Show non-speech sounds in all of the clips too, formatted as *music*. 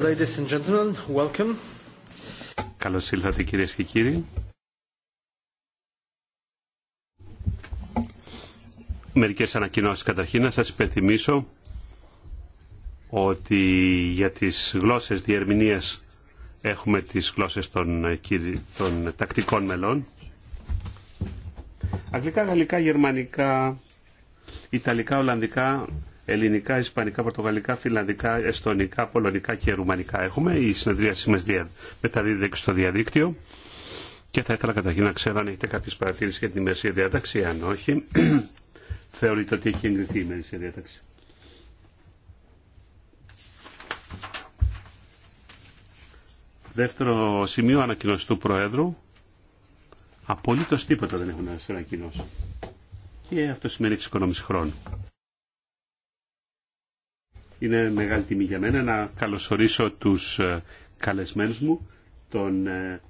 Ladies and gentlemen, Καλώς ήλθατε κυρίες και κύριοι. Μερικές ανακοινώσεις καταρχήν να σας υπενθυμίσω ότι για τις γλώσσες διερμηνίας έχουμε τις γλώσσες των, των τακτικών μελών. Αγγλικά, γαλλικά, γερμανικά, ιταλικά, ολλανδικά, ελληνικά, ισπανικά, πορτογαλικά, φιλανδικά, εστονικά, πολωνικά και ρουμανικά έχουμε. Η συνεδρίαση Μετά μεταδίδεται και στο διαδίκτυο. Και θα ήθελα καταρχήν να ξέρω αν έχετε κάποιε παρατηρήσει για την ημερησία διάταξη. Αν όχι, *clears throat* θεωρείτε ότι έχει εγκριθεί η ημερησία διάταξη. Δεύτερο σημείο ανακοινωση του Προέδρου. Απολύτω τίποτα δεν έχουν να σα ανακοινώσω. Και αυτό σημαίνει εξοικονόμηση χρόνου. Είναι μεγάλη τιμή για μένα να καλωσορίσω τους ε, καλεσμένους μου, τον ε,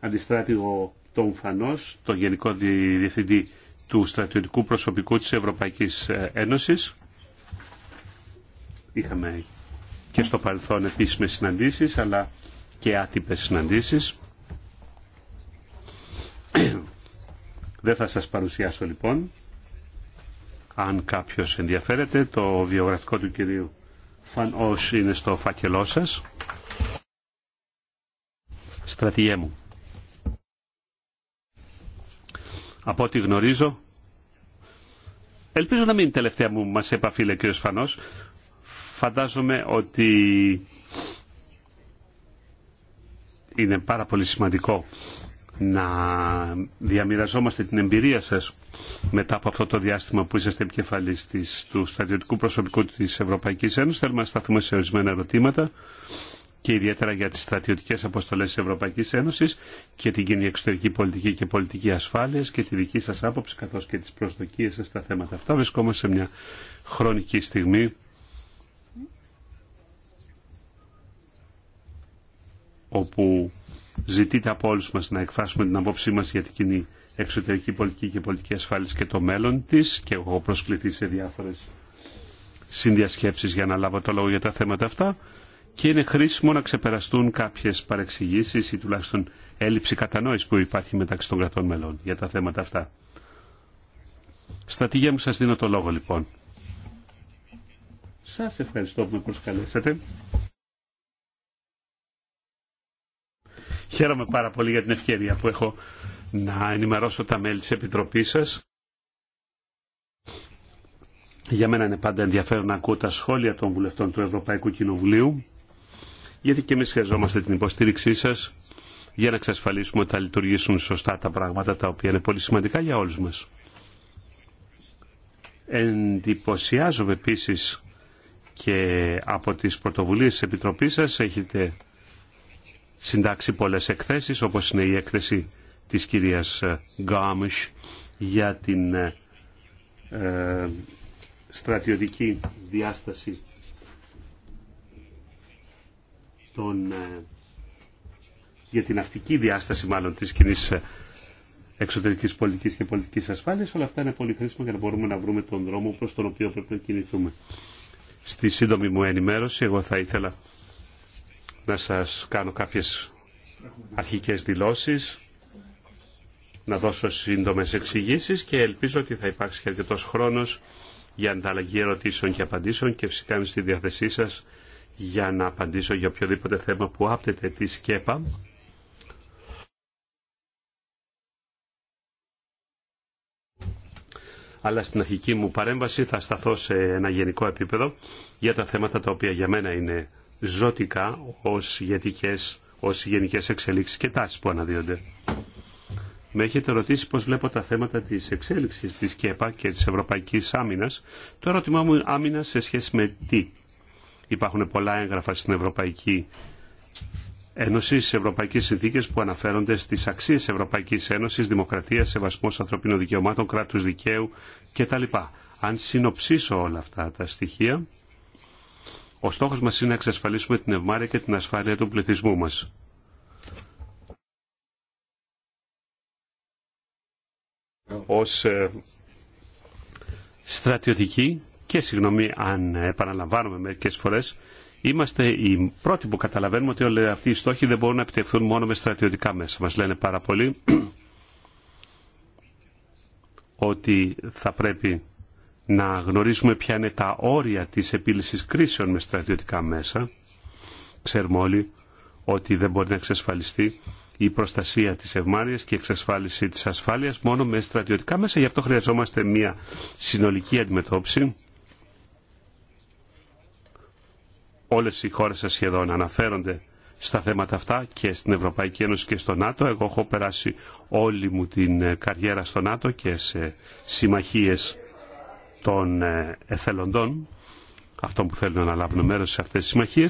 αντιστράτηγο Τον Φανός, τον Γενικό Διευθυντή του Στρατιωτικού Προσωπικού της Ευρωπαϊκής ε, Ένωσης. Είχαμε και στο παρελθόν επίσημες συναντήσεις, αλλά και άτυπες συναντήσεις. *coughs* Δεν θα σας παρουσιάσω λοιπόν αν κάποιος ενδιαφέρεται, το βιογραφικό του κυρίου Φαν είναι στο φάκελό σας. Στρατηγέ μου. Από ό,τι γνωρίζω, ελπίζω να μην είναι τελευταία μου μας επαφή, λέει ο κύριος Φανός. Φαντάζομαι ότι είναι πάρα πολύ σημαντικό να διαμοιραζόμαστε την εμπειρία σας μετά από αυτό το διάστημα που είσαστε επικεφαλής της, του στρατιωτικού προσωπικού της Ευρωπαϊκής Ένωσης. Θέλουμε να σταθούμε σε ορισμένα ερωτήματα και ιδιαίτερα για τις στρατιωτικές αποστολές της Ευρωπαϊκής Ένωσης και την κοινή εξωτερική πολιτική και πολιτική ασφάλειας και τη δική σας άποψη καθώς και τις προσδοκίες σας στα θέματα αυτά. Βρισκόμαστε σε μια χρονική στιγμή όπου ζητείται από όλους μας να εκφράσουμε την απόψή μας για την κοινή εξωτερική πολιτική και πολιτική ασφάλιση και το μέλλον της και εγώ προσκληθεί σε διάφορες συνδιασκέψεις για να λάβω το λόγο για τα θέματα αυτά και είναι χρήσιμο να ξεπεραστούν κάποιες παρεξηγήσεις ή τουλάχιστον έλλειψη κατανόηση που υπάρχει μεταξύ των κρατών μελών για τα θέματα αυτά. Στατηγέ μου σας δίνω το λόγο λοιπόν. Σας ευχαριστώ που με προσκαλέσατε. Χαίρομαι πάρα πολύ για την ευκαιρία που έχω να ενημερώσω τα μέλη της Επιτροπής σας. Για μένα είναι πάντα ενδιαφέρον να ακούω τα σχόλια των βουλευτών του Ευρωπαϊκού Κοινοβουλίου, γιατί και εμείς χρειαζόμαστε την υποστήριξή σας για να εξασφαλίσουμε ότι θα λειτουργήσουν σωστά τα πράγματα τα οποία είναι πολύ σημαντικά για όλους μας. Εντυπωσιάζομαι επίσης και από τις πρωτοβουλίες της Επιτροπής σας έχετε συντάξει πολλές εκθέσεις, όπως είναι η έκθεση της κυρίας ε, Γκάμισχ για την ε, ε, στρατιωτική διάσταση των, για την αυτική διάσταση μάλλον της κοινή εξωτερικής πολιτικής και πολιτικής ασφάλειας. Όλα αυτά είναι πολύ χρήσιμα για να μπορούμε να βρούμε τον δρόμο προς τον οποίο πρέπει να κινηθούμε. Στη σύντομη μου ενημέρωση εγώ θα ήθελα να σας κάνω κάποιες αρχικές δηλώσεις, να δώσω σύντομες εξηγήσει και ελπίζω ότι θα υπάρξει αρκετό αρκετός χρόνος για ανταλλαγή ερωτήσεων και απαντήσεων και φυσικά είμαι στη διάθεσή σας για να απαντήσω για οποιοδήποτε θέμα που άπτεται τη ΣΚΕΠΑ. αλλά στην αρχική μου παρέμβαση θα σταθώ σε ένα γενικό επίπεδο για τα θέματα τα οποία για μένα είναι ζωτικά ως, γενικές, ως γενικές εξελίξεις και τάσεις που αναδύονται. Με έχετε ρωτήσει πώς βλέπω τα θέματα της εξέλιξης της ΚΕΠΑ και της Ευρωπαϊκής Άμυνας. Το ερώτημά μου άμυνα σε σχέση με τι. Υπάρχουν πολλά έγγραφα στην Ευρωπαϊκή Ένωση, στις Ευρωπαϊκές Συνθήκες που αναφέρονται στις αξίες Ευρωπαϊκής Ένωσης, δημοκρατία, σεβασμός ανθρωπίνων δικαιωμάτων, κράτους δικαίου κτλ. Αν συνοψίσω όλα αυτά τα στοιχεία, ο στόχο μας είναι να εξασφαλίσουμε την ευμάρεια και την ασφάλεια του πληθυσμού μας. Ως ε, στρατιωτικοί και συγγνώμη αν επαναλαμβάνουμε μερικέ φορέ, είμαστε οι πρώτοι που καταλαβαίνουμε ότι όλοι αυτοί οι στόχοι δεν μπορούν να επιτευχθούν μόνο με στρατιωτικά μέσα. Μας λένε πάρα πολύ *clears throat* ότι θα πρέπει να γνωρίσουμε ποια είναι τα όρια της επίλυσης κρίσεων με στρατιωτικά μέσα. Ξέρουμε όλοι ότι δεν μπορεί να εξασφαλιστεί η προστασία της ευμάρειας και η εξασφάλιση της ασφάλειας μόνο με στρατιωτικά μέσα. Γι' αυτό χρειαζόμαστε μια συνολική αντιμετώπιση. Όλες οι χώρες σας σχεδόν αναφέρονται στα θέματα αυτά και στην Ευρωπαϊκή Ένωση και στο ΝΑΤΟ. Εγώ έχω περάσει όλη μου την καριέρα στο ΝΑΤΟ και σε συμμαχίες των ε, εθελοντών, αυτών που θέλουν να λάβουν μέρο σε αυτές τις συμμαχίε,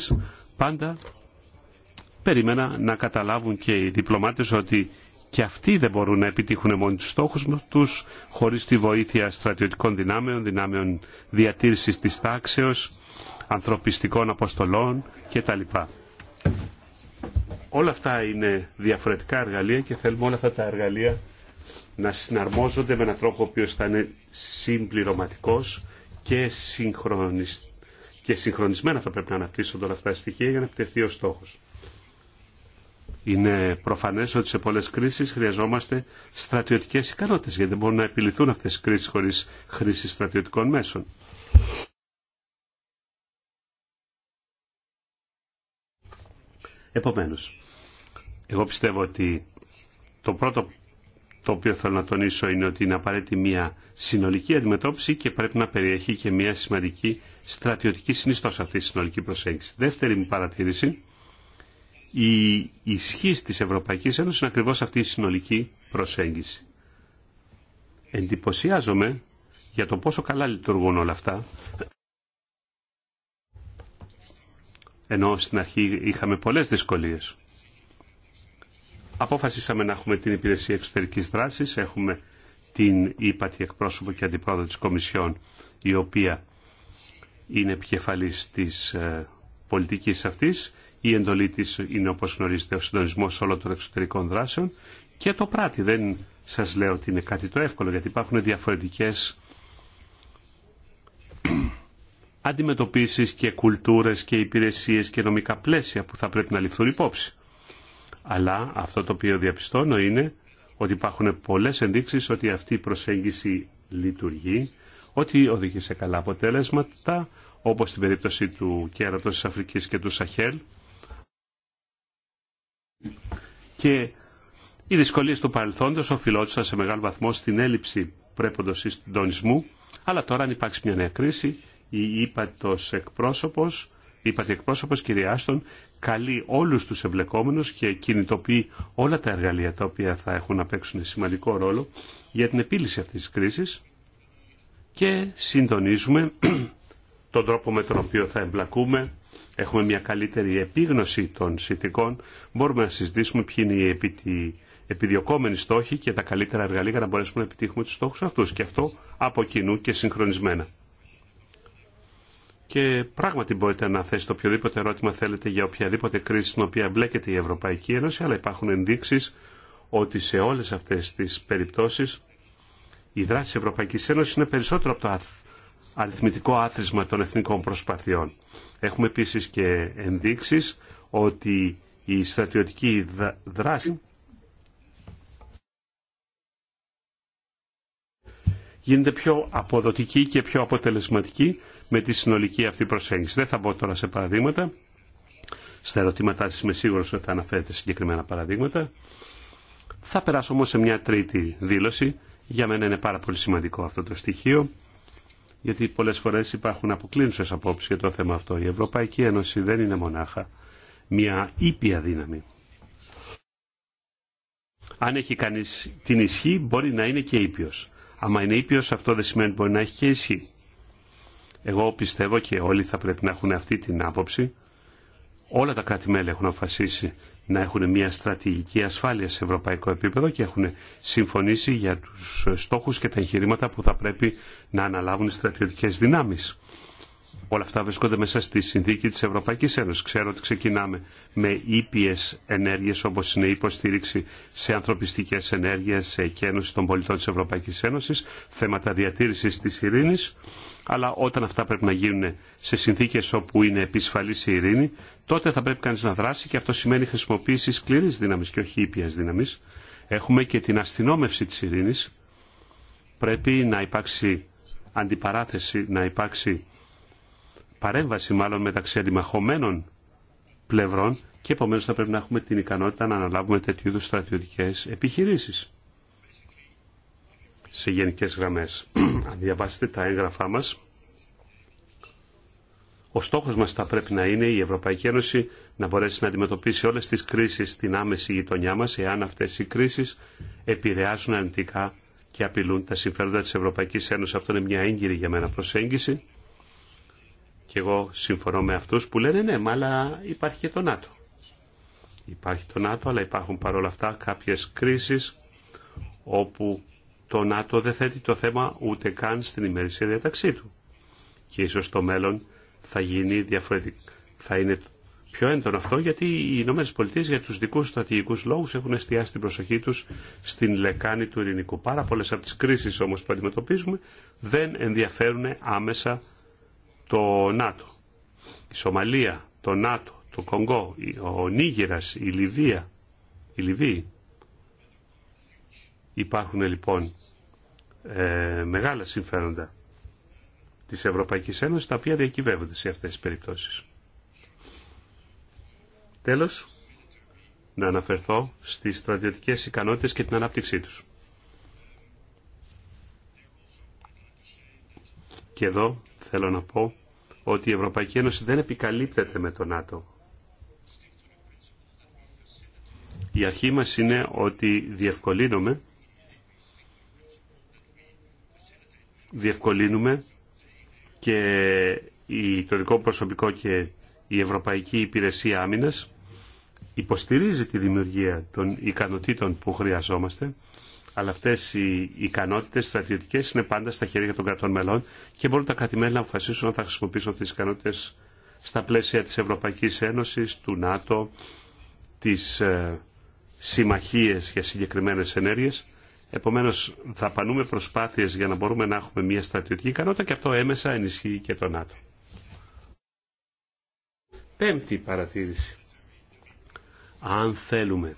πάντα περίμενα να καταλάβουν και οι διπλωμάτες ότι και αυτοί δεν μπορούν να επιτύχουν μόνοι τους στόχου του χωρίς τη βοήθεια στρατιωτικών δυνάμεων, δυνάμεων διατήρησης της τάξεω, ανθρωπιστικών αποστολών κτλ. Όλα αυτά είναι διαφορετικά εργαλεία και θέλουμε όλα αυτά τα εργαλεία να συναρμόζονται με έναν τρόπο ο οποίο θα είναι συμπληρωματικό και, συγχρονισ... και συγχρονισμένα θα πρέπει να αναπτύσσονται όλα αυτά τα στοιχεία για να επιτευχθεί ο στόχο. Είναι προφανές ότι σε πολλές κρίσεις χρειαζόμαστε στρατιωτικέ ικανότητες γιατί δεν μπορούν να επιληθούν αυτές οι κρίσεις χωρίς χρήση στρατιωτικών μέσων. Επομένω. εγώ πιστεύω ότι το πρώτο το οποίο θέλω να τονίσω είναι ότι είναι απαραίτητη μια συνολική αντιμετώπιση και πρέπει να περιέχει και μια σημαντική στρατιωτική συνιστώσα αυτή τη συνολική προσέγγιση. Δεύτερη μου παρατήρηση, η ισχύ της Ευρωπαϊκής Ένωση είναι ακριβώς αυτή η συνολική προσέγγιση. Εντυπωσιάζομαι για το πόσο καλά λειτουργούν όλα αυτά. Ενώ στην αρχή είχαμε πολλές δυσκολίες. Αποφασίσαμε να έχουμε την υπηρεσία εξωτερικής δράσης, έχουμε την ύπατη εκπρόσωπο και αντιπρόεδρο της Κομισιόν, η οποία είναι επικεφαλής της ε, πολιτικής αυτής. Η εντολή της είναι, όπως γνωρίζετε, ο συντονισμός όλων των εξωτερικών δράσεων και το πράτη Δεν σας λέω ότι είναι κάτι το εύκολο, γιατί υπάρχουν διαφορετικές *clears throat* αντιμετωπίσεις και κουλτούρες και υπηρεσίες και νομικά πλαίσια που θα πρέπει να ληφθούν υπόψη αλλά αυτό το οποίο διαπιστώνω είναι ότι υπάρχουν πολλές ενδείξεις ότι αυτή η προσέγγιση λειτουργεί, ότι οδηγεί σε καλά αποτέλεσματα, όπως στην περίπτωση του κέρατος της Αφρικής και του Σαχέλ. Και οι δυσκολίες του παρελθόντος οφειλόντουσαν σε μεγάλο βαθμό στην έλλειψη πρέποντος συντονισμού, αλλά τώρα αν υπάρξει μια νέα κρίση, η ύπατος εκπρόσωπος είπατε εκπρόσωπο κυρία Άστον καλεί όλους τους εμπλεκόμενους και κινητοποιεί όλα τα εργαλεία τα οποία θα έχουν να παίξουν σημαντικό ρόλο για την επίλυση αυτής της κρίσης και συντονίζουμε *clears throat* τον τρόπο με τον οποίο θα εμπλακούμε έχουμε μια καλύτερη επίγνωση των συνθηκών μπορούμε να συζητήσουμε ποιοι είναι οι επιδιωκόμενοι στόχοι και τα καλύτερα εργαλεία για να μπορέσουμε να επιτύχουμε τους στόχους αυτούς και αυτό από κοινού και συγχρονισμένα. Και πράγματι μπορείτε να θέσετε οποιοδήποτε ερώτημα θέλετε για οποιαδήποτε κρίση στην οποία μπλέκεται η Ευρωπαϊκή Ένωση, αλλά υπάρχουν ενδείξεις ότι σε όλες αυτές τις περιπτώσεις η δράση της Ευρωπαϊκής Ένωσης είναι περισσότερο από το αριθμητικό άθροισμα των εθνικών προσπαθειών. Έχουμε επίσης και ενδείξεις ότι η στρατιωτική δράση γίνεται πιο αποδοτική και πιο αποτελεσματική με τη συνολική αυτή προσέγγιση. Δεν θα μπω τώρα σε παραδείγματα. Στα ερωτήματά σα είμαι σίγουρο ότι θα αναφέρετε συγκεκριμένα παραδείγματα. Θα περάσω όμω σε μια τρίτη δήλωση. Για μένα είναι πάρα πολύ σημαντικό αυτό το στοιχείο, γιατί πολλέ φορέ υπάρχουν αποκλίνουσες απόψεις για το θέμα αυτό. Η Ευρωπαϊκή Ένωση δεν είναι μονάχα μια ήπια δύναμη. Αν έχει κανεί την ισχύ, μπορεί να είναι και ήπιο. Αν είναι ήπιο, αυτό δεν σημαίνει μπορεί να έχει και ισχύ. Εγώ πιστεύω και όλοι θα πρέπει να έχουν αυτή την άποψη. Όλα τα κράτη-μέλη έχουν αποφασίσει να έχουν μια στρατηγική ασφάλεια σε ευρωπαϊκό επίπεδο και έχουν συμφωνήσει για τους στόχους και τα εγχειρήματα που θα πρέπει να αναλάβουν οι στρατιωτικές δυνάμεις. Όλα αυτά βρισκόνται μέσα στη συνθήκη της Ευρωπαϊκής Ένωσης. Ξέρω ότι ξεκινάμε με ήπιες ενέργειες όπως είναι η υποστήριξη σε ανθρωπιστικές ενέργειες, σε εκένωση των πολιτών της Ευρωπαϊκής Ένωσης, θέματα διατήρησης της ειρήνης. Αλλά όταν αυτά πρέπει να γίνουν σε συνθήκες όπου είναι επισφαλής η ειρήνη, τότε θα πρέπει κανείς να δράσει και αυτό σημαίνει χρησιμοποίηση σκληρής δύναμης και όχι ήπιας δύναμης. Έχουμε και την αστυνόμευση της ειρήνης. Πρέπει να υπάρξει αντιπαράθεση, να υπάρξει παρέμβαση μάλλον μεταξύ αντιμαχωμένων πλευρών και επομένως θα πρέπει να έχουμε την ικανότητα να αναλάβουμε τέτοιου είδους στρατιωτικές επιχειρήσεις. Σε γενικές γραμμές, αν διαβάσετε τα έγγραφά μας, ο στόχος μας θα πρέπει να είναι η Ευρωπαϊκή Ένωση να μπορέσει να αντιμετωπίσει όλες τις κρίσεις στην άμεση γειτονιά μας, εάν αυτές οι κρίσεις επηρεάζουν αρνητικά και απειλούν τα συμφέροντα της Ευρωπαϊκής Ένωσης. Αυτό είναι μια έγκυρη για μένα προσέγγιση και εγώ συμφωνώ με αυτούς που λένε ναι, μα αλλά υπάρχει και το ΝΑΤΟ. Υπάρχει το ΝΑΤΟ, αλλά υπάρχουν παρόλα αυτά κάποιες κρίσεις όπου το ΝΑΤΟ δεν θέτει το θέμα ούτε καν στην ημερησία διαταξή του. Και ίσως το μέλλον θα γίνει διαφορετικό. Θα είναι πιο έντονο αυτό γιατί οι Ηνωμένε Πολιτείε για τους δικούς στρατηγικούς λόγους έχουν εστιάσει την προσοχή τους στην λεκάνη του ειρηνικού. Πάρα πολλέ από τις κρίσεις όμως που αντιμετωπίζουμε δεν ενδιαφέρουν άμεσα το ΝΑΤΟ, η Σομαλία, το ΝΑΤΟ, το Κονγκό, ο Νίγηρας, η Λιβύα, η Λιβύη. Υπάρχουν λοιπόν ε, μεγάλα συμφέροντα της Ευρωπαϊκής Ένωσης τα οποία διακυβεύονται σε αυτές τις περιπτώσεις. Τέλος, να αναφερθώ στις στρατιωτικές ικανότητες και την ανάπτυξή τους. Και εδώ θέλω να πω ότι η Ευρωπαϊκή Ένωση δεν επικαλύπτεται με τον ΝΑΤΟ. Η αρχή μας είναι ότι διευκολύνουμε, διευκολύνουμε και η τορικό προσωπικό και η Ευρωπαϊκή Υπηρεσία Άμυνας υποστηρίζει τη δημιουργία των ικανοτήτων που χρειαζόμαστε αλλά αυτές οι ικανότητες στρατιωτικέ είναι πάντα στα χέρια των κρατών μελών και μπορούν τα κρατημέλη να αποφασίσουν να θα χρησιμοποιήσουν αυτέ τις ικανότητες στα πλαίσια της Ευρωπαϊκής Ένωσης, του ΝΑΤΟ, τις ε, συμμαχίες για συγκεκριμένες ενέργειες. Επομένως, θα πανούμε προσπάθειες για να μπορούμε να έχουμε μια στρατιωτική ικανότητα και αυτό έμεσα ενισχύει και το ΝΑΤΟ. Πέμπτη παρατήρηση. Αν θέλουμε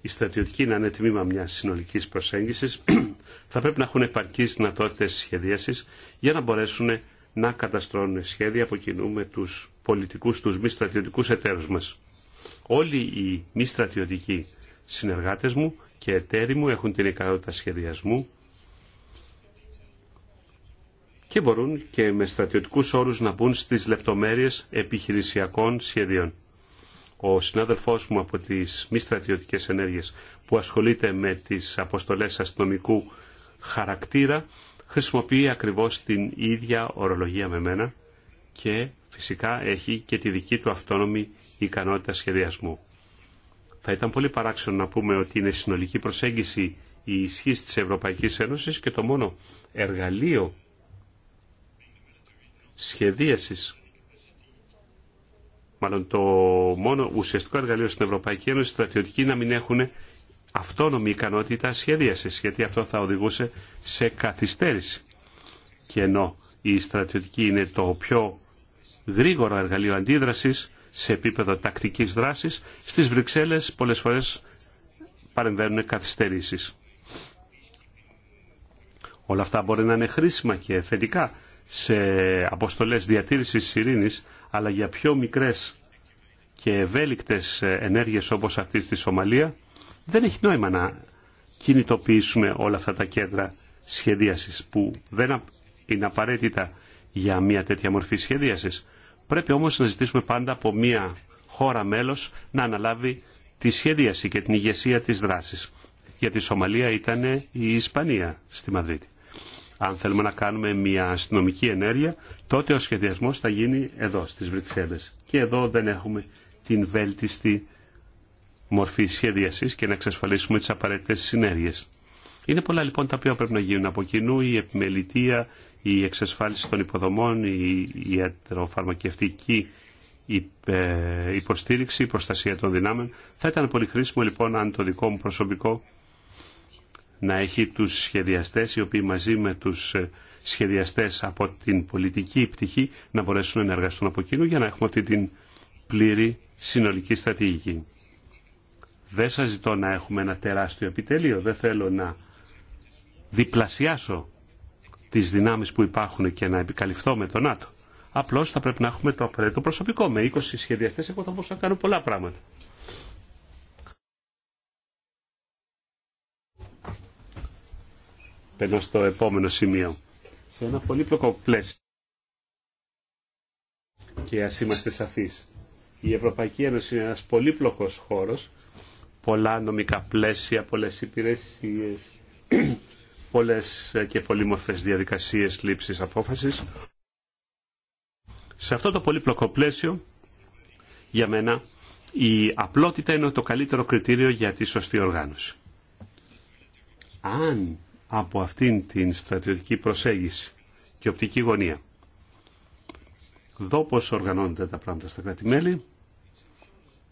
οι στρατιωτικοί να είναι τμήμα μια συνολική προσέγγιση, *clears throat* θα πρέπει να έχουν επαρκεί δυνατότητε σχεδίαση για να μπορέσουν να καταστρώνουν σχέδια που κινούν με του πολιτικού του μη στρατιωτικού εταίρου μα. Όλοι οι μη στρατιωτικοί συνεργάτε μου και εταίροι μου έχουν την ικανότητα σχεδιασμού και μπορούν και με στρατιωτικούς όρους να μπουν στις λεπτομέρειες επιχειρησιακών σχεδίων ο συνάδελφός μου από τις μη στρατιωτικές ενέργειες που ασχολείται με τις αποστολές αστυνομικού χαρακτήρα χρησιμοποιεί ακριβώς την ίδια ορολογία με μένα και φυσικά έχει και τη δική του αυτόνομη ικανότητα σχεδιασμού. Θα ήταν πολύ παράξενο να πούμε ότι είναι συνολική προσέγγιση η ισχύ της Ευρωπαϊκής Ένωσης και το μόνο εργαλείο σχεδίασης μάλλον το μόνο ουσιαστικό εργαλείο στην Ευρωπαϊκή Ένωση στρατιωτικοί να μην έχουν αυτόνομη ικανότητα σχεδίαση. γιατί αυτό θα οδηγούσε σε καθυστέρηση. Και ενώ η στρατιωτική είναι το πιο γρήγορο εργαλείο αντίδραση σε επίπεδο τακτική δράση στι Βρυξέλλες πολλέ φορές παρεμβαίνουν καθυστερήσει. Όλα αυτά μπορεί να είναι χρήσιμα και θετικά σε αποστολές διατήρησης ειρήνης, αλλά για πιο μικρές και ευέλικτες ενέργειες όπως αυτή στη Σομαλία, δεν έχει νόημα να κινητοποιήσουμε όλα αυτά τα κέντρα σχεδίασης που δεν είναι απαραίτητα για μια τέτοια μορφή σχεδίασης. Πρέπει όμως να ζητήσουμε πάντα από μια χώρα μέλος να αναλάβει τη σχεδίαση και την ηγεσία της δράσης. Για τη Σομαλία ήταν η Ισπανία στη Μαδρίτη αν θέλουμε να κάνουμε μια αστυνομική ενέργεια, τότε ο σχεδιασμός θα γίνει εδώ, στις Βρυξέλλες. Και εδώ δεν έχουμε την βέλτιστη μορφή σχεδίασης και να εξασφαλίσουμε τις απαραίτητες συνέργειες. Είναι πολλά λοιπόν τα οποία πρέπει να γίνουν από κοινού, η επιμελητία, η εξασφάλιση των υποδομών, η ιατροφαρμακευτική υποστήριξη, η προστασία των δυνάμεων. Θα ήταν πολύ χρήσιμο λοιπόν αν το δικό μου προσωπικό να έχει τους σχεδιαστές οι οποίοι μαζί με τους ε, σχεδιαστές από την πολιτική πτυχή να μπορέσουν να εργαστούν από εκείνου για να έχουμε αυτή την πλήρη συνολική στρατηγική. Δεν σας ζητώ να έχουμε ένα τεράστιο επιτελείο, δεν θέλω να διπλασιάσω τις δυνάμεις που υπάρχουν και να επικαλυφθώ με τον ΝΑΤΟ. Απλώς θα πρέπει να έχουμε το απαραίτητο προσωπικό. Με 20 σχεδιαστές εγώ θα μπορούσα να κάνω πολλά πράγματα. Περνώ στο επόμενο σημείο. Σε ένα πολύπλοκο πλαίσιο. Και ας είμαστε σαφείς. Η Ευρωπαϊκή Ένωση είναι ένας πολύπλοκος χώρος. Πολλά νομικά πλαίσια, πολλές υπηρεσίες, *clears throat* πολλές ε, και πολύμορφες διαδικασίες λήψης απόφασης. Σε αυτό το πολύπλοκο πλαίσιο, για μένα, η απλότητα είναι το καλύτερο κριτήριο για τη σωστή οργάνωση. Αν από αυτήν την στρατιωτική προσέγγιση και οπτική γωνία. Δω πώς οργανώνονται τα πράγματα στα κράτη-μέλη.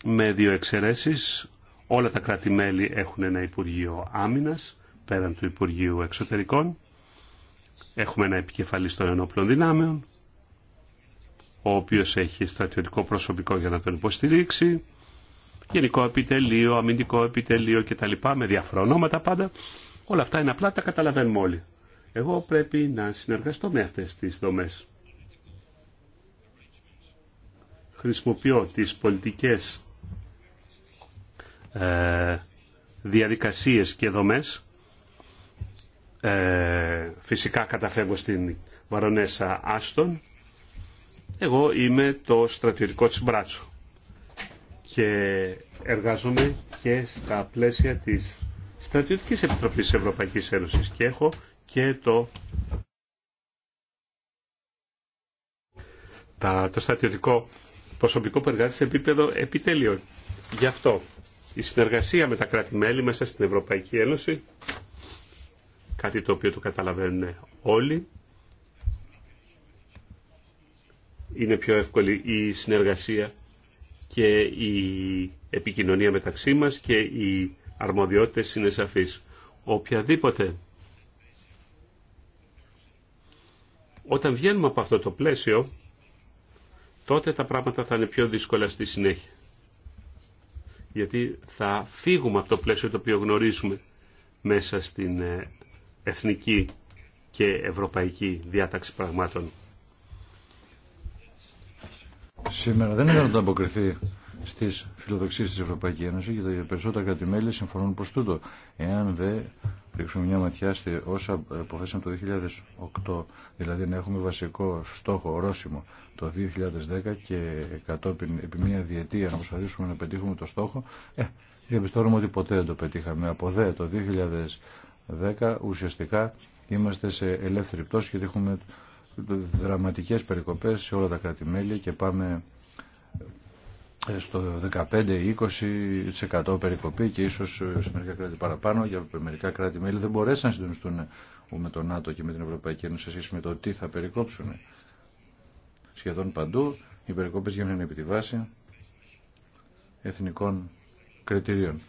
Με δύο εξαιρέσεις, όλα τα κράτη-μέλη έχουν ένα Υπουργείο Άμυνας, πέραν του Υπουργείου Εξωτερικών. Έχουμε ένα επικεφαλής των ενόπλων δυνάμεων, ο οποίος έχει στρατιωτικό προσωπικό για να τον υποστηρίξει, γενικό επιτελείο, αμυντικό επιτελείο κτλ. με διάφορα ονόματα πάντα Όλα αυτά είναι απλά, τα καταλαβαίνουμε όλοι. Εγώ πρέπει να συνεργαστώ με αυτές τις δομές. Χρησιμοποιώ τις πολιτικές ε, διαδικασίες και δομές. Ε, φυσικά καταφεύγω στην Βαρονέσα Άστον. Εγώ είμαι το στρατιωτικό της Μπράτσου και εργάζομαι και στα πλαίσια της Στρατιωτική Επιτροπής τη Ευρωπαϊκής Ένωσης και έχω και το, το στρατιωτικό προσωπικό που εργάζεται σε επίπεδο επιτέλειων. Γι' αυτό η συνεργασία με τα κράτη-μέλη μέσα στην Ευρωπαϊκή Ένωση, κάτι το οποίο το καταλαβαίνουν όλοι, είναι πιο εύκολη η συνεργασία και η επικοινωνία μεταξύ μας και η αρμοδιότητες είναι σαφείς. Οποιαδήποτε όταν βγαίνουμε από αυτό το πλαίσιο, τότε τα πράγματα θα είναι πιο δύσκολα στη συνέχεια. Γιατί θα φύγουμε από το πλαίσιο το οποίο γνωρίζουμε μέσα στην ε, εθνική και ευρωπαϊκή διάταξη πραγμάτων. Σήμερα δεν είναι να το αποκριθεί Στι φιλοδοξίε τη Ευρωπαϊκή Ένωση και τα περισσότερα κρατημέλη συμφωνούν προ τούτο. Εάν δεν ρίξουμε μια ματιά όσα αποφάσισαμε το 2008, δηλαδή να έχουμε βασικό στόχο ορόσημο το 2010 και κατόπιν επί μια διετία να προσπαθήσουμε να πετύχουμε το στόχο, ε, διαπιστώνουμε ότι ποτέ δεν το πετύχαμε. Από δε το 2010 ουσιαστικά είμαστε σε ελεύθερη πτώση γιατί έχουμε δραματικές περικοπές σε όλα τα κράτη-μέλη και πάμε στο 15-20% περικοπή και ίσως ε, σε μερικά κράτη παραπάνω, για μερικά κράτη-μέλη δεν μπορέσαν να συντονιστούν ε, με τον ΝΑΤΟ και με την Ευρωπαϊκή Ένωση σε σχέση με το τι θα περικόψουν. Σχεδόν παντού οι περικοπές γίνονται επί τη βάση εθνικών κριτηρίων.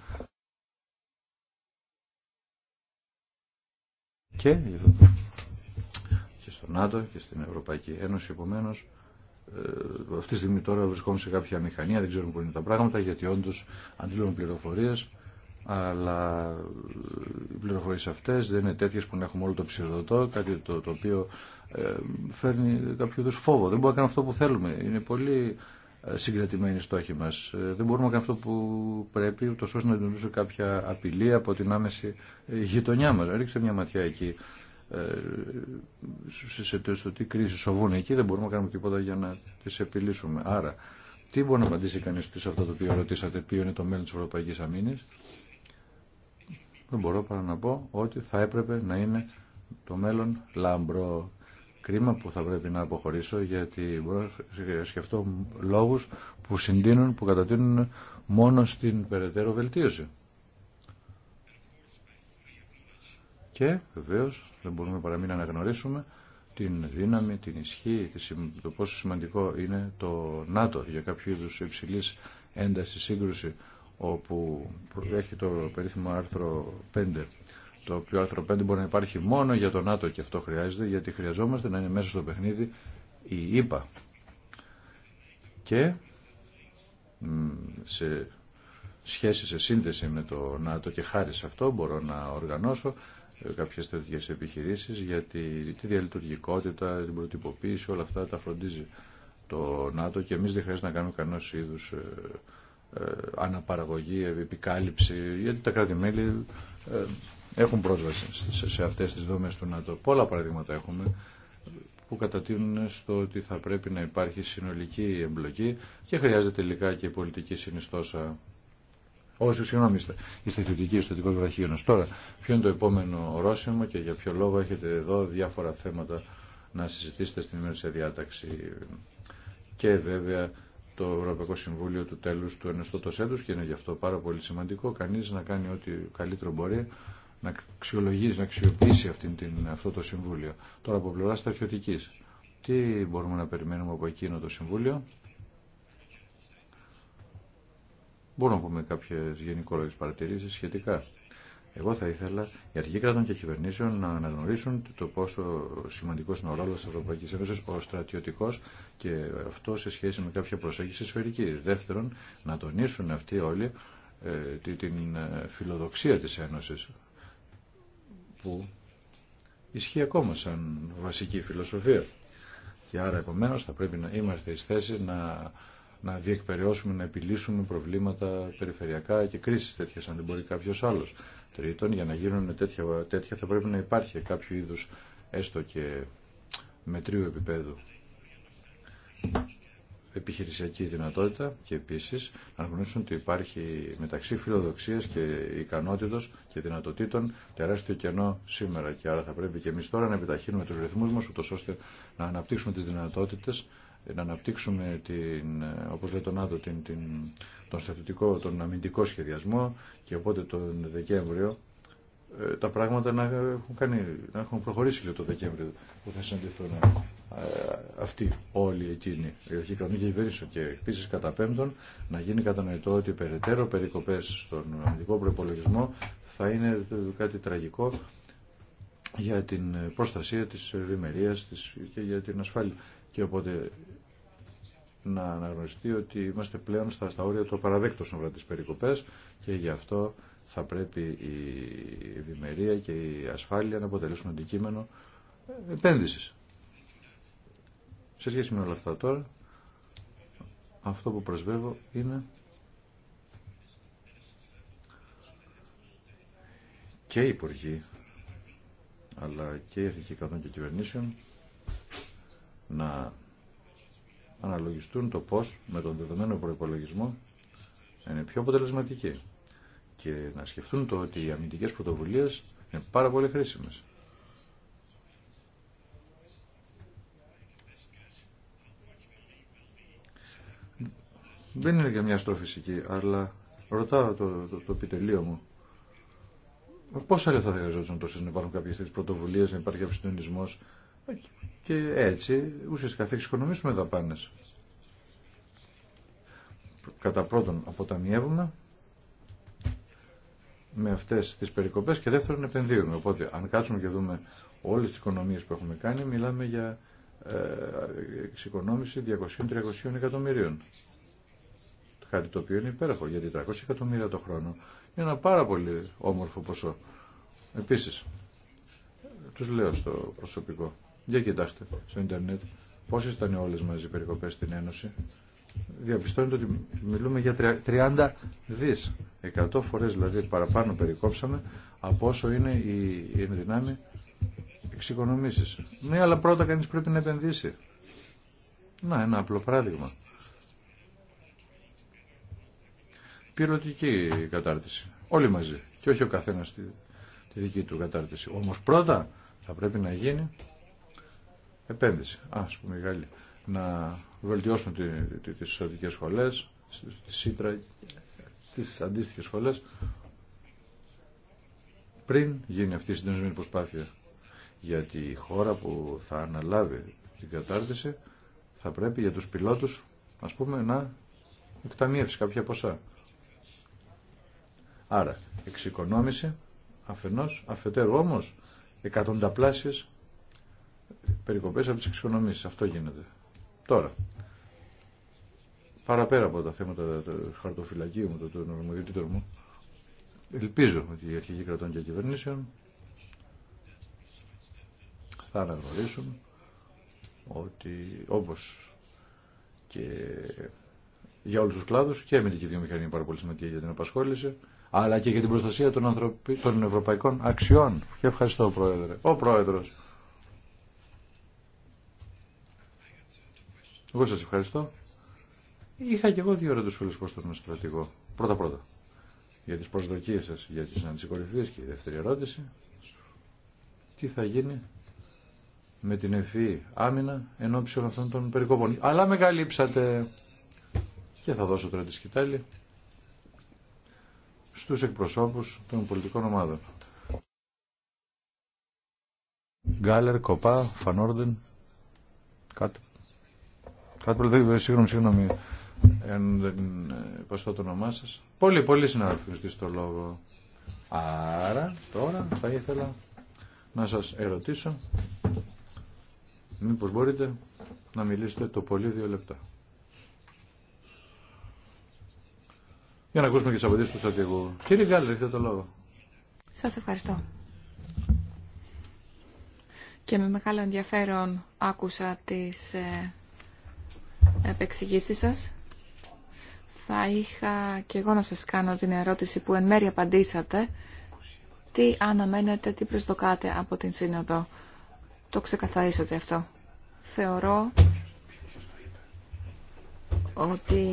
Και, και στο ΝΑΤΟ και στην Ευρωπαϊκή Ένωση επομένως ε, αυτή τη στιγμή τώρα βρισκόμαστε σε κάποια μηχανία, δεν ξέρουμε πού είναι τα πράγματα, γιατί όντω αντιλούμε πληροφορίε, αλλά ε, οι πληροφορίε αυτέ δεν είναι τέτοιε που να έχουμε όλο το ψηφοδοτό, κάτι το, οποίο ε, φέρνει κάποιο είδου φόβο. Δεν μπορούμε να κάνουμε αυτό που θέλουμε. Είναι πολύ συγκρατημένοι στόχοι μα. Δεν μπορούμε να κάνουμε αυτό που πρέπει, ούτω ώστε να αντιμετωπίσουμε κάποια απειλή από την άμεση γειτονιά μα. Ρίξτε μια ματιά εκεί ε, σε το τι κρίση σοβούν εκεί δεν μπορούμε να κάνουμε τίποτα για να τις επιλύσουμε. Άρα, τι μπορεί να απαντήσει κανείς σε αυτό το οποίο ρωτήσατε, ποιο είναι το μέλλον της Ευρωπαϊκής Αμήνης. Δεν μπορώ παρά να πω ότι θα έπρεπε να είναι το μέλλον λαμπρό. Κρίμα που θα πρέπει να αποχωρήσω γιατί μπορώ να σκεφτώ λόγους που συντείνουν, που κατατείνουν μόνο στην περαιτέρω βελτίωση. Και βεβαίω δεν μπορούμε παρά να αναγνωρίσουμε την δύναμη, την ισχύ, το πόσο σημαντικό είναι το ΝΑΤΟ για κάποιο είδου υψηλή ένταση σύγκρουση όπου έχει το περίφημο άρθρο 5 το οποίο άρθρο 5 μπορεί να υπάρχει μόνο για το ΝΑΤΟ και αυτό χρειάζεται γιατί χρειαζόμαστε να είναι μέσα στο παιχνίδι η ΙΠΑ και σε σχέση, σε σύνδεση με το ΝΑΤΟ και χάρη σε αυτό μπορώ να οργανώσω κάποιες τέτοιες επιχειρήσεις γιατί τη διαλειτουργικότητα, την προτυποποίηση, όλα αυτά τα φροντίζει το ΝΑΤΟ και εμείς δεν χρειάζεται να κάνουμε κανένα είδους ε, ε, αναπαραγωγή, επικάλυψη γιατί τα κράτη-μέλη ε, έχουν πρόσβαση σε αυτές τις δομές του ΝΑΤΟ. Πολλά παραδείγματα έχουμε που κατατείνουν στο ότι θα πρέπει να υπάρχει συνολική εμπλοκή και χρειάζεται τελικά και πολιτική συνιστόσα όσοι συγγνώμη είστε, είστε θετικοί στο Δυτικό Βραχίωνο. Τώρα, ποιο είναι το επόμενο ορόσημο και για ποιο λόγο έχετε εδώ διάφορα θέματα να συζητήσετε στην ημέρα σε διάταξη. Και βέβαια το Ευρωπαϊκό Συμβούλιο του τέλους του ενεστώτος έτους και είναι γι' αυτό πάρα πολύ σημαντικό κανείς να κάνει ό,τι καλύτερο μπορεί να αξιολογήσει, να αξιοποιήσει την, αυτό το Συμβούλιο. Τώρα από πλευρά στρατιωτική. Τι μπορούμε να περιμένουμε από εκείνο το Συμβούλιο. Μπορούμε να πούμε κάποιες γενικόλογες παρατηρήσεις σχετικά. Εγώ θα ήθελα οι αρχηγοί κρατών και κυβερνήσεων να αναγνωρίσουν το πόσο σημαντικό είναι ο ρόλο τη Ευρωπαϊκή Ένωση, ω στρατιωτικό και αυτό σε σχέση με κάποια προσέγγιση σφαιρική. Δεύτερον, να τονίσουν αυτοί όλοι ε, την ε, φιλοδοξία τη Ένωση που ισχύει ακόμα σαν βασική φιλοσοφία. Και άρα επομένω θα πρέπει να είμαστε στη θέση να να διεκπεραιώσουμε, να επιλύσουμε προβλήματα περιφερειακά και κρίσεις τέτοιες, αν δεν μπορεί κάποιος άλλος. Τρίτον, για να γίνουν τέτοια, τέτοια θα πρέπει να υπάρχει κάποιο είδους έστω και μετρίου επίπεδου επιχειρησιακή δυνατότητα και επίσης να γνωρίσουν ότι υπάρχει μεταξύ φιλοδοξίας και ικανότητος και δυνατοτήτων τεράστιο κενό σήμερα και άρα θα πρέπει και εμείς τώρα να επιταχύνουμε τους ρυθμούς μας ούτως ώστε να αναπτύξουμε τις δυνατότητες ε, να αναπτύξουμε την, ε, όπως λέει το ΝΑΤΟ, την, την, τον στρατιωτικό, τον αμυντικό σχεδιασμό και οπότε τον Δεκέμβριο ε, τα πράγματα να έχουν, κάνει, να έχουν προχωρήσει λίγο το Δεκέμβριο που θα συναντηθούν αυτοί όλοι εκείνοι, η αρχή κρατική κυβέρνηση και επίση κατά πέμπτον να γίνει κατανοητό ότι περαιτέρω περικοπέ στον αμυντικό προπολογισμό θα είναι κάτι τραγικό για την προστασία της ευημερία της και για την ασφάλεια. Και οπότε να αναγνωριστεί ότι είμαστε πλέον στα, στα όρια του παραδέκτου σύμβρα τις περικοπές και γι' αυτό θα πρέπει η ευημερία και η ασφάλεια να αποτελέσουν αντικείμενο επένδυσης. Σε σχέση με όλα αυτά τώρα, αυτό που προσβεύω είναι και οι υπουργοί, αλλά και οι αρχικοί κρατών και κυβερνήσεων να αναλογιστούν το πώς με τον δεδομένο προπολογισμό είναι πιο αποτελεσματική και να σκεφτούν το ότι οι αμυντικές πρωτοβουλίες είναι πάρα πολύ χρήσιμες. Δεν είναι για μια στόχη αλλά ρωτάω το, το, επιτελείο μου. πώς άλλο θα χρειαζόταν τόσο να υπάρχουν κάποιε τέτοιε πρωτοβουλίε, να υπάρχει συντονισμό. Και έτσι ουσιαστικά θα εξοικονομήσουμε δαπάνε. Κατά πρώτον αποταμιεύουμε με αυτές τις περικοπές και δεύτερον επενδύουμε. Οπότε αν κάτσουμε και δούμε όλες τις οικονομίες που έχουμε κάνει μιλάμε για ε, εξοικονόμηση 200-300 εκατομμυρίων. Κάτι το οποίο είναι υπέροχο γιατί 300 εκατομμύρια το χρόνο είναι ένα πάρα πολύ όμορφο ποσό. Επίσης, τους λέω στο προσωπικό για κοιτάξτε στο ίντερνετ Πώ ήταν όλε μαζί οι περικοπέ στην Ένωση. Διαπιστώνετε ότι μιλούμε για 30 δι. 100 φορές δηλαδή παραπάνω περικόψαμε από όσο είναι η ενδυνάμει εξοικονομήσεις. Ναι, αλλά πρώτα κανεί πρέπει να επενδύσει. Να, ένα απλό παράδειγμα. Πυρωτική κατάρτιση. Όλοι μαζί. Και όχι ο καθένα τη, τη δική του κατάρτιση. Όμω πρώτα θα πρέπει να γίνει επένδυση. Ας πούμε οι Γάλλοι να βελτιώσουν τις σωτικέ σχολέ, τη Σίτρα, τις αντίστοιχες σχολές, πριν γίνει αυτή η συντονισμένη προσπάθεια. Γιατί η χώρα που θα αναλάβει την κατάρτιση θα πρέπει για τους πιλότους, ας πούμε, να εκταμιεύσει κάποια ποσά. Άρα, εξοικονόμηση, αφενός, αφετέρου όμως, εκατονταπλάσιες περικοπές από τις εξοικονομήσεις. Αυτό γίνεται. Τώρα, παραπέρα από τα θέματα του χαρτοφυλακίου μου, του ορμοδιοτήτων μου, ελπίζω ότι οι αρχηγοί κρατών και κυβερνήσεων θα αναγνωρίσουν ότι όπως και για όλους τους κλάδους και η αμυντική βιομηχανία είναι πάρα πολύ σημαντική για την απασχόληση αλλά και για την προστασία των, ανθρωπι... των ευρωπαϊκών αξιών. Και ευχαριστώ Πρόεδρε. Ο Πρόεδρος. Εγώ σας ευχαριστώ. Είχα και εγώ δύο ερωτήσεις προς τον στρατηγό. Πρώτα πρώτα. Για τις προσδοκίες σας, για τις αντισυκορυφίες και η δεύτερη ερώτηση. Τι θα γίνει με την ευφύ άμυνα εν αυτών των περικοπών. Αλλά με καλύψατε και θα δώσω τώρα τη σκητάλη στους εκπροσώπους των πολιτικών ομάδων. Γκάλερ, Κοπά, Φανόρντεν, κάτω. Συγγνώμη, συγγνώμη. Εν δεν ε, παστώ το όνομά σα. Πολύ, πολύ συνάδελφοι στο λόγο. Άρα, τώρα θα ήθελα να σα ερωτήσω Μήπω μπορείτε να μιλήσετε το πολύ δύο λεπτά. Για να ακούσουμε και τι απαντήσει του στρατηγού. Κύριε Γκάλ, έχετε το λόγο. Σα ευχαριστώ. Και με μεγάλο ενδιαφέρον άκουσα τις ε, επεξηγήσεις σας. Θα είχα και εγώ να σας κάνω την ερώτηση που εν μέρει απαντήσατε. Τι αναμένετε, τι προσδοκάτε από την Σύνοδο. Το ξεκαθαρίσατε αυτό. Θεωρώ ότι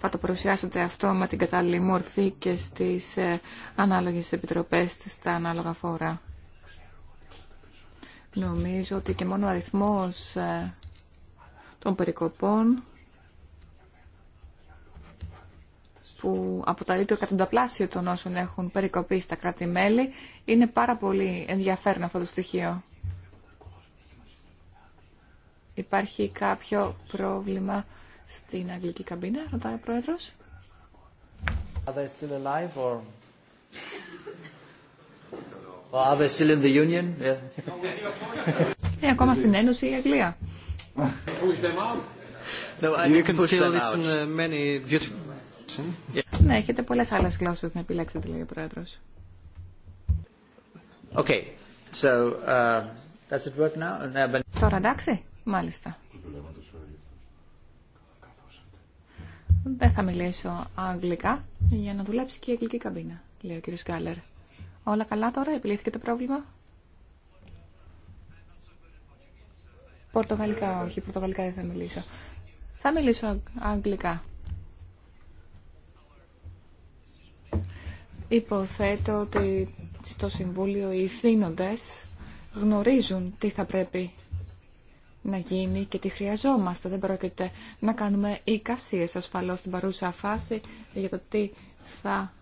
θα το παρουσιάσετε αυτό με την κατάλληλη μορφή και στις ε, ανάλογες επιτροπές, στα ανάλογα φόρα. Νομίζω ότι και μόνο ο αριθμός ε, των περικοπών που αποτελεί το εκατονταπλάσιο των όσων έχουν περικοπεί στα κράτη-μέλη είναι πάρα πολύ ενδιαφέρον αυτό το στοιχείο. Υπάρχει κάποιο πρόβλημα στην αγγλική καμπίνα, ρωτάει ο Πρόεδρος. Είναι ακόμα στην Ένωση η Αγγλία. Ναι, έχετε πολλές άλλες γλώσσες να επιλέξετε, λέει ο Πρόεδρος. Uh, Τώρα εντάξει, μάλιστα. Δεν θα μιλήσω αγγλικά για να δουλέψει και η αγγλική καμπίνα, λέει ο κύριος Γκάλερ. Όλα καλά τώρα, επιλύθηκε το πρόβλημα. Πορτογαλικά, όχι, πορτογαλικά δεν θα μιλήσω. Θα μιλήσω αγγλικά. Υποθέτω ότι στο Συμβούλιο οι θύνοντες γνωρίζουν τι θα πρέπει να γίνει και τι χρειαζόμαστε. Δεν πρόκειται να κάνουμε εικασίες ασφαλώς στην παρούσα φάση για το τι θα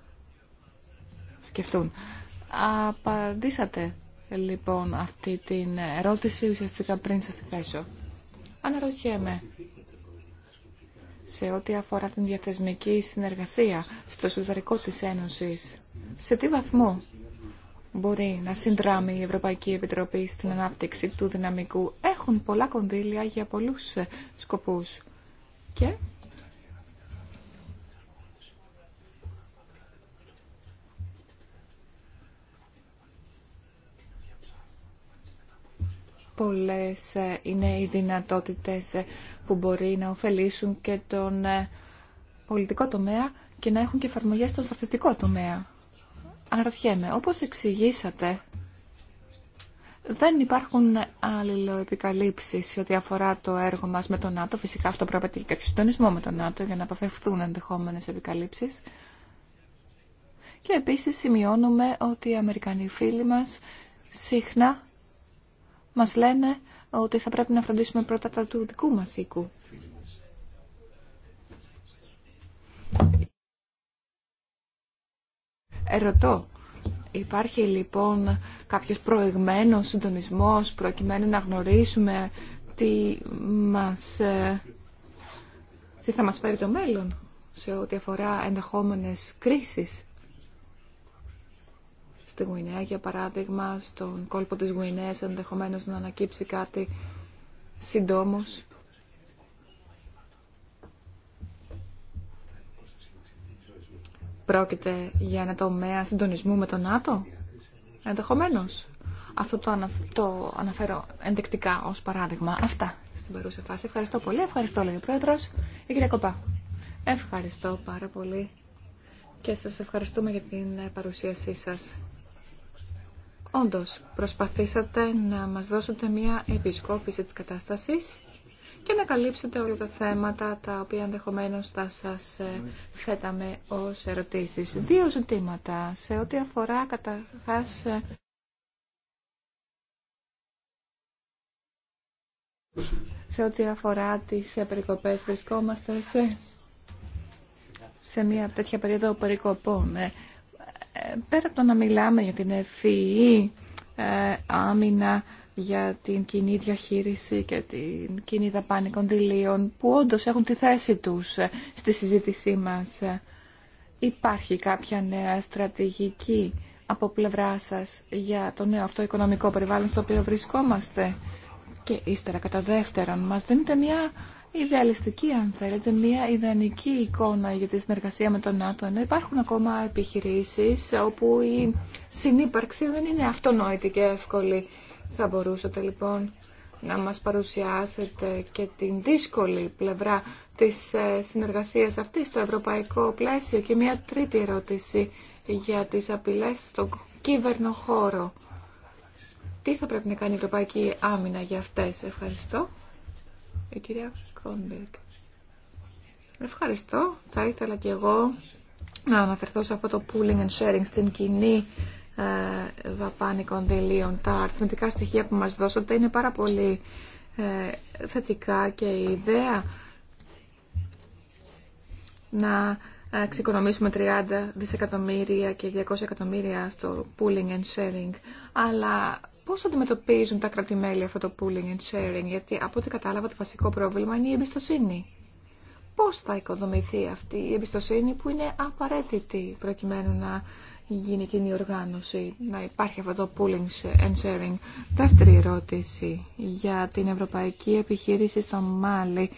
σκεφτούν. Απαντήσατε λοιπόν αυτή την ερώτηση ουσιαστικά πριν σας τη θέσω. Αναρωτιέμαι σε ό,τι αφορά την διαθεσμική συνεργασία στο εσωτερικό της Ένωσης. Σε τι βαθμό μπορεί να συνδράμει η Ευρωπαϊκή Επιτροπή στην ανάπτυξη του δυναμικού. Έχουν πολλά κονδύλια για πολλούς σκοπούς. Και πολλές ε, είναι οι δυνατότητες ε, που μπορεί να ωφελήσουν και τον ε, πολιτικό τομέα και να έχουν και εφαρμογές στον στρατιωτικό τομέα. Αναρωτιέμαι, όπως εξηγήσατε, δεν υπάρχουν αλληλοεπικαλύψεις σε ό,τι αφορά το έργο μας με τον ΝΑΤΟ. Φυσικά αυτό πρέπει να κάποιο συντονισμό με τον ΝΑΤΟ για να αποφευθούν ενδεχόμενες επικαλύψεις. Και επίσης σημειώνουμε ότι οι Αμερικανοί φίλοι μας συχνά μας λένε ότι θα πρέπει να φροντίσουμε πρώτα τα του δικού μας οίκου. Ερωτώ, υπάρχει λοιπόν κάποιος προηγμένος συντονισμός προκειμένου να γνωρίσουμε τι, μας, ε, τι θα μας φέρει το μέλλον σε ό,τι αφορά ενδεχόμενες κρίσεις στη Γουινέα, για παράδειγμα, στον κόλπο της Γουινέας ενδεχομένως να ανακύψει κάτι συντόμως. Πρόκειται για ένα τομέα συντονισμού με τον ΝΑΤΟ, ενδεχομένως. Αυτό το, ανα... το αναφέρω ενδεικτικά ως παράδειγμα. Αυτά στην παρούσα φάση. Ευχαριστώ πολύ. Ευχαριστώ, λέει ο Πρόεδρος. Η κυρία Κοπά. Ευχαριστώ πάρα πολύ και σας ευχαριστούμε για την παρουσίασή σας. Όντως, προσπαθήσατε να μας δώσετε μία επισκόπηση της κατάστασης και να καλύψετε όλα τα θέματα τα οποία ενδεχομένω θα σας ε, θέταμε ως ερωτήσεις. Δύο ζητήματα σε ό,τι αφορά καταρχάς... Ε, σε ό,τι αφορά τις ε, περικοπές βρισκόμαστε σε, σε μια τέτοια περίοδο περικοπών πέρα από το να μιλάμε για την ε, άμυνα, για την κοινή διαχείριση και την κοινή δαπάνη κονδυλίων που όντως έχουν τη θέση τους ε, στη συζήτησή μας. Ε, υπάρχει κάποια νέα στρατηγική από πλευρά σας για το νέο αυτό οικονομικό περιβάλλον στο οποίο βρισκόμαστε και ύστερα κατά δεύτερον μας δίνετε μια ιδεαλιστική, αν θέλετε, μια ιδανική εικόνα για τη συνεργασία με τον ΝΑΤΟ. Ενώ υπάρχουν ακόμα επιχειρήσεις όπου η συνύπαρξη δεν είναι αυτονόητη και εύκολη. Θα μπορούσατε λοιπόν να μας παρουσιάσετε και την δύσκολη πλευρά της ε, συνεργασίας αυτής στο ευρωπαϊκό πλαίσιο. Και μια τρίτη ερώτηση για τις απειλές στον κύβερνο χώρο. Τι θα πρέπει να κάνει η Ευρωπαϊκή Άμυνα για αυτές. Ευχαριστώ. Κρόνμπεργκ. Ευχαριστώ. Θα ήθελα και εγώ να αναφερθώ σε αυτό το pooling and sharing στην κοινή ε, δαπάνη κονδυλίων. Τα αριθμητικά στοιχεία που μας δώσατε είναι πάρα πολύ ε, θετικά και η ιδέα να ξεκονομήσουμε 30 δισεκατομμύρια και 200 εκατομμύρια στο pooling and sharing. Αλλά Πώς αντιμετωπίζουν τα κρατημέλη αυτό το pooling and sharing, γιατί από ό,τι κατάλαβα το βασικό πρόβλημα είναι η εμπιστοσύνη. Πώς θα οικοδομηθεί αυτή η εμπιστοσύνη που είναι απαραίτητη προκειμένου να γίνει κοινή οργάνωση, να υπάρχει αυτό το pooling and sharing. Δεύτερη ερώτηση για την Ευρωπαϊκή Επιχείρηση στο Μάλι.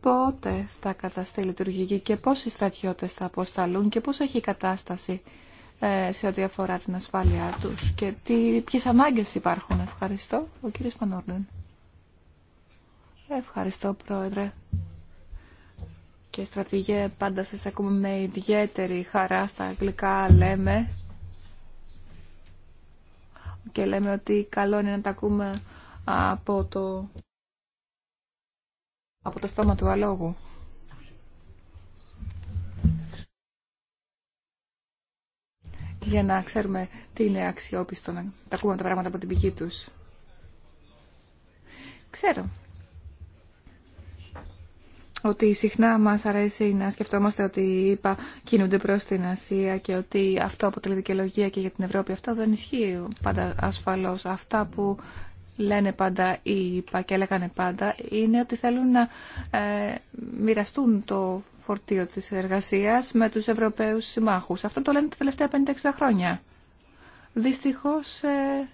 Πότε θα καταστεί λειτουργική και πόσοι στρατιώτες θα αποσταλούν και πώς έχει η κατάσταση ε, σε ό,τι αφορά την ασφάλειά τους και τι, ποιες ανάγκες υπάρχουν. Ευχαριστώ, ο κύριος Πανόρντεν. Ευχαριστώ, Πρόεδρε. Και στρατηγέ, πάντα σας ακούμε με ιδιαίτερη χαρά στα αγγλικά, λέμε. Και λέμε ότι καλό είναι να τα ακούμε από το, από το στόμα του αλόγου. για να ξέρουμε τι είναι αξιόπιστο, να τα ακούμε τα πράγματα από την πηγή τους. Ξέρω ότι συχνά μας αρέσει να σκεφτόμαστε ότι οι ΕΠΑ κινούνται προς την Ασία και ότι αυτό αποτελεί δικαιολογία και για την Ευρώπη. Αυτό δεν ισχύει πάντα ασφαλώς. Αυτά που λένε πάντα οι ΙΠΑ και έλεγανε πάντα είναι ότι θέλουν να ε, μοιραστούν το φορτίο της εργασίας με τους Ευρωπαίους συμμάχους. Αυτό το λένε τα τελευταία 50-60 χρόνια. Δυστυχώς ε,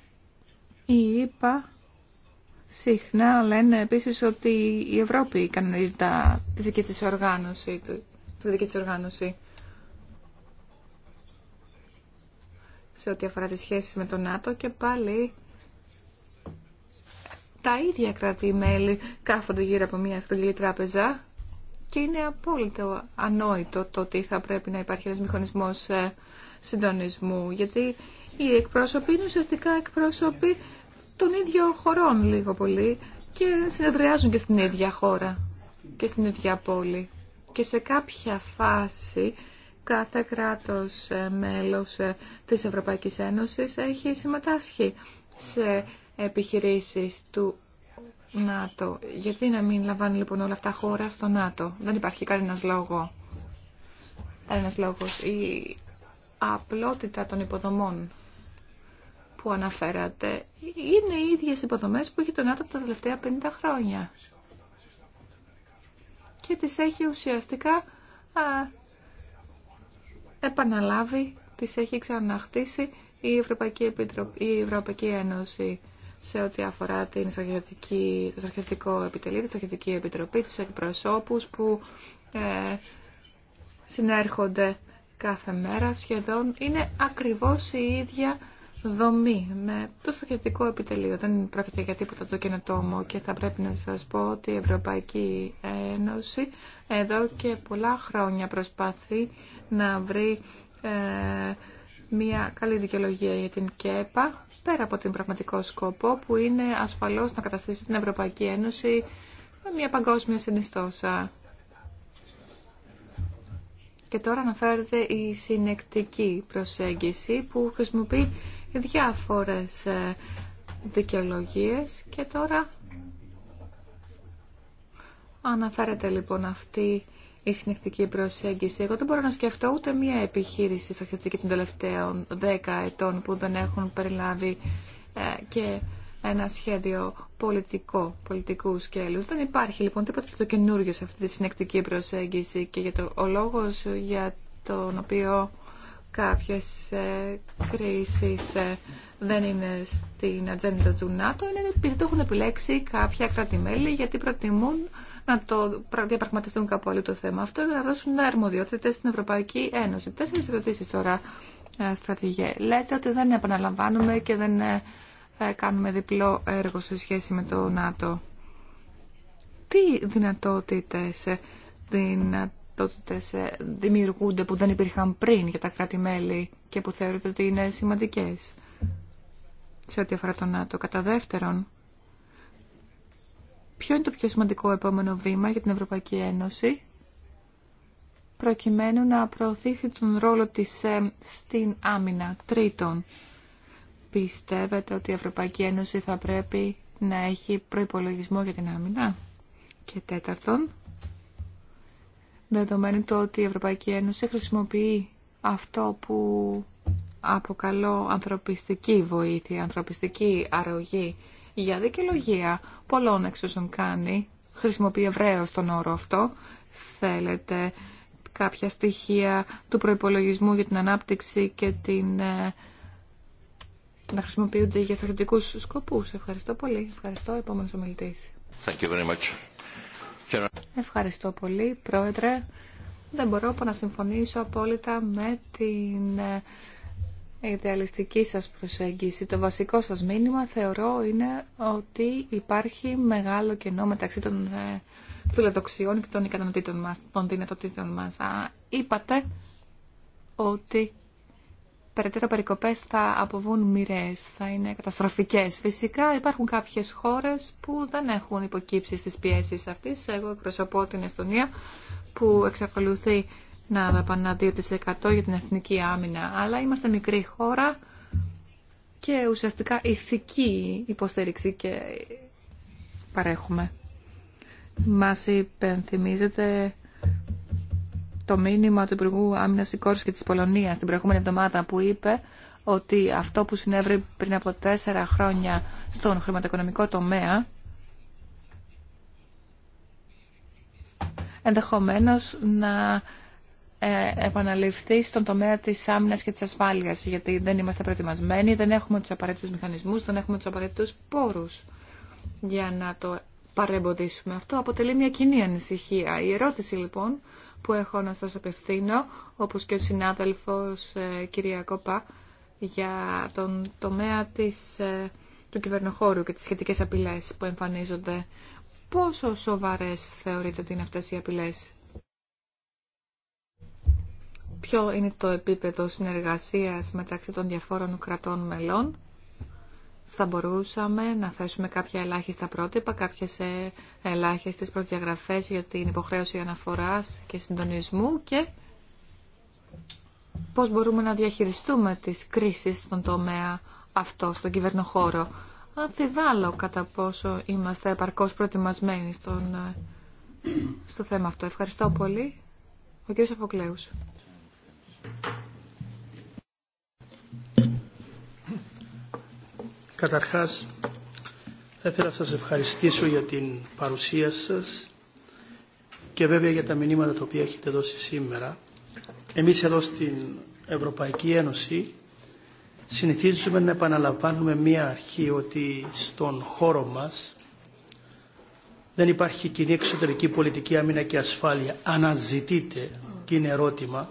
οι ΕΠΑ συχνά λένε επίσης ότι η Ευρώπη κάνει τα, τη δική της οργάνωση, Τη, τη δική της οργάνωση. σε ό,τι αφορά τις σχέσεις με τον ΝΑΤΟ και πάλι τα ίδια κρατή μέλη κάθονται γύρω από μια στρογγυλή τράπεζα και είναι απόλυτο ανόητο το ότι θα πρέπει να υπάρχει ένας μηχανισμός ε, συντονισμού, γιατί οι εκπρόσωποι είναι ουσιαστικά εκπρόσωποι των ίδιων χωρών λίγο πολύ και συνεδριάζουν και στην ίδια χώρα και στην ίδια πόλη. Και σε κάποια φάση κάθε κράτος ε, μέλος ε, της Ευρωπαϊκής Ένωσης έχει συμμετάσχει σε επιχειρήσεις του ΝΑΤΟ. Γιατί να μην λαμβάνει λοιπόν όλα αυτά χώρα στο ΝΑΤΟ. Δεν υπάρχει κανένα λόγο. ένα λόγο. Η απλότητα των υποδομών που αναφέρατε είναι οι ίδιες υποδομές που έχει το ΝΑΤΟ τα τελευταία 50 χρόνια. Και τις έχει ουσιαστικά α, επαναλάβει, τις έχει ξαναχτίσει η Ευρωπαϊκή, η Ευρωπαϊκή Ένωση σε ό,τι αφορά την το στρατιωτικό επιτελείο, τη στρατιωτική επιτροπή, τους εκπροσώπους που ε, συνέρχονται κάθε μέρα σχεδόν. Είναι ακριβώς η ίδια δομή με το στρατιωτικό επιτελείο. Δεν πρόκειται για τίποτα το καινοτόμο και θα πρέπει να σας πω ότι η Ευρωπαϊκή Ένωση εδώ και πολλά χρόνια προσπαθεί να βρει ε, μια καλή δικαιολογία για την ΚΕΠΑ, πέρα από την πραγματικό σκοπό που είναι ασφαλώς να καταστήσει την Ευρωπαϊκή Ένωση μια παγκόσμια συνιστόσα. Και τώρα αναφέρεται η συνεκτική προσέγγιση που χρησιμοποιεί διάφορες ε, δικαιολογίες και τώρα αναφέρεται λοιπόν αυτή η συνεκτική προσέγγιση. Εγώ δεν μπορώ να σκεφτώ ούτε μία επιχείρηση στα θετική των τελευταίων δέκα ετών που δεν έχουν περιλάβει ε, και ένα σχέδιο πολιτικό, πολιτικού σκέλους. Δεν υπάρχει λοιπόν τίποτα το καινούργιο σε αυτή τη συνεκτική προσέγγιση και για το, ο λόγος για τον οποίο κάποιες ε, κρίσεις ε, δεν είναι στην ατζέντα του ΝΑΤΟ είναι επειδή το έχουν επιλέξει κάποια κράτη-μέλη γιατί προτιμούν να το διαπραγματευτούν κάπου αλλού το θέμα αυτό για να δώσουν αρμοδιότητε στην Ευρωπαϊκή Ένωση. Τέσσερις ερωτήσει τώρα, ε, στρατηγέ. Λέτε ότι δεν επαναλαμβάνουμε και δεν ε, ε, κάνουμε διπλό έργο σε σχέση με το ΝΑΤΟ. Τι δυνατότητες, δυνατότητες δημιουργούνται που δεν υπήρχαν πριν για τα κράτη-μέλη και που θεωρείτε ότι είναι σημαντικές σε ό,τι αφορά το ΝΑΤΟ. Κατά δεύτερον, Ποιο είναι το πιο σημαντικό επόμενο βήμα για την Ευρωπαϊκή Ένωση προκειμένου να προωθήσει τον ρόλο της ε, στην άμυνα. Τρίτον, πιστεύετε ότι η Ευρωπαϊκή Ένωση θα πρέπει να έχει προϋπολογισμό για την άμυνα. Και τέταρτον, δεδομένου το ότι η Ευρωπαϊκή Ένωση χρησιμοποιεί αυτό που αποκαλώ ανθρωπιστική βοήθεια, ανθρωπιστική αρρωγή για δικαιολογία πολλών όσων κάνει, χρησιμοποιεί ευρέω τον όρο αυτό, θέλετε κάποια στοιχεία του προϋπολογισμού για την ανάπτυξη και την, ε, να χρησιμοποιούνται για στρατιωτικούς σκοπούς. Ευχαριστώ πολύ. Ευχαριστώ, επόμενος ομιλητής. Thank you very much. Ευχαριστώ πολύ, Πρόεδρε. Δεν μπορώ να συμφωνήσω απόλυτα με την ε, ιδεαλιστική σας προσέγγιση. Το βασικό σας μήνυμα θεωρώ είναι ότι υπάρχει μεγάλο κενό μεταξύ των ε, φιλοδοξιών και των ικανοτήτων μας, των δυνατοτήτων μας. Α, είπατε ότι περαιτέρω περικοπές θα αποβούν μοιραίες, θα είναι καταστροφικές. Φυσικά υπάρχουν κάποιες χώρες που δεν έχουν υποκύψει στις πιέσεις αυτής. Εγώ εκπροσωπώ την Εστονία που εξακολουθεί να δαπανά 2% για την εθνική άμυνα, αλλά είμαστε μικρή χώρα και ουσιαστικά ηθική υποστήριξη και παρέχουμε. Μας υπενθυμίζεται το μήνυμα του Υπουργού Άμυνας και της Πολωνίας την προηγούμενη εβδομάδα που είπε ότι αυτό που συνέβη πριν από τέσσερα χρόνια στον χρηματοοικονομικό τομέα ενδεχομένως να ε, επαναληφθεί στον τομέα της άμυνας και της ασφάλειας, γιατί δεν είμαστε προετοιμασμένοι, δεν έχουμε τους απαραίτητους μηχανισμούς, δεν έχουμε τους απαραίτητους πόρους για να το παρεμποδίσουμε. Αυτό αποτελεί μια κοινή ανησυχία. Η ερώτηση λοιπόν που έχω να σας απευθύνω, όπως και ο συνάδελφος ε, κυρία Κόπα, για τον τομέα της, ε, του κυβερνοχώρου και τις σχετικές απειλές που εμφανίζονται. Πόσο σοβαρές θεωρείτε ότι είναι αυτές οι απειλές ποιο είναι το επίπεδο συνεργασίας μεταξύ των διαφόρων κρατών μελών, θα μπορούσαμε να θέσουμε κάποια ελάχιστα πρότυπα, κάποιες ε, ελάχιστες προδιαγραφές για την υποχρέωση αναφοράς και συντονισμού και πώς μπορούμε να διαχειριστούμε τις κρίσεις στον τομέα αυτό, στον κυβερνοχώρο. Αμφιβάλλω κατά πόσο είμαστε επαρκώς προετοιμασμένοι στον, ε, στο θέμα αυτό. Ευχαριστώ πολύ. Ο κ. Αφοκλέους. Καταρχάς, θα ήθελα να σας ευχαριστήσω για την παρουσία σας και βέβαια για τα μηνύματα τα οποία έχετε δώσει σήμερα. Εμείς εδώ στην Ευρωπαϊκή Ένωση συνηθίζουμε να επαναλαμβάνουμε μία αρχή ότι στον χώρο μας δεν υπάρχει κοινή εξωτερική πολιτική άμυνα και ασφάλεια. αναζητείτε και είναι ερώτημα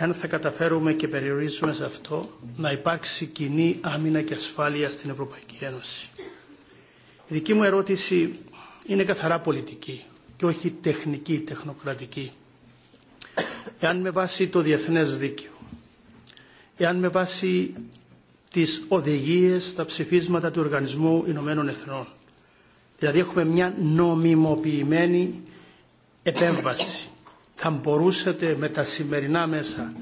εάν θα καταφέρουμε και περιορίζουμε σε αυτό, να υπάρξει κοινή άμυνα και ασφάλεια στην Ευρωπαϊκή Ένωση. Η δική μου ερώτηση είναι καθαρά πολιτική και όχι τεχνική, τεχνοκρατική. Εάν με βάση το διεθνές δίκαιο, εάν με βάση τις οδηγίες, τα ψηφίσματα του Οργανισμού Ηνωμένων Εθνών, δηλαδή έχουμε μια νομιμοποιημένη επέμβαση θα μπορούσατε με τα σημερινά μέσα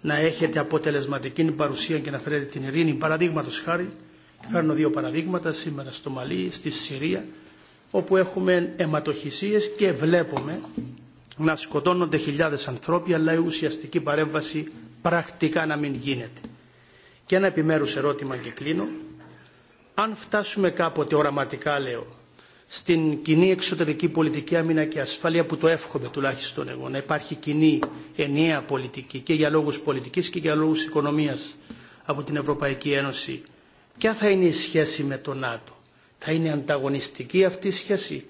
να έχετε αποτελεσματική παρουσία και να φέρετε την ειρήνη. Παραδείγματο χάρη, φέρνω δύο παραδείγματα σήμερα στο Μαλί, στη Συρία, όπου έχουμε αιματοχυσίε και βλέπουμε να σκοτώνονται χιλιάδε ανθρώποι, αλλά η ουσιαστική παρέμβαση πρακτικά να μην γίνεται. Και ένα επιμέρους ερώτημα και κλείνω. Αν φτάσουμε κάποτε οραματικά, λέω, στην κοινή εξωτερική πολιτική άμυνα και ασφάλεια που το εύχομαι τουλάχιστον εγώ να υπάρχει κοινή ενιαία πολιτική και για λόγους πολιτικής και για λόγους οικονομίας από την Ευρωπαϊκή Ένωση. Ποια θα είναι η σχέση με το ΝΑΤΟ. Θα είναι ανταγωνιστική αυτή η σχέση.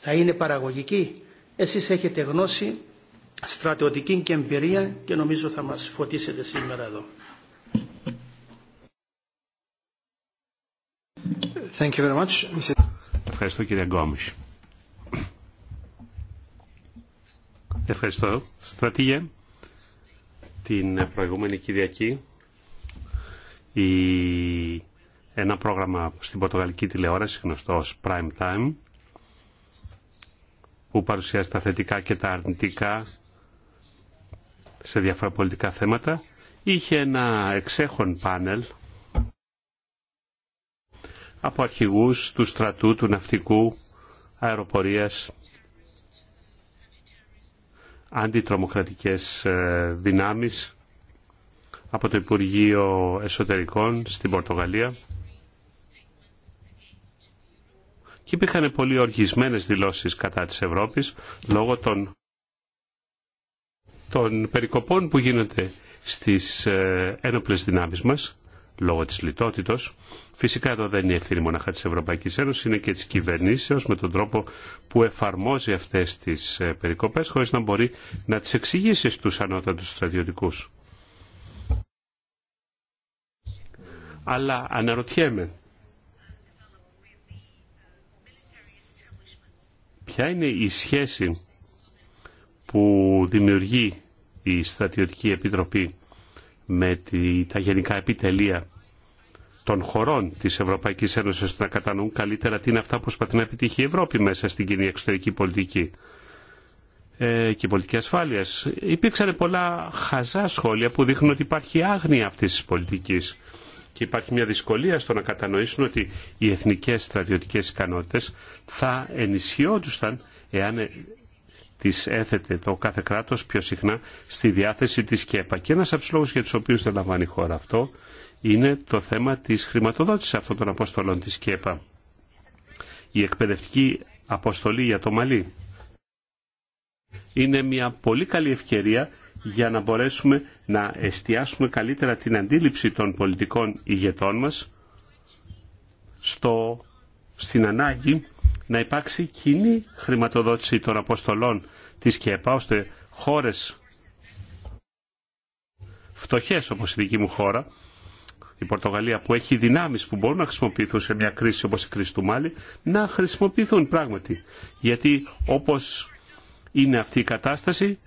Θα είναι παραγωγική. Εσείς έχετε γνώση στρατιωτική και εμπειρία και νομίζω θα μας φωτίσετε σήμερα εδώ. Ευχαριστώ κύριε Γκόμις. Ευχαριστώ. Στρατηγέ, την προηγούμενη Κυριακή η... ένα πρόγραμμα στην Πορτογαλική τηλεόραση γνωστό ως Prime Time που παρουσιάζει τα θετικά και τα αρνητικά σε διάφορα πολιτικά θέματα είχε ένα εξέχον πάνελ από αρχηγούς του στρατού, του ναυτικού, αεροπορίας, αντιτρομοκρατικές ε, δυνάμεις από το Υπουργείο Εσωτερικών στην Πορτογαλία και υπήρχαν πολύ οργισμένες δηλώσεις κατά της Ευρώπης λόγω των, των περικοπών που γίνονται στις ε, ένοπλες δυνάμεις μας λόγω της λιτότητος. Φυσικά εδώ δεν είναι η ευθύνη μοναχά της Ευρωπαϊκής Ένωσης, είναι και της κυβερνήσεως με τον τρόπο που εφαρμόζει αυτές τις ε, περικοπές χωρίς να μπορεί να τις εξηγήσει στους ανώτατους στρατιωτικούς. Αλλά αναρωτιέμαι, ποια είναι η σχέση που δημιουργεί η Στρατιωτική Επιτροπή με τα γενικά επιτελεία των χωρών της Ευρωπαϊκής Ένωσης να κατανοούν καλύτερα τι είναι αυτά που προσπαθεί να επιτύχει η Ευρώπη μέσα στην κοινή εξωτερική πολιτική ε, και η πολιτική ασφάλειας. Υπήρξαν πολλά χαζά σχόλια που δείχνουν ότι υπάρχει άγνοια αυτής της πολιτικής και υπάρχει μια δυσκολία στο να κατανοήσουν ότι οι εθνικές στρατιωτικές ικανότητες θα ενισχυόντουσαν εάν τις έθετε το κάθε κράτος πιο συχνά στη διάθεση της ΚΕΠΑ. Και ένας από για τους οποίους δεν λαμβάνει χώρα αυτό είναι το θέμα της χρηματοδότησης αυτών των αποστολών της ΚΕΠΑ. Η εκπαιδευτική αποστολή για το Μαλί είναι μια πολύ καλή ευκαιρία για να μπορέσουμε να εστιάσουμε καλύτερα την αντίληψη των πολιτικών ηγετών μας στο, στην ανάγκη να υπάρξει κοινή χρηματοδότηση των αποστολών της ΚΕΠΑ, ώστε χώρες φτωχές όπως η δική μου χώρα, η Πορτογαλία που έχει δυνάμεις που μπορούν να χρησιμοποιηθούν σε μια κρίση όπως η κρίση του Μάλι, να χρησιμοποιηθούν πράγματι. Γιατί όπως είναι αυτή η κατάσταση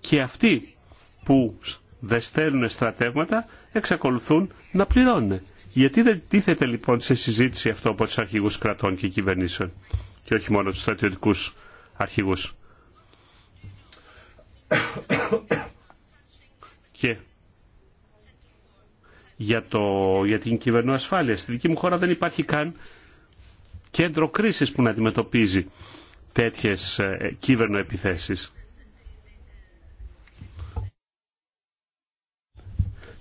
και αυτοί που δεν στέλνουν στρατεύματα εξακολουθούν να πληρώνουν. Γιατί δεν τίθεται λοιπόν σε συζήτηση αυτό από τους αρχηγούς κρατών και κυβερνήσεων και όχι μόνο τους στρατιωτικούς αρχηγούς. και για, το, για την κυβερνοασφάλεια. Στη δική μου χώρα δεν υπάρχει καν κέντρο κρίσης που να αντιμετωπίζει τέτοιες ε, κυβερνοεπιθέσεις.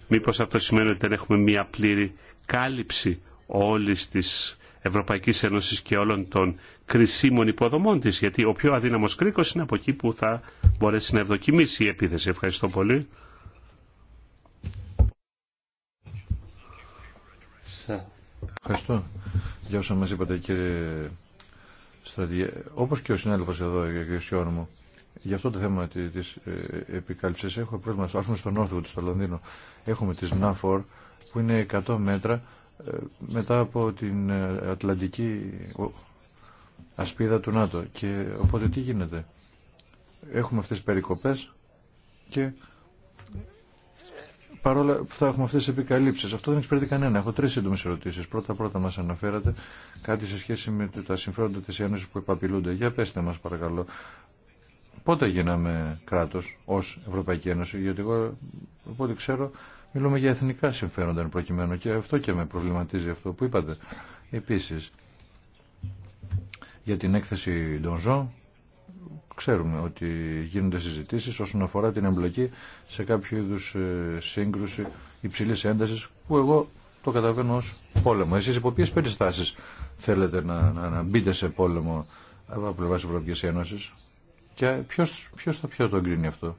Μήπως αυτό σημαίνει ότι δεν έχουμε μία πλήρη κάλυψη όλης της Ευρωπαϊκής Ένωσης και όλων των κρισίμων υποδομών της, γιατί ο πιο αδύναμος κρίκος είναι από εκεί που θα μπορέσει να ευδοκιμήσει η επίθεση. Ευχαριστώ πολύ. Ευχαριστώ για όσα μας είπατε κύριε Στρατηγέ. Όπως και ο συνάδελφος εδώ, ο Σιόνομο, μου, για αυτό το θέμα της ε, επικάλυψης έχω πρόβλημα στο στο Λονδίνο. Έχουμε τις ΝΑΦΟΡ που είναι 100 μέτρα ε, μετά από την ε, Ατλαντική ασπίδα του ΝΑΤΟ. Και οπότε τι γίνεται. Έχουμε αυτές τις περικοπές και παρόλα που θα έχουμε αυτές τις επικαλύψεις. Αυτό δεν εξυπηρετεί κανένα. Έχω τρεις σύντομες ερωτήσεις. Πρώτα-πρώτα μας αναφέρατε κάτι σε σχέση με τα συμφέροντα της Ένωσης που επαπειλούνται. Για πέστε μας παρακαλώ. Πότε γίναμε κράτος ως Ευρωπαϊκή Ένωση, γιατί εγώ οπότε ξέρω Μιλούμε για εθνικά συμφέροντα εν προκειμένου και αυτό και με προβληματίζει αυτό που είπατε. Επίσης, για την έκθεση Ντονζό, ξέρουμε ότι γίνονται συζητήσεις όσον αφορά την εμπλοκή σε κάποιο είδους ε, σύγκρουση υψηλής έντασης που εγώ το καταβαίνω ως πόλεμο. Εσείς υπό ποιες περιστάσεις θέλετε να, να, να μπείτε σε πόλεμο από πλευράς Ευρωπαϊκής Ένωσης και ποιος, θα πιο το εγκρίνει αυτό,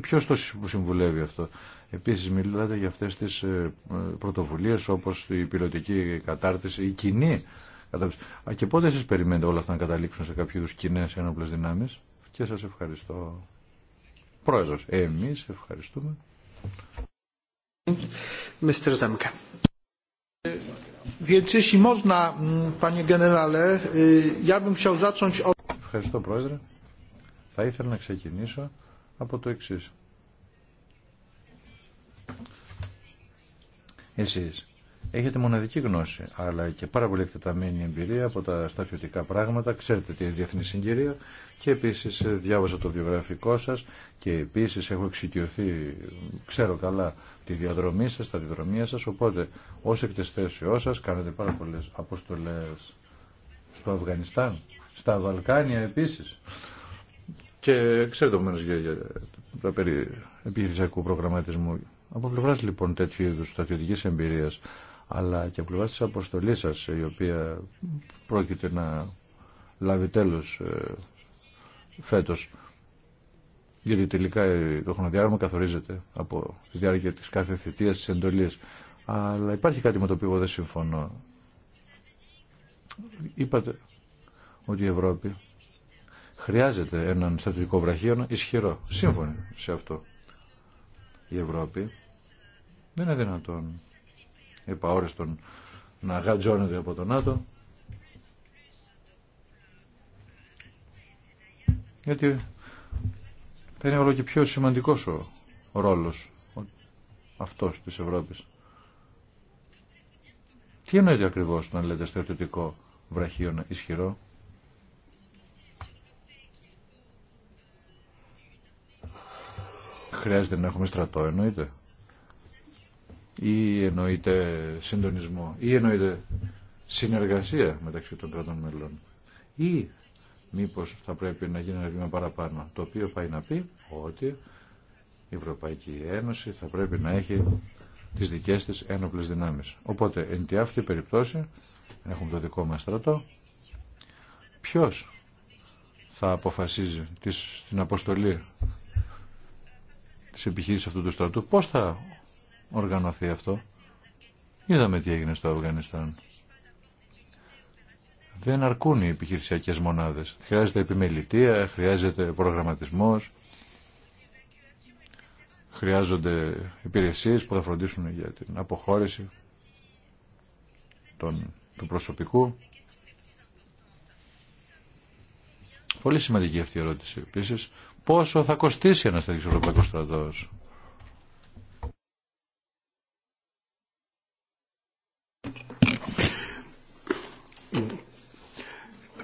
ποιος το συμβουλεύει αυτό. Επίσης μιλάτε για αυτές τις ε, πρωτοβουλίες όπως η πιλωτική κατάρτιση, η κοινή κατάρτιση. Και πότε εσείς περιμένετε όλα αυτά να καταλήξουν σε κάποιο είδους κοινές ένοπλες δυνάμεις. Και σας ευχαριστώ. Πρόεδρος, εμείς ευχαριστούμε. Ευχαριστώ, Πρόεδρε. Θα ήθελα να ξεκινήσω από το εξής. Εσείς έχετε μοναδική γνώση, αλλά και πάρα πολύ εκτεταμένη εμπειρία από τα σταθιωτικά πράγματα. Ξέρετε τη διεθνή συγκυρία και επίσης ε, διάβασα το βιογραφικό σας και επίσης έχω εξοικειωθεί, ξέρω καλά, τη διαδρομή σας, τα διδρομία σας, οπότε ως εκτεσθέσιό σας κάνετε πάρα πολλές αποστολές στο Αφγανιστάν, στα Βαλκάνια επίσης. Και ξέρετε το για, για τα περί επιχειρησιακού προγραμματισμού από πλευρά λοιπόν τέτοιου είδου στρατιωτική εμπειρία, αλλά και από πλευρά τη αποστολή σα, η οποία πρόκειται να λάβει τέλο ε, φέτο, γιατί τελικά ε, το χρονοδιάγραμμα καθορίζεται από τη διάρκεια τη κάθε θητεία τη εντολή. Αλλά υπάρχει κάτι με το οποίο δεν συμφωνώ. Είπατε ότι η Ευρώπη χρειάζεται έναν στρατηγικό βραχείο ισχυρό. Σύμφωνοι σε αυτό η Ευρώπη δεν είναι δυνατόν επαόριστον να γατζώνεται από τον ΝΑΤΟ γιατί θα είναι όλο και πιο σημαντικός ο, ρόλος αυτός της Ευρώπης. Τι εννοείται ακριβώς να λέτε στρατιωτικό βραχείο ισχυρό. χρειάζεται να έχουμε στρατό, εννοείται. Ή εννοείται συντονισμό. Ή εννοείται συνεργασία μεταξύ των κρατών μελών. Ή μήπως θα πρέπει να γίνει ένα βήμα παραπάνω. Το οποίο πάει να πει ότι η Ευρωπαϊκή Ένωση θα πρέπει να έχει τις δικές της ένοπλες δυνάμεις. Οπότε, εν τη αυτή περιπτώσει έχουμε το δικό μας στρατό, ποιος θα αποφασίζει την αποστολή σε επιχείρηση αυτού του στρατού. Πώς θα οργανωθεί αυτό. Είδαμε τι έγινε στο Αφγανιστάν. Δεν αρκούν οι επιχειρησιακές μονάδες. Χρειάζεται επιμελητεία, χρειάζεται προγραμματισμός, χρειάζονται υπηρεσίες που θα φροντίσουν για την αποχώρηση των, του προσωπικού. Πολύ σημαντική αυτή η ερώτηση επίση πόσο θα κοστίσει ένας τέτοιος Ευρωπαϊκός στρατός.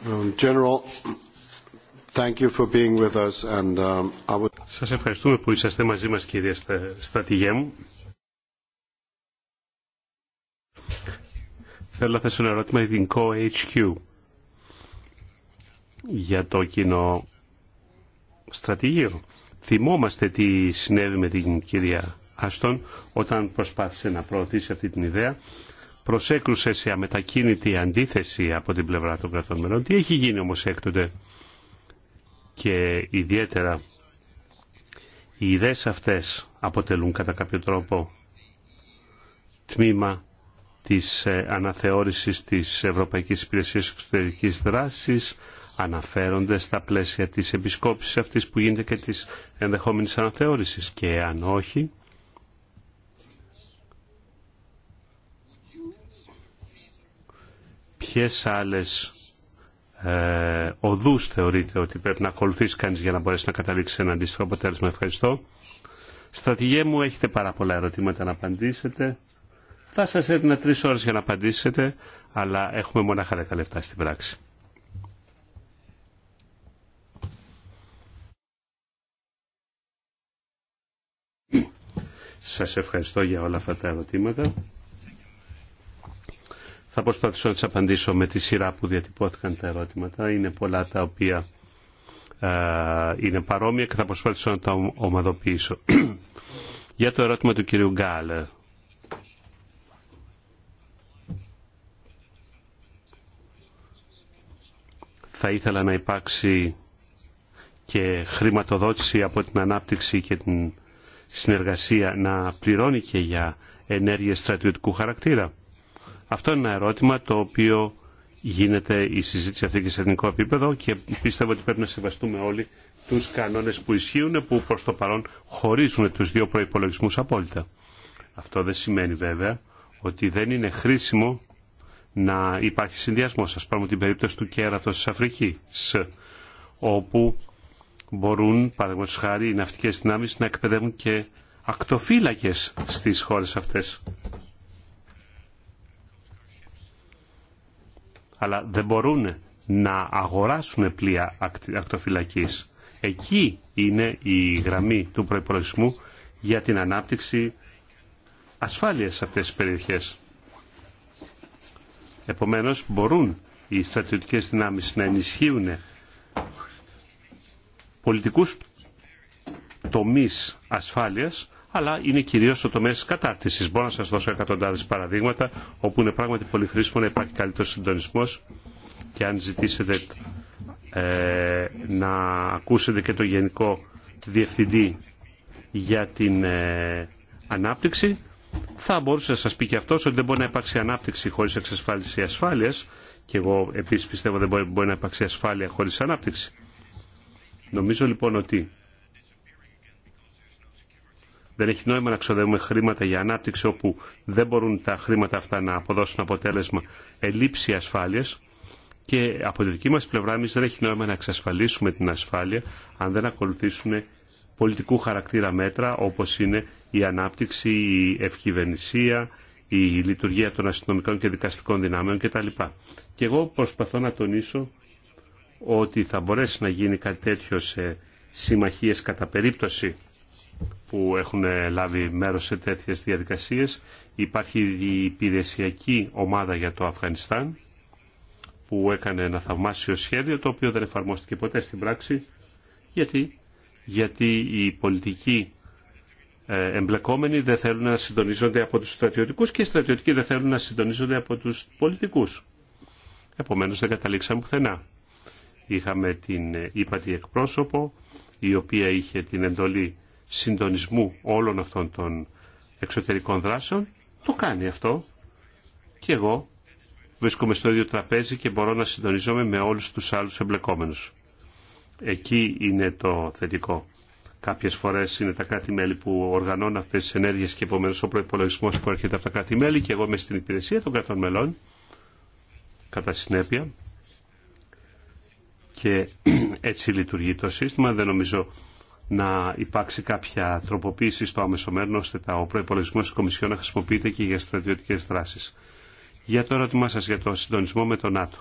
Um, General, thank you for being with us and um, I would... Σας ευχαριστούμε που είσαστε μαζί μας κύριε στρατηγέ μου. Θέλω να θέσω ένα ερώτημα για την CoHQ για το κοινό Στρατηγείο. Θυμόμαστε τι συνέβη με την κυρία Άστον όταν προσπάθησε να προωθήσει αυτή την ιδέα. Προσέκρουσε σε αμετακίνητη αντίθεση από την πλευρά των κρατών μελών. Τι έχει γίνει όμως έκτοτε και ιδιαίτερα οι ιδέες αυτές αποτελούν κατά κάποιο τρόπο τμήμα της ε, αναθεώρησης της Ευρωπαϊκής Υπηρεσίας Εξωτερικής Δράσης, αναφέρονται στα πλαίσια της επισκόπησης αυτής που γίνεται και της ενδεχόμενης αναθεώρησης και αν όχι ποιες άλλες ε, οδούς θεωρείτε ότι πρέπει να ακολουθήσει κανείς για να μπορέσει να καταλήξει σε ένα αντίστοιχο αποτέλεσμα. Ευχαριστώ. Στρατηγέ μου, έχετε πάρα πολλά ερωτήματα να απαντήσετε. Θα σας έδινα τρεις ώρες για να απαντήσετε, αλλά έχουμε μόνο χαρακαλευτά στην πράξη. Σας ευχαριστώ για όλα αυτά τα ερωτήματα. Θα προσπαθήσω να τις απαντήσω με τη σειρά που διατυπώθηκαν τα ερωτήματα. Είναι πολλά τα οποία είναι παρόμοια και θα προσπαθήσω να τα ομαδοποιήσω. *clears throat* για το ερώτημα του κυρίου Γκάλερ. Θα ήθελα να υπάρξει και χρηματοδότηση από την ανάπτυξη και την συνεργασία να πληρώνει και για ενέργειες στρατιωτικού χαρακτήρα. Αυτό είναι ένα ερώτημα το οποίο γίνεται η συζήτηση αυτή και σε εθνικό επίπεδο και πιστεύω ότι πρέπει να σεβαστούμε όλοι τους κανόνες που ισχύουν που προς το παρόν χωρίζουν τους δύο προϋπολογισμούς απόλυτα. Αυτό δεν σημαίνει βέβαια ότι δεν είναι χρήσιμο να υπάρχει συνδυασμό σας πάρουμε την περίπτωση του κέρατος της Αφρικής όπου μπορούν, παραδείγματο χάρη, οι ναυτικέ δυνάμει να εκπαιδεύουν και ακτοφύλακε στι χώρε αυτές. Αλλά δεν μπορούν να αγοράσουν πλοία ακτοφυλακή. Εκεί είναι η γραμμή του προπολογισμού για την ανάπτυξη ασφάλειας σε αυτές τις περιοχές. Επομένως, μπορούν οι στρατιωτικές δυνάμεις να ενισχύουν πολιτικούς τομείς ασφάλειας, αλλά είναι κυρίως στο τομέα της κατάρτισης. Μπορώ να σας δώσω εκατοντάδες παραδείγματα, όπου είναι πράγματι πολύ χρήσιμο να υπάρχει καλύτερος συντονισμός και αν ζητήσετε ε, να ακούσετε και το Γενικό Διευθυντή για την ε, ανάπτυξη, θα μπορούσε να σας πει και αυτός ότι δεν μπορεί να υπάρξει ανάπτυξη χωρίς εξασφάλιση ασφάλειας και εγώ επίσης πιστεύω δεν μπορεί, μπορεί να υπάρξει ασφάλεια χωρίς ανάπτυξη. Νομίζω λοιπόν ότι δεν έχει νόημα να ξοδεύουμε χρήματα για ανάπτυξη όπου δεν μπορούν τα χρήματα αυτά να αποδώσουν αποτέλεσμα ελλείψη ασφάλειας και από τη δική μας πλευρά εμείς δεν έχει νόημα να εξασφαλίσουμε την ασφάλεια αν δεν ακολουθήσουν πολιτικού χαρακτήρα μέτρα όπως είναι η ανάπτυξη, η ευκυβερνησία, η λειτουργία των αστυνομικών και δικαστικών δυνάμεων κτλ. Και εγώ προσπαθώ να τονίσω ότι θα μπορέσει να γίνει κάτι τέτοιο σε συμμαχίες κατά περίπτωση που έχουν λάβει μέρος σε τέτοιες διαδικασίες. Υπάρχει η υπηρεσιακή ομάδα για το Αφγανιστάν που έκανε ένα θαυμάσιο σχέδιο το οποίο δεν εφαρμόστηκε ποτέ στην πράξη. Γιατί, Γιατί οι πολιτικοί ε, εμπλεκόμενοι δεν θέλουν να συντονίζονται από τους στρατιωτικούς και οι στρατιωτικοί δεν θέλουν να συντονίζονται από τους πολιτικούς. Επομένως δεν καταλήξαμε πουθενά. Είχαμε την ύπατη εκπρόσωπο, η οποία είχε την εντολή συντονισμού όλων αυτών των εξωτερικών δράσεων. Το κάνει αυτό και εγώ βρίσκομαι στο ίδιο τραπέζι και μπορώ να συντονίζομαι με όλους τους άλλους εμπλεκόμενους. Εκεί είναι το θετικό. Κάποιες φορές είναι τα κράτη-μέλη που οργανώνουν αυτές τις ενέργειες και επομένως ο προπολογισμό που έρχεται από τα κράτη-μέλη και εγώ είμαι στην υπηρεσία των κρατών μελών, κατά συνέπεια και *clears throat* έτσι λειτουργεί το σύστημα. Δεν νομίζω να υπάρξει κάποια τροποποίηση στο άμεσο μέλλον ώστε ο προπολογισμό τη Κομισιόν να χρησιμοποιείται και για στρατιωτικέ δράσει. Για το ερώτημά σα για το συντονισμό με τον ΝΑΤΟ.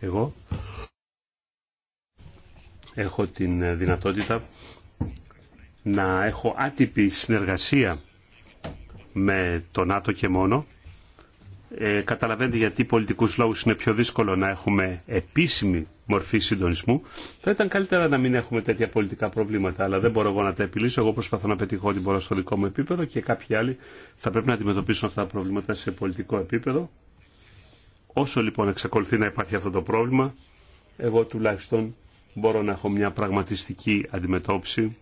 Εγώ έχω την δυνατότητα να έχω άτυπη συνεργασία με το ΝΑΤΟ και μόνο ε, καταλαβαίνετε γιατί πολιτικού λόγου είναι πιο δύσκολο να έχουμε επίσημη μορφή συντονισμού. Θα ήταν καλύτερα να μην έχουμε τέτοια πολιτικά προβλήματα, αλλά δεν μπορώ εγώ να τα επιλύσω. Εγώ προσπαθώ να πετύχω ό,τι μπορώ στο δικό μου επίπεδο και κάποιοι άλλοι θα πρέπει να αντιμετωπίσουν αυτά τα προβλήματα σε πολιτικό επίπεδο. Όσο λοιπόν εξακολουθεί να υπάρχει αυτό το πρόβλημα, εγώ τουλάχιστον μπορώ να έχω μια πραγματιστική αντιμετώπιση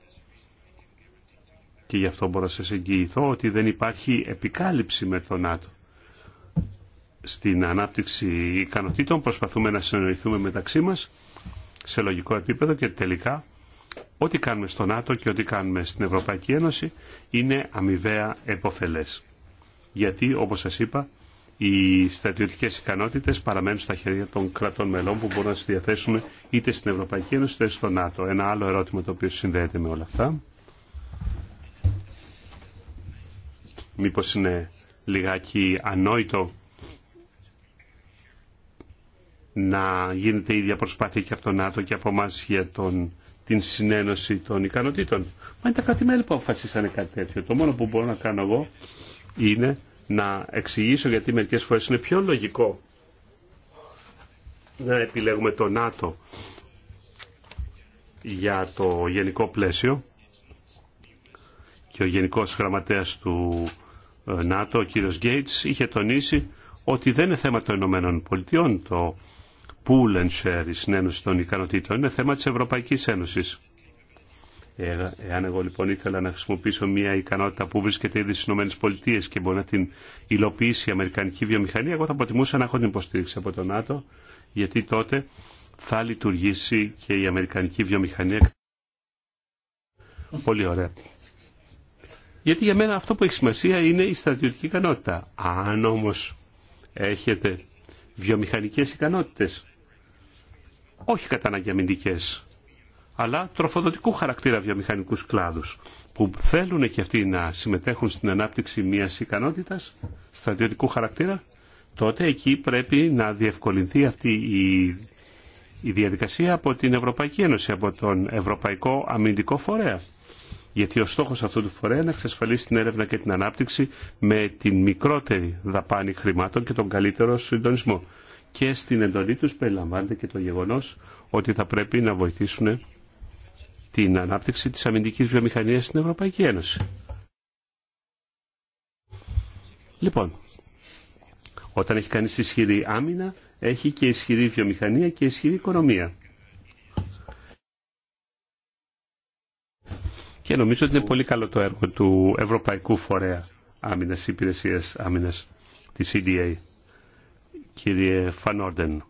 και γι' αυτό μπορώ να σα εγγυηθώ ότι δεν υπάρχει επικάλυψη με τον ΝΑΤΟ στην ανάπτυξη ικανοτήτων, προσπαθούμε να συνοηθούμε μεταξύ μας σε λογικό επίπεδο και τελικά ό,τι κάνουμε στο ΝΑΤΟ και ό,τι κάνουμε στην Ευρωπαϊκή Ένωση είναι αμοιβαία εποφελές. Γιατί, όπως σας είπα, οι στρατιωτικές ικανότητες παραμένουν στα χέρια των κρατών μελών που μπορούν να τις διαθέσουν είτε στην Ευρωπαϊκή Ένωση είτε στο ΝΑΤΟ. Ένα άλλο ερώτημα το οποίο συνδέεται με όλα αυτά. Μήπως είναι λιγάκι ανόητο να γίνεται η ίδια προσπάθεια και από τον ΝΑΤΟ και από εμά για τον, την συνένωση των ικανοτήτων. Μα είναι τα κράτη-μέλη που αποφασίσανε κάτι τέτοιο. Το μόνο που μπορώ να κάνω εγώ είναι να εξηγήσω γιατί μερικές φορές είναι πιο λογικό να επιλέγουμε το ΝΑΤΟ για το γενικό πλαίσιο και ο Γενικός Γραμματέας του ε, ΝΑΤΟ, ο κύριος Γκέιτς, είχε τονίσει ότι δεν είναι θέμα των Ηνωμένων Πολιτειών το pool and share, η συνένωση των ικανοτήτων. Είναι θέμα της Ευρωπαϊκής Ένωσης. Ε, εάν εγώ λοιπόν ήθελα να χρησιμοποιήσω μια ικανότητα που βρίσκεται ήδη στι ΗΠΑ και μπορεί να την υλοποιήσει η Αμερικανική βιομηχανία, εγώ θα προτιμούσα να έχω την υποστήριξη από το ΝΑΤΟ, γιατί τότε θα λειτουργήσει και η Αμερικανική βιομηχανία. Πολύ ωραία. Γιατί για μένα αυτό που έχει σημασία είναι η στρατιωτική ικανότητα. Αν όμω έχετε βιομηχανικές ικανότητες όχι κατά αλλά τροφοδοτικού χαρακτήρα βιομηχανικούς κλάδους που θέλουν και αυτοί να συμμετέχουν στην ανάπτυξη μιας ικανότητας στρατιωτικού χαρακτήρα, τότε εκεί πρέπει να διευκολυνθεί αυτή η, η διαδικασία από την Ευρωπαϊκή Ένωση, από τον Ευρωπαϊκό Αμυντικό Φορέα. Γιατί ο στόχος αυτού του φορέα είναι να εξασφαλίσει την έρευνα και την ανάπτυξη με την μικρότερη δαπάνη χρημάτων και τον καλύτερο συντονισμό και στην εντολή τους περιλαμβάνεται και το γεγονός ότι θα πρέπει να βοηθήσουν την ανάπτυξη της αμυντικής βιομηχανίας στην Ευρωπαϊκή Ένωση. Λοιπόν, όταν έχει κανείς ισχυρή άμυνα, έχει και ισχυρή βιομηχανία και ισχυρή οικονομία. Και νομίζω ότι είναι πολύ καλό το έργο του Ευρωπαϊκού Φορέα Άμυνας Υπηρεσίας Άμυνας, της EDA κύριε Φανόρντεν.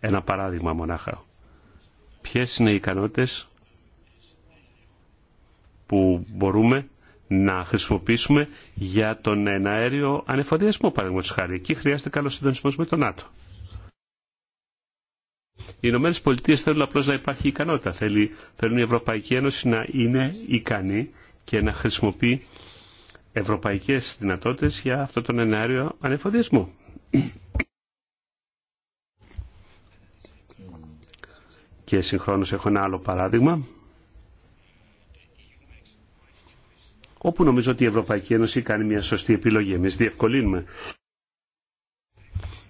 Ένα παράδειγμα μονάχα. Ποιες είναι οι ικανότητες που μπορούμε να χρησιμοποιήσουμε για τον εναέριο ανεφοδιασμό, παραδείγματος χάρη. Εκεί χρειάζεται καλό συντονισμό με τον ΝΑΤΟ. Οι Ηνωμένε Πολιτείε θέλουν απλώ να υπάρχει ικανότητα. Θέλει, θέλουν η Ευρωπαϊκή Ένωση να είναι ικανή και να χρησιμοποιεί ευρωπαϊκέ δυνατότητε για αυτόν τον ενάεριο ανεφοδιασμό. Και συγχρόνως έχω ένα άλλο παράδειγμα, όπου νομίζω ότι η Ευρωπαϊκή Ένωση κάνει μια σωστή επιλογή. Εμείς διευκολύνουμε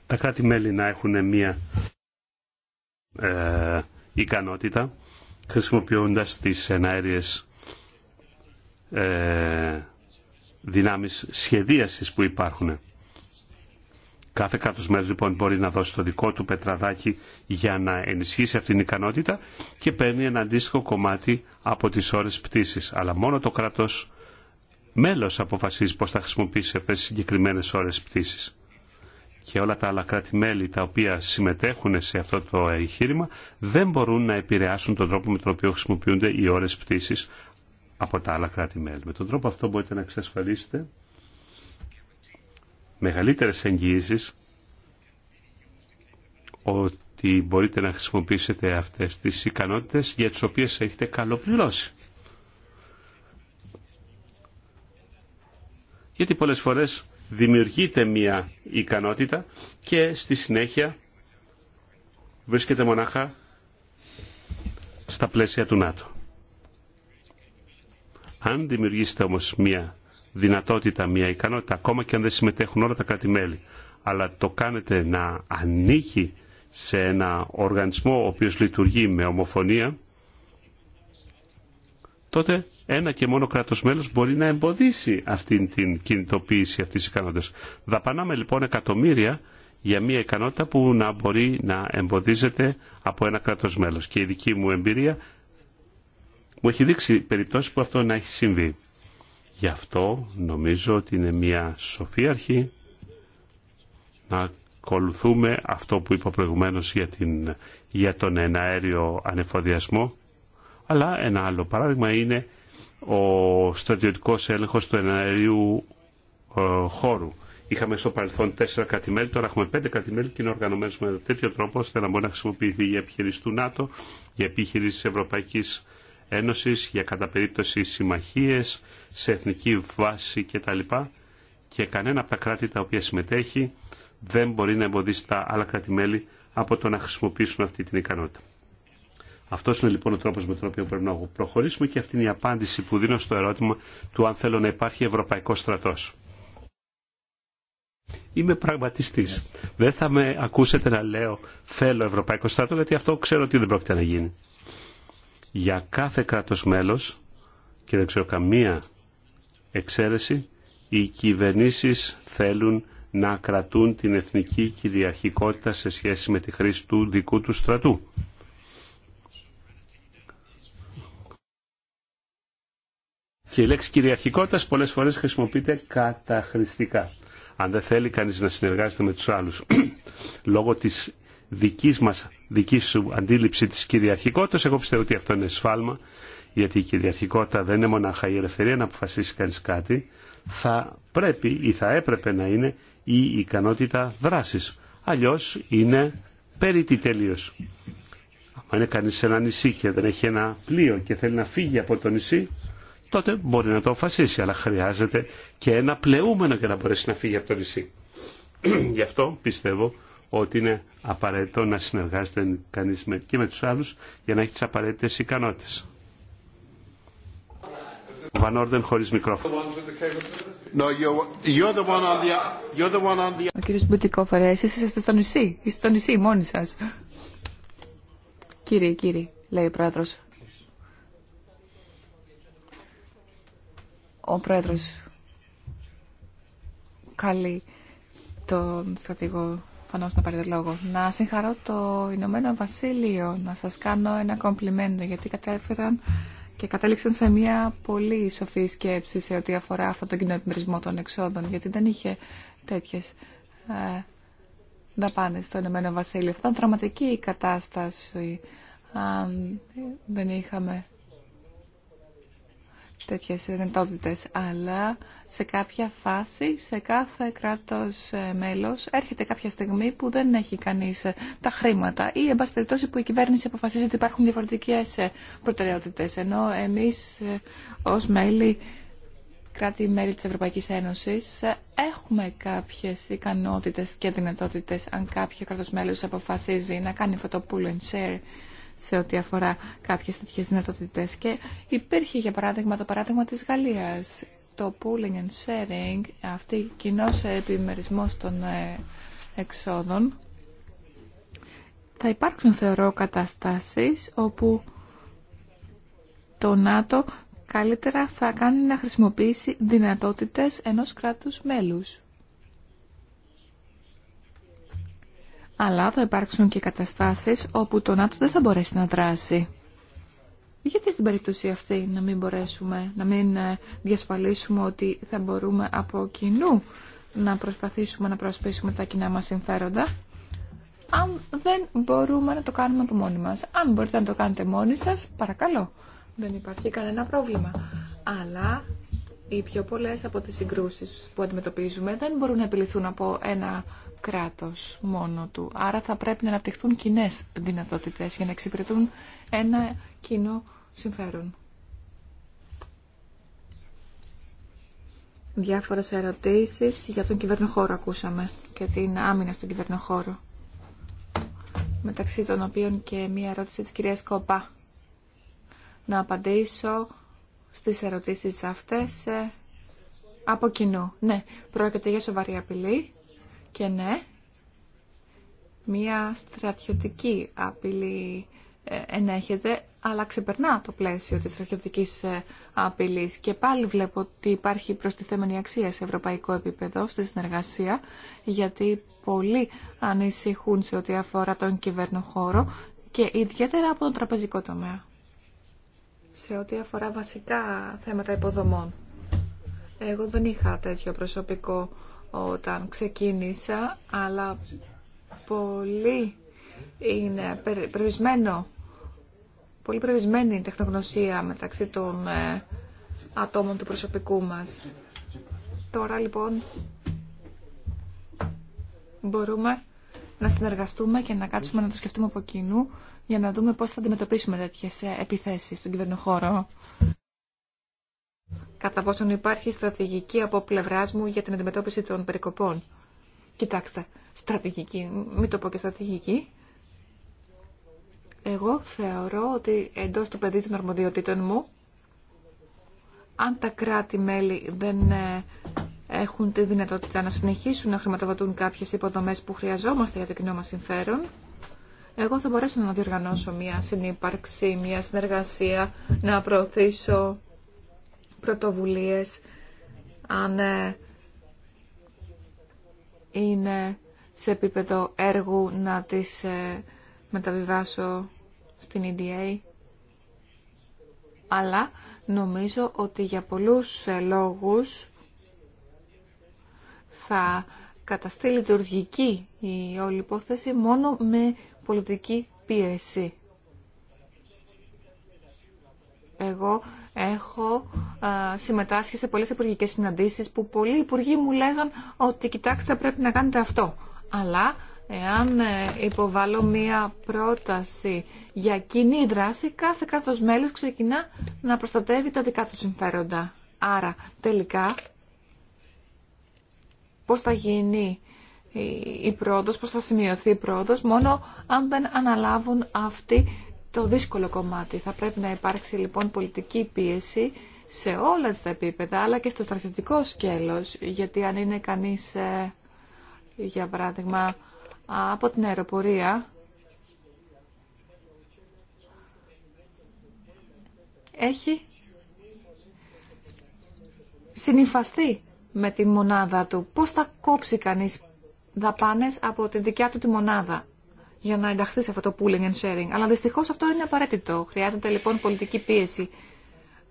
τα κράτη-μέλη να έχουν μια ε, ικανότητα χρησιμοποιώντας τις εναέριες ε, δυνάμεις σχεδίασης που υπάρχουν. Κάθε κράτο μέλο λοιπόν μπορεί να δώσει το δικό του πετραδάκι για να ενισχύσει αυτήν την ικανότητα και παίρνει ένα αντίστοιχο κομμάτι από τι ώρε πτήση. Αλλά μόνο το κράτο μέλο αποφασίζει πώ θα χρησιμοποιήσει αυτέ τι συγκεκριμένε ώρε πτήση. Και όλα τα άλλα κράτη-μέλη τα οποία συμμετέχουν σε αυτό το εγχείρημα δεν μπορούν να επηρεάσουν τον τρόπο με τον οποίο χρησιμοποιούνται οι ώρε πτήση από τα άλλα κράτη-μέλη. Με τον τρόπο αυτό μπορείτε να εξασφαλίσετε μεγαλύτερες εγγυήσεις ότι μπορείτε να χρησιμοποιήσετε αυτές τις ικανότητες για τις οποίες έχετε καλοπληρώσει. Γιατί πολλές φορές δημιουργείται μία ικανότητα και στη συνέχεια βρίσκεται μονάχα στα πλαίσια του ΝΑΤΟ. Αν δημιουργήσετε όμως μία δυνατότητα, μια ικανότητα, ακόμα και αν δεν συμμετέχουν όλα τα κράτη-μέλη, αλλά το κάνετε να ανήκει σε ένα οργανισμό ο οποίος λειτουργεί με ομοφωνία, τότε ένα και μόνο κράτος μέλος μπορεί να εμποδίσει αυτή την κινητοποίηση αυτής της ικανότητας. Δαπανάμε λοιπόν εκατομμύρια για μια ικανότητα που να μπορεί να εμποδίζεται από ένα κράτος μέλος. Και η δική μου εμπειρία μου έχει δείξει περιπτώσεις που αυτό να έχει συμβεί. Γι' αυτό νομίζω ότι είναι μια σοφή αρχή να ακολουθούμε αυτό που είπα προηγουμένως για, την, για τον εναέριο ανεφοδιασμό. Αλλά ένα άλλο παράδειγμα είναι ο στρατιωτικός έλεγχος του εναερίου ε, χώρου. Είχαμε στο παρελθόν τέσσερα κρατημέλη, τώρα έχουμε πέντε κρατημέλη και είναι οργανωμένους με τέτοιο τρόπο ώστε να μπορεί να χρησιμοποιηθεί για επιχειρήσει του ΝΑΤΟ, για επιχειρήσει Ευρωπαϊκή Ένωσης για κατά περίπτωση συμμαχίες σε εθνική βάση κτλ. Και κανένα από τα κράτη τα οποία συμμετέχει δεν μπορεί να εμποδίσει τα άλλα κράτη-μέλη από το να χρησιμοποιήσουν αυτή την ικανότητα. Αυτό είναι λοιπόν ο τρόπο με τον οποίο πρέπει να προχωρήσουμε και αυτή είναι η απάντηση που δίνω στο ερώτημα του αν θέλω να υπάρχει Ευρωπαϊκό στρατό. Είμαι πραγματιστή. Δεν θα με ακούσετε να λέω θέλω Ευρωπαϊκό στρατό γιατί αυτό ξέρω ότι δεν πρόκειται να γίνει για κάθε κράτος μέλος και δεν ξέρω καμία εξαίρεση οι κυβερνήσεις θέλουν να κρατούν την εθνική κυριαρχικότητα σε σχέση με τη χρήση του δικού του στρατού. Και η λέξη κυριαρχικότητας πολλές φορές χρησιμοποιείται καταχρηστικά. Αν δεν θέλει κανείς να συνεργάζεται με τους άλλους *clears throat* λόγω της δικής μας δική σου αντίληψη της κυριαρχικότητας. Εγώ πιστεύω ότι αυτό είναι σφάλμα, γιατί η κυριαρχικότητα δεν είναι μονάχα η ελευθερία να αποφασίσει κάνει κάτι. Θα πρέπει ή θα έπρεπε να είναι η ικανότητα δράσης. Αλλιώς είναι περίτη τελείως. Αν είναι κανείς σε ένα νησί και δεν έχει ένα πλοίο και θέλει να φύγει από το νησί, τότε μπορεί να το αποφασίσει, αλλά χρειάζεται και ένα πλεούμενο για να μπορέσει να φύγει από το νησί. Γι' αυτό πιστεύω ότι είναι απαραίτητο να συνεργάζεται κανείς και με τους άλλους για να έχει τις απαραίτητες ικανότητες. Βαν χωρίς μικρόφωνο. Ο κύριος Μπουτικόφερ, ε, εσείς είστε στο νησί. Είστε στο νησί μόνοι σας. Κύριε, κύριε, λέει ο πρόεδρος. Ο πρόεδρος καλεί τον στρατηγό να πάρετε λόγο. Να συγχαρώ το Ηνωμένο Βασίλειο, να σας κάνω ένα κομπλιμέντο, γιατί κατέφεραν και κατέληξαν σε μια πολύ σοφή σκέψη σε ό,τι αφορά αυτόν τον κοινοεπιμερισμό των εξόδων, γιατί δεν είχε τέτοιες ε, δαπάνες στο Ηνωμένο Βασίλειο. Θα ήταν δραματική η κατάσταση αν δεν είχαμε τέτοιες δυνατότητε, αλλά σε κάποια φάση, σε κάθε κράτος ε, μέλος, έρχεται κάποια στιγμή που δεν έχει κάνει ε, τα χρήματα ή, εν που η κυβέρνηση αποφασίζει ότι υπάρχουν διαφορετικές ε, προτεραιότητες, ενώ εμείς ως μέλη κράτη-μέλη της Ευρωπαϊκής Ένωσης έχουμε κάποιες ικανότητες και δυνατότητες αν κάποιο κράτος μέλος αποφασίζει να κάνει αυτό το share σε ό,τι αφορά κάποιες τέτοιες δυνατότητες. Και υπήρχε, για παράδειγμα, το παράδειγμα της Γαλλίας, το pooling and sharing, αυτή η κοινός επιμερισμός των ε, εξόδων. Θα υπάρξουν, θεωρώ, καταστάσεις όπου το ΝΑΤΟ καλύτερα θα κάνει να χρησιμοποιήσει δυνατότητες ενός κράτους μέλους. Αλλά θα υπάρξουν και καταστάσεις όπου το ΝΑΤΟ δεν θα μπορέσει να δράσει. Γιατί στην περίπτωση αυτή να μην μπορέσουμε, να μην ε, διασφαλίσουμε ότι θα μπορούμε από κοινού να προσπαθήσουμε να προσπίσουμε τα κοινά μας συμφέροντα, αν δεν μπορούμε να το κάνουμε από μόνοι μας. Αν μπορείτε να το κάνετε μόνοι σας, παρακαλώ. Δεν υπάρχει κανένα πρόβλημα. Αλλά οι πιο πολλές από τις συγκρούσεις που αντιμετωπίζουμε δεν μπορούν να επιληθούν από ένα κράτος μόνο του. Άρα θα πρέπει να αναπτυχθούν κοινέ δυνατότητες για να εξυπηρετούν ένα κοινό συμφέρον. Διάφορες ερωτήσεις για τον κυβερνοχώρο ακούσαμε και την άμυνα στον κυβερνοχώρο. Μεταξύ των οποίων και μία ερώτηση της κυρίας Κοπά. Να απαντήσω στις ερωτήσεις αυτές ε, από κοινού. Ναι, πρόκειται για σοβαρή απειλή και ναι, μια στρατιωτική απειλή ε, ενέχεται, αλλά ξεπερνά το πλαίσιο της στρατιωτικής ε, απειλής. Και πάλι βλέπω ότι υπάρχει προστιθέμενη αξία σε ευρωπαϊκό επίπεδο, στη συνεργασία, γιατί πολλοί ανησυχούν σε ό,τι αφορά τον κυβερνοχώρο και ιδιαίτερα από τον τραπεζικό τομέα. Σε ό,τι αφορά βασικά θέματα υποδομών. Εγώ δεν είχα τέτοιο προσωπικό όταν ξεκίνησα, αλλά πολύ είναι περιορισμένο, πολύ περιορισμένη η τεχνογνωσία μεταξύ των ε, ατόμων του προσωπικού μας. Τώρα λοιπόν μπορούμε να συνεργαστούμε και να κάτσουμε να το σκεφτούμε από κοινού για να δούμε πώς θα αντιμετωπίσουμε τέτοιες ε, επιθέσεις στον κυβερνοχώρο. Κατά πόσον υπάρχει στρατηγική από πλευρά μου για την αντιμετώπιση των περικοπών. Κοιτάξτε, στρατηγική, μην το πω και στρατηγική. Εγώ θεωρώ ότι εντό του πεδίου των αρμοδιοτήτων μου, αν τα κράτη-μέλη δεν ε, έχουν τη δυνατότητα να συνεχίσουν να χρηματοδοτούν κάποιες υποδομέ που χρειαζόμαστε για το κοινό μα συμφέρον, εγώ θα μπορέσω να διοργανώσω μια συνύπαρξη, μια συνεργασία, να προωθήσω πρωτοβουλίες αν ε, είναι σε επίπεδο έργου να τις ε, μεταβιβάσω στην EDA. Αλλά νομίζω ότι για πολλούς ε, λόγους θα καταστεί λειτουργική η όλη υπόθεση μόνο με πολιτική πίεση. Εγώ Έχω συμμετάσχει σε πολλές υπουργικέ συναντήσεις που πολλοί υπουργοί μου λέγαν ότι κοιτάξτε πρέπει να κάνετε αυτό. Αλλά εάν ε, υποβάλω μία πρόταση για κοινή δράση, κάθε κράτος μέλος ξεκινά να προστατεύει τα δικά του συμφέροντα. Άρα τελικά πώς θα γίνει η πρόοδος, πώς θα σημειωθεί η πρόοδος, μόνο αν δεν αναλάβουν αυτοί το δύσκολο κομμάτι. Θα πρέπει να υπάρξει λοιπόν πολιτική πίεση σε όλα τα επίπεδα, αλλά και στο στρατιωτικό σκέλος, γιατί αν είναι κανείς, ε, για παράδειγμα, από την αεροπορία, έχει συνειφαστεί με τη μονάδα του. Πώς θα κόψει κανείς δαπάνες από τη δικιά του τη μονάδα για να ενταχθεί σε αυτό το pooling and sharing. Αλλά δυστυχώς αυτό είναι απαραίτητο. Χρειάζεται λοιπόν πολιτική πίεση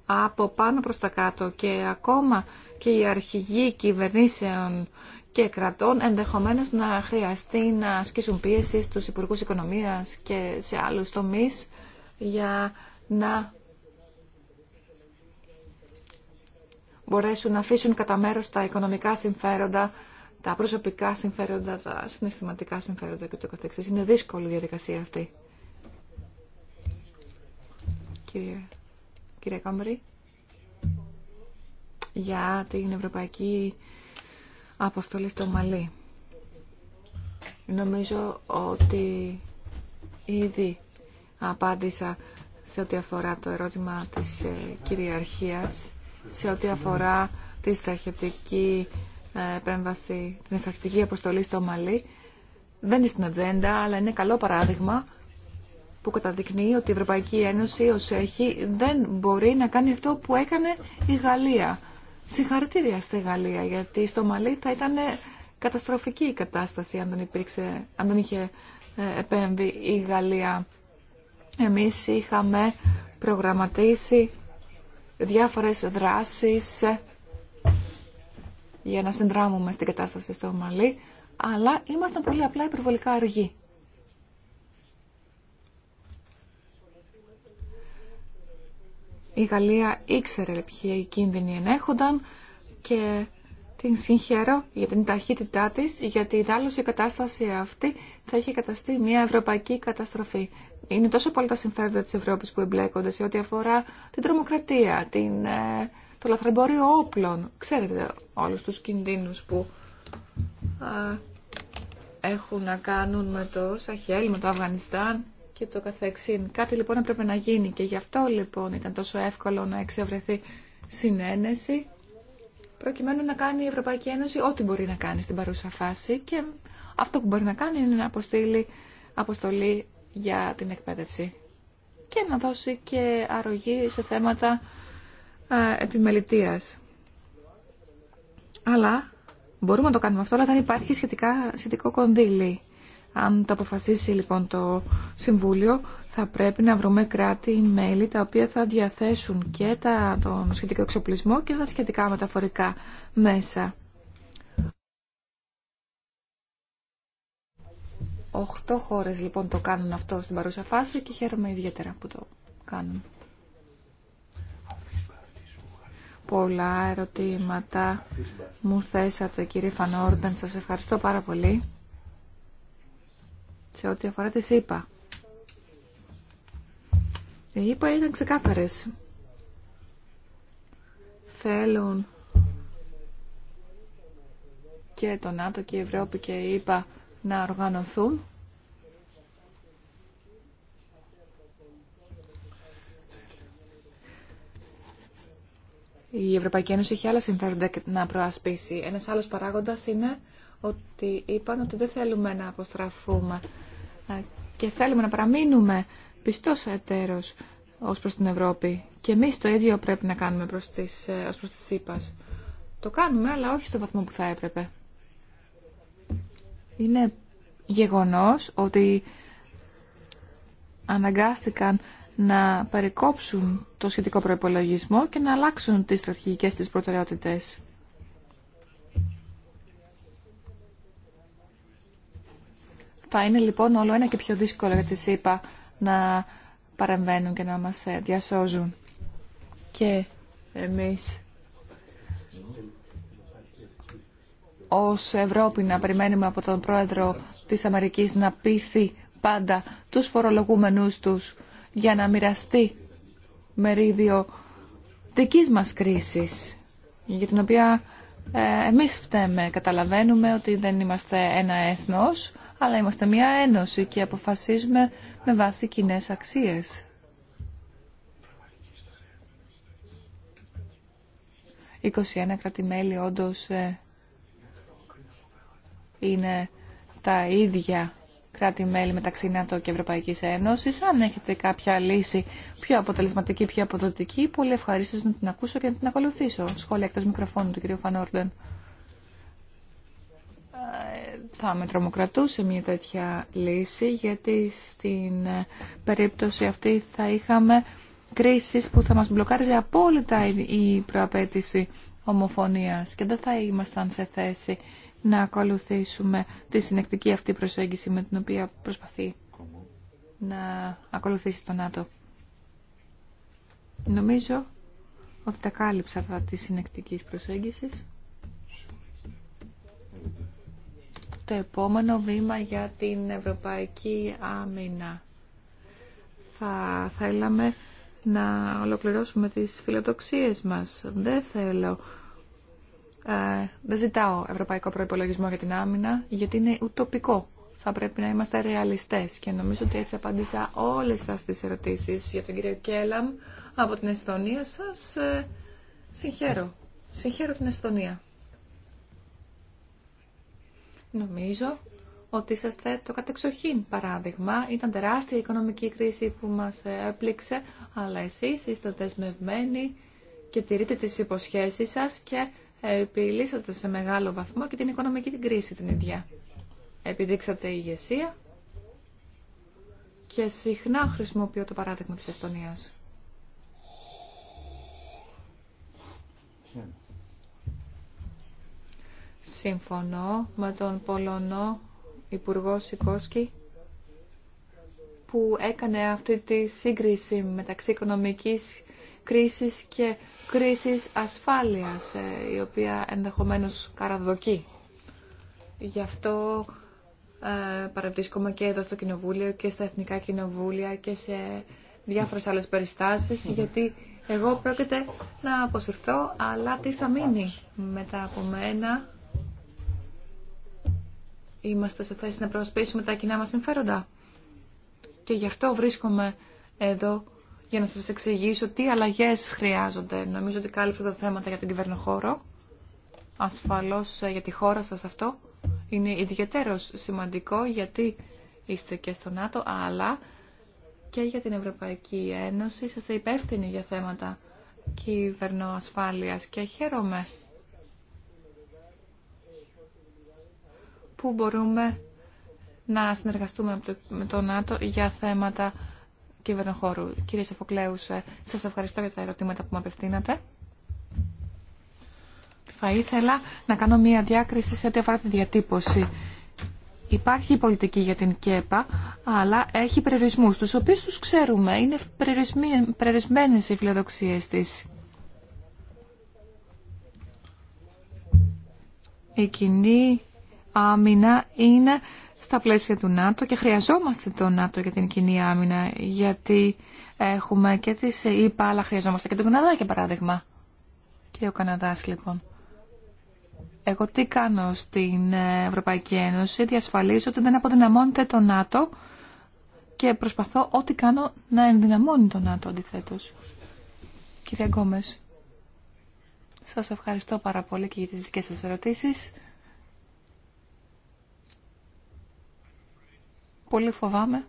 από πάνω προς τα κάτω και ακόμα και οι αρχηγοί κυβερνήσεων και κρατών ενδεχομένως να χρειαστεί να ασκήσουν πίεση στους υπουργούς οικονομίας και σε άλλους τομείς για να μπορέσουν να αφήσουν κατά μέρο τα οικονομικά συμφέροντα τα προσωπικά συμφέροντα, τα συναισθηματικά συμφέροντα και το καθεξής. Είναι δύσκολη η διαδικασία αυτή. Κύριε, κύριε Κάμπρη, για την Ευρωπαϊκή Αποστολή στο Μαλί. Νομίζω ότι ήδη απάντησα σε ό,τι αφορά το ερώτημα της ε, κυριαρχίας, σε ό,τι αφορά τη στρατιωτική ε, επέμβαση, την εισακτική αποστολή στο Μαλί. Δεν είναι στην ατζέντα, αλλά είναι καλό παράδειγμα που καταδεικνύει ότι η Ευρωπαϊκή Ένωση ως έχει δεν μπορεί να κάνει αυτό που έκανε η Γαλλία. Συγχαρητήρια στη Γαλλία, γιατί στο Μαλί θα ήταν καταστροφική η κατάσταση αν δεν, αν δεν είχε ε, επέμβει η Γαλλία. Εμείς είχαμε προγραμματίσει διάφορες δράσεις για να συνδράμουμε στην κατάσταση στο Μαλί, αλλά ήμασταν πολύ απλά υπερβολικά αργοί. Η Γαλλία ήξερε ποιοι κίνδυνοι ενέχονταν και την συγχαίρω για την ταχύτητά της, γιατί η η κατάσταση αυτή θα είχε καταστεί μια ευρωπαϊκή καταστροφή. Είναι τόσο πολλά τα συμφέροντα της Ευρώπης που εμπλέκονται σε ό,τι αφορά την τρομοκρατία, την ε, το λαθρεμπόριο όπλων. Ξέρετε όλους τους κινδύνους που έχουν να κάνουν με το Σαχέλ, με το Αφγανιστάν και το καθεξήν. Κάτι λοιπόν έπρεπε να γίνει και γι' αυτό λοιπόν ήταν τόσο εύκολο να εξευρεθεί συνένεση προκειμένου να κάνει η Ευρωπαϊκή Ένωση ό,τι μπορεί να κάνει στην παρούσα φάση και αυτό που μπορεί να κάνει είναι να αποστείλει αποστολή για την εκπαίδευση και να δώσει και αρρωγή σε θέματα ε, επιμελητίας. Αλλά μπορούμε να το κάνουμε αυτό, αλλά δεν υπάρχει σχετικά, σχετικό κονδύλι. Αν το αποφασίσει λοιπόν το Συμβούλιο, θα πρέπει να βρούμε κράτη-μέλη τα οποία θα διαθέσουν και τα, τον σχετικό εξοπλισμό και τα σχετικά μεταφορικά μέσα. Οχτώ χώρες λοιπόν το κάνουν αυτό στην παρούσα φάση και χαίρομαι ιδιαίτερα που το κάνουν. πολλά ερωτήματα μου θέσατε κύριε Φανόρντεν. Σας ευχαριστώ πάρα πολύ σε ό,τι αφορά τις ΕΙΠΑ. Οι ΕΙΠΑ ήταν ξεκάθαρες. Θέλουν και το ΝΑΤΟ και η Ευρώπη και η ΕΙΠΑ να οργανωθούν η Ευρωπαϊκή Ένωση έχει άλλα συμφέροντα να προασπίσει. Ένας άλλος παράγοντας είναι ότι είπαν ότι δεν θέλουμε να αποστραφούμε ε, και θέλουμε να παραμείνουμε πιστός εταίρος ως προς την Ευρώπη. Και εμείς το ίδιο πρέπει να κάνουμε προς τις, ε, ως προς τις ΣΥΠΑΣ. Το κάνουμε, αλλά όχι στο βαθμό που θα έπρεπε. Είναι γεγονός ότι αναγκάστηκαν να περικόψουν το σχετικό προϋπολογισμό και να αλλάξουν τις στρατηγικές της προτεραιότητες. Θα είναι λοιπόν όλο ένα και πιο δύσκολο για τη να παρεμβαίνουν και να μας ε, διασώζουν. Και εμείς ως Ευρώπη να περιμένουμε από τον πρόεδρο της Αμερικής να πείθει πάντα τους φορολογούμενούς τους για να μοιραστεί μερίδιο δικής μας κρίσης, για την οποία ε, εμείς φταίμε. Καταλαβαίνουμε ότι δεν είμαστε ένα έθνος, αλλά είμαστε μια ένωση και αποφασίζουμε με βάση κοινέ αξίες. Οι 21 κρατημέλη όντως ε, είναι τα ίδια κράτη-μέλη μεταξύ ΝΑΤΟ και Ευρωπαϊκή Ένωση. Αν έχετε κάποια λύση πιο αποτελεσματική, πιο αποδοτική, πολύ ευχαριστώ να την ακούσω και να την ακολουθήσω. Σχόλια εκτό μικροφώνου του κ. Φανόρντεν. Θα με τρομοκρατούσε μια τέτοια λύση, γιατί στην περίπτωση αυτή θα είχαμε κρίσεις που θα μας μπλοκάριζε απόλυτα η προαπέτηση ομοφωνία και δεν θα ήμασταν σε θέση να ακολουθήσουμε τη συνεκτική αυτή προσέγγιση με την οποία προσπαθεί να ακολουθήσει το ΝΑΤΟ. Νομίζω ότι τα κάλυψα αυτά τη συνεκτική προσέγγιση. Το επόμενο βήμα για την Ευρωπαϊκή Άμυνα. Θα θέλαμε να ολοκληρώσουμε τις φιλοδοξίες μας. Δεν θέλω ε, δεν ζητάω ευρωπαϊκό προϋπολογισμό για την άμυνα, γιατί είναι ουτοπικό. Θα πρέπει να είμαστε ρεαλιστές και νομίζω ότι έτσι απάντησα όλες σας τις ερωτήσεις για τον κύριο Κέλαμ από την Εστονία σας. Ε, συγχαίρω. Συγχαίρω την Εστονία. Νομίζω ότι είσαστε το κατεξοχήν παράδειγμα. Ήταν τεράστια η οικονομική κρίση που μας έπληξε, αλλά εσείς είστε δεσμευμένοι και τηρείτε τις υποσχέσεις σας και επιλύσατε σε μεγάλο βαθμό και την οικονομική την κρίση την ίδια. Επιδείξατε ηγεσία και συχνά χρησιμοποιώ το παράδειγμα της Εστονίας. Συμφωνώ με τον Πολωνό Υπουργό Σικόσκι που έκανε αυτή τη σύγκριση μεταξύ οικονομικής κρίσης και κρίσης ασφάλειας, ε, η οποία ενδεχομένως καραδοκεί. Γι' αυτό ε, και εδώ στο Κοινοβούλιο και στα Εθνικά Κοινοβούλια και σε διάφορες άλλες περιστάσεις, γιατί εγώ πρόκειται να αποσυρθώ, αλλά τι θα μείνει μετά από μένα. Είμαστε σε θέση να προσπίσουμε τα κοινά μας συμφέροντα. Και γι' αυτό βρίσκομαι εδώ για να σας εξηγήσω τι αλλαγές χρειάζονται. Νομίζω ότι κάλυψα τα θέματα για τον κυβερνοχώρο. Ασφαλώς ε, για τη χώρα σας αυτό είναι ιδιαίτερος σημαντικό γιατί είστε και στο ΝΑΤΟ, αλλά και για την Ευρωπαϊκή Ένωση είστε υπεύθυνοι για θέματα κυβερνοασφάλειας και χαίρομαι που μπορούμε να συνεργαστούμε με το ΝΑΤΟ για θέματα Κύριε Σεφοκλέου, ε, σας ευχαριστώ για τα ερωτήματα που μου απευθύνατε. Θα ήθελα να κάνω μία διάκριση σε ό,τι αφορά τη διατύπωση. Υπάρχει πολιτική για την ΚΕΠΑ, αλλά έχει περιορισμούς, τους οποίους τους ξέρουμε. Είναι περιορισμένες οι φιλοδοξίες της. Η κοινή άμυνα είναι στα πλαίσια του ΝΑΤΟ και χρειαζόμαστε το ΝΑΤΟ για την κοινή άμυνα γιατί έχουμε και τις ΙΠΑ αλλά χρειαζόμαστε και τον Καναδά για παράδειγμα. Και ο Καναδάς λοιπόν. Εγώ τι κάνω στην Ευρωπαϊκή Ένωση, διασφαλίζω ότι δεν αποδυναμώνεται το ΝΑΤΟ και προσπαθώ ό,τι κάνω να ενδυναμώνει το ΝΑΤΟ αντιθέτω. Κυρία Γκόμες, σας ευχαριστώ πάρα πολύ και για τις δικές σας ερωτήσεις. πολύ φοβάμαι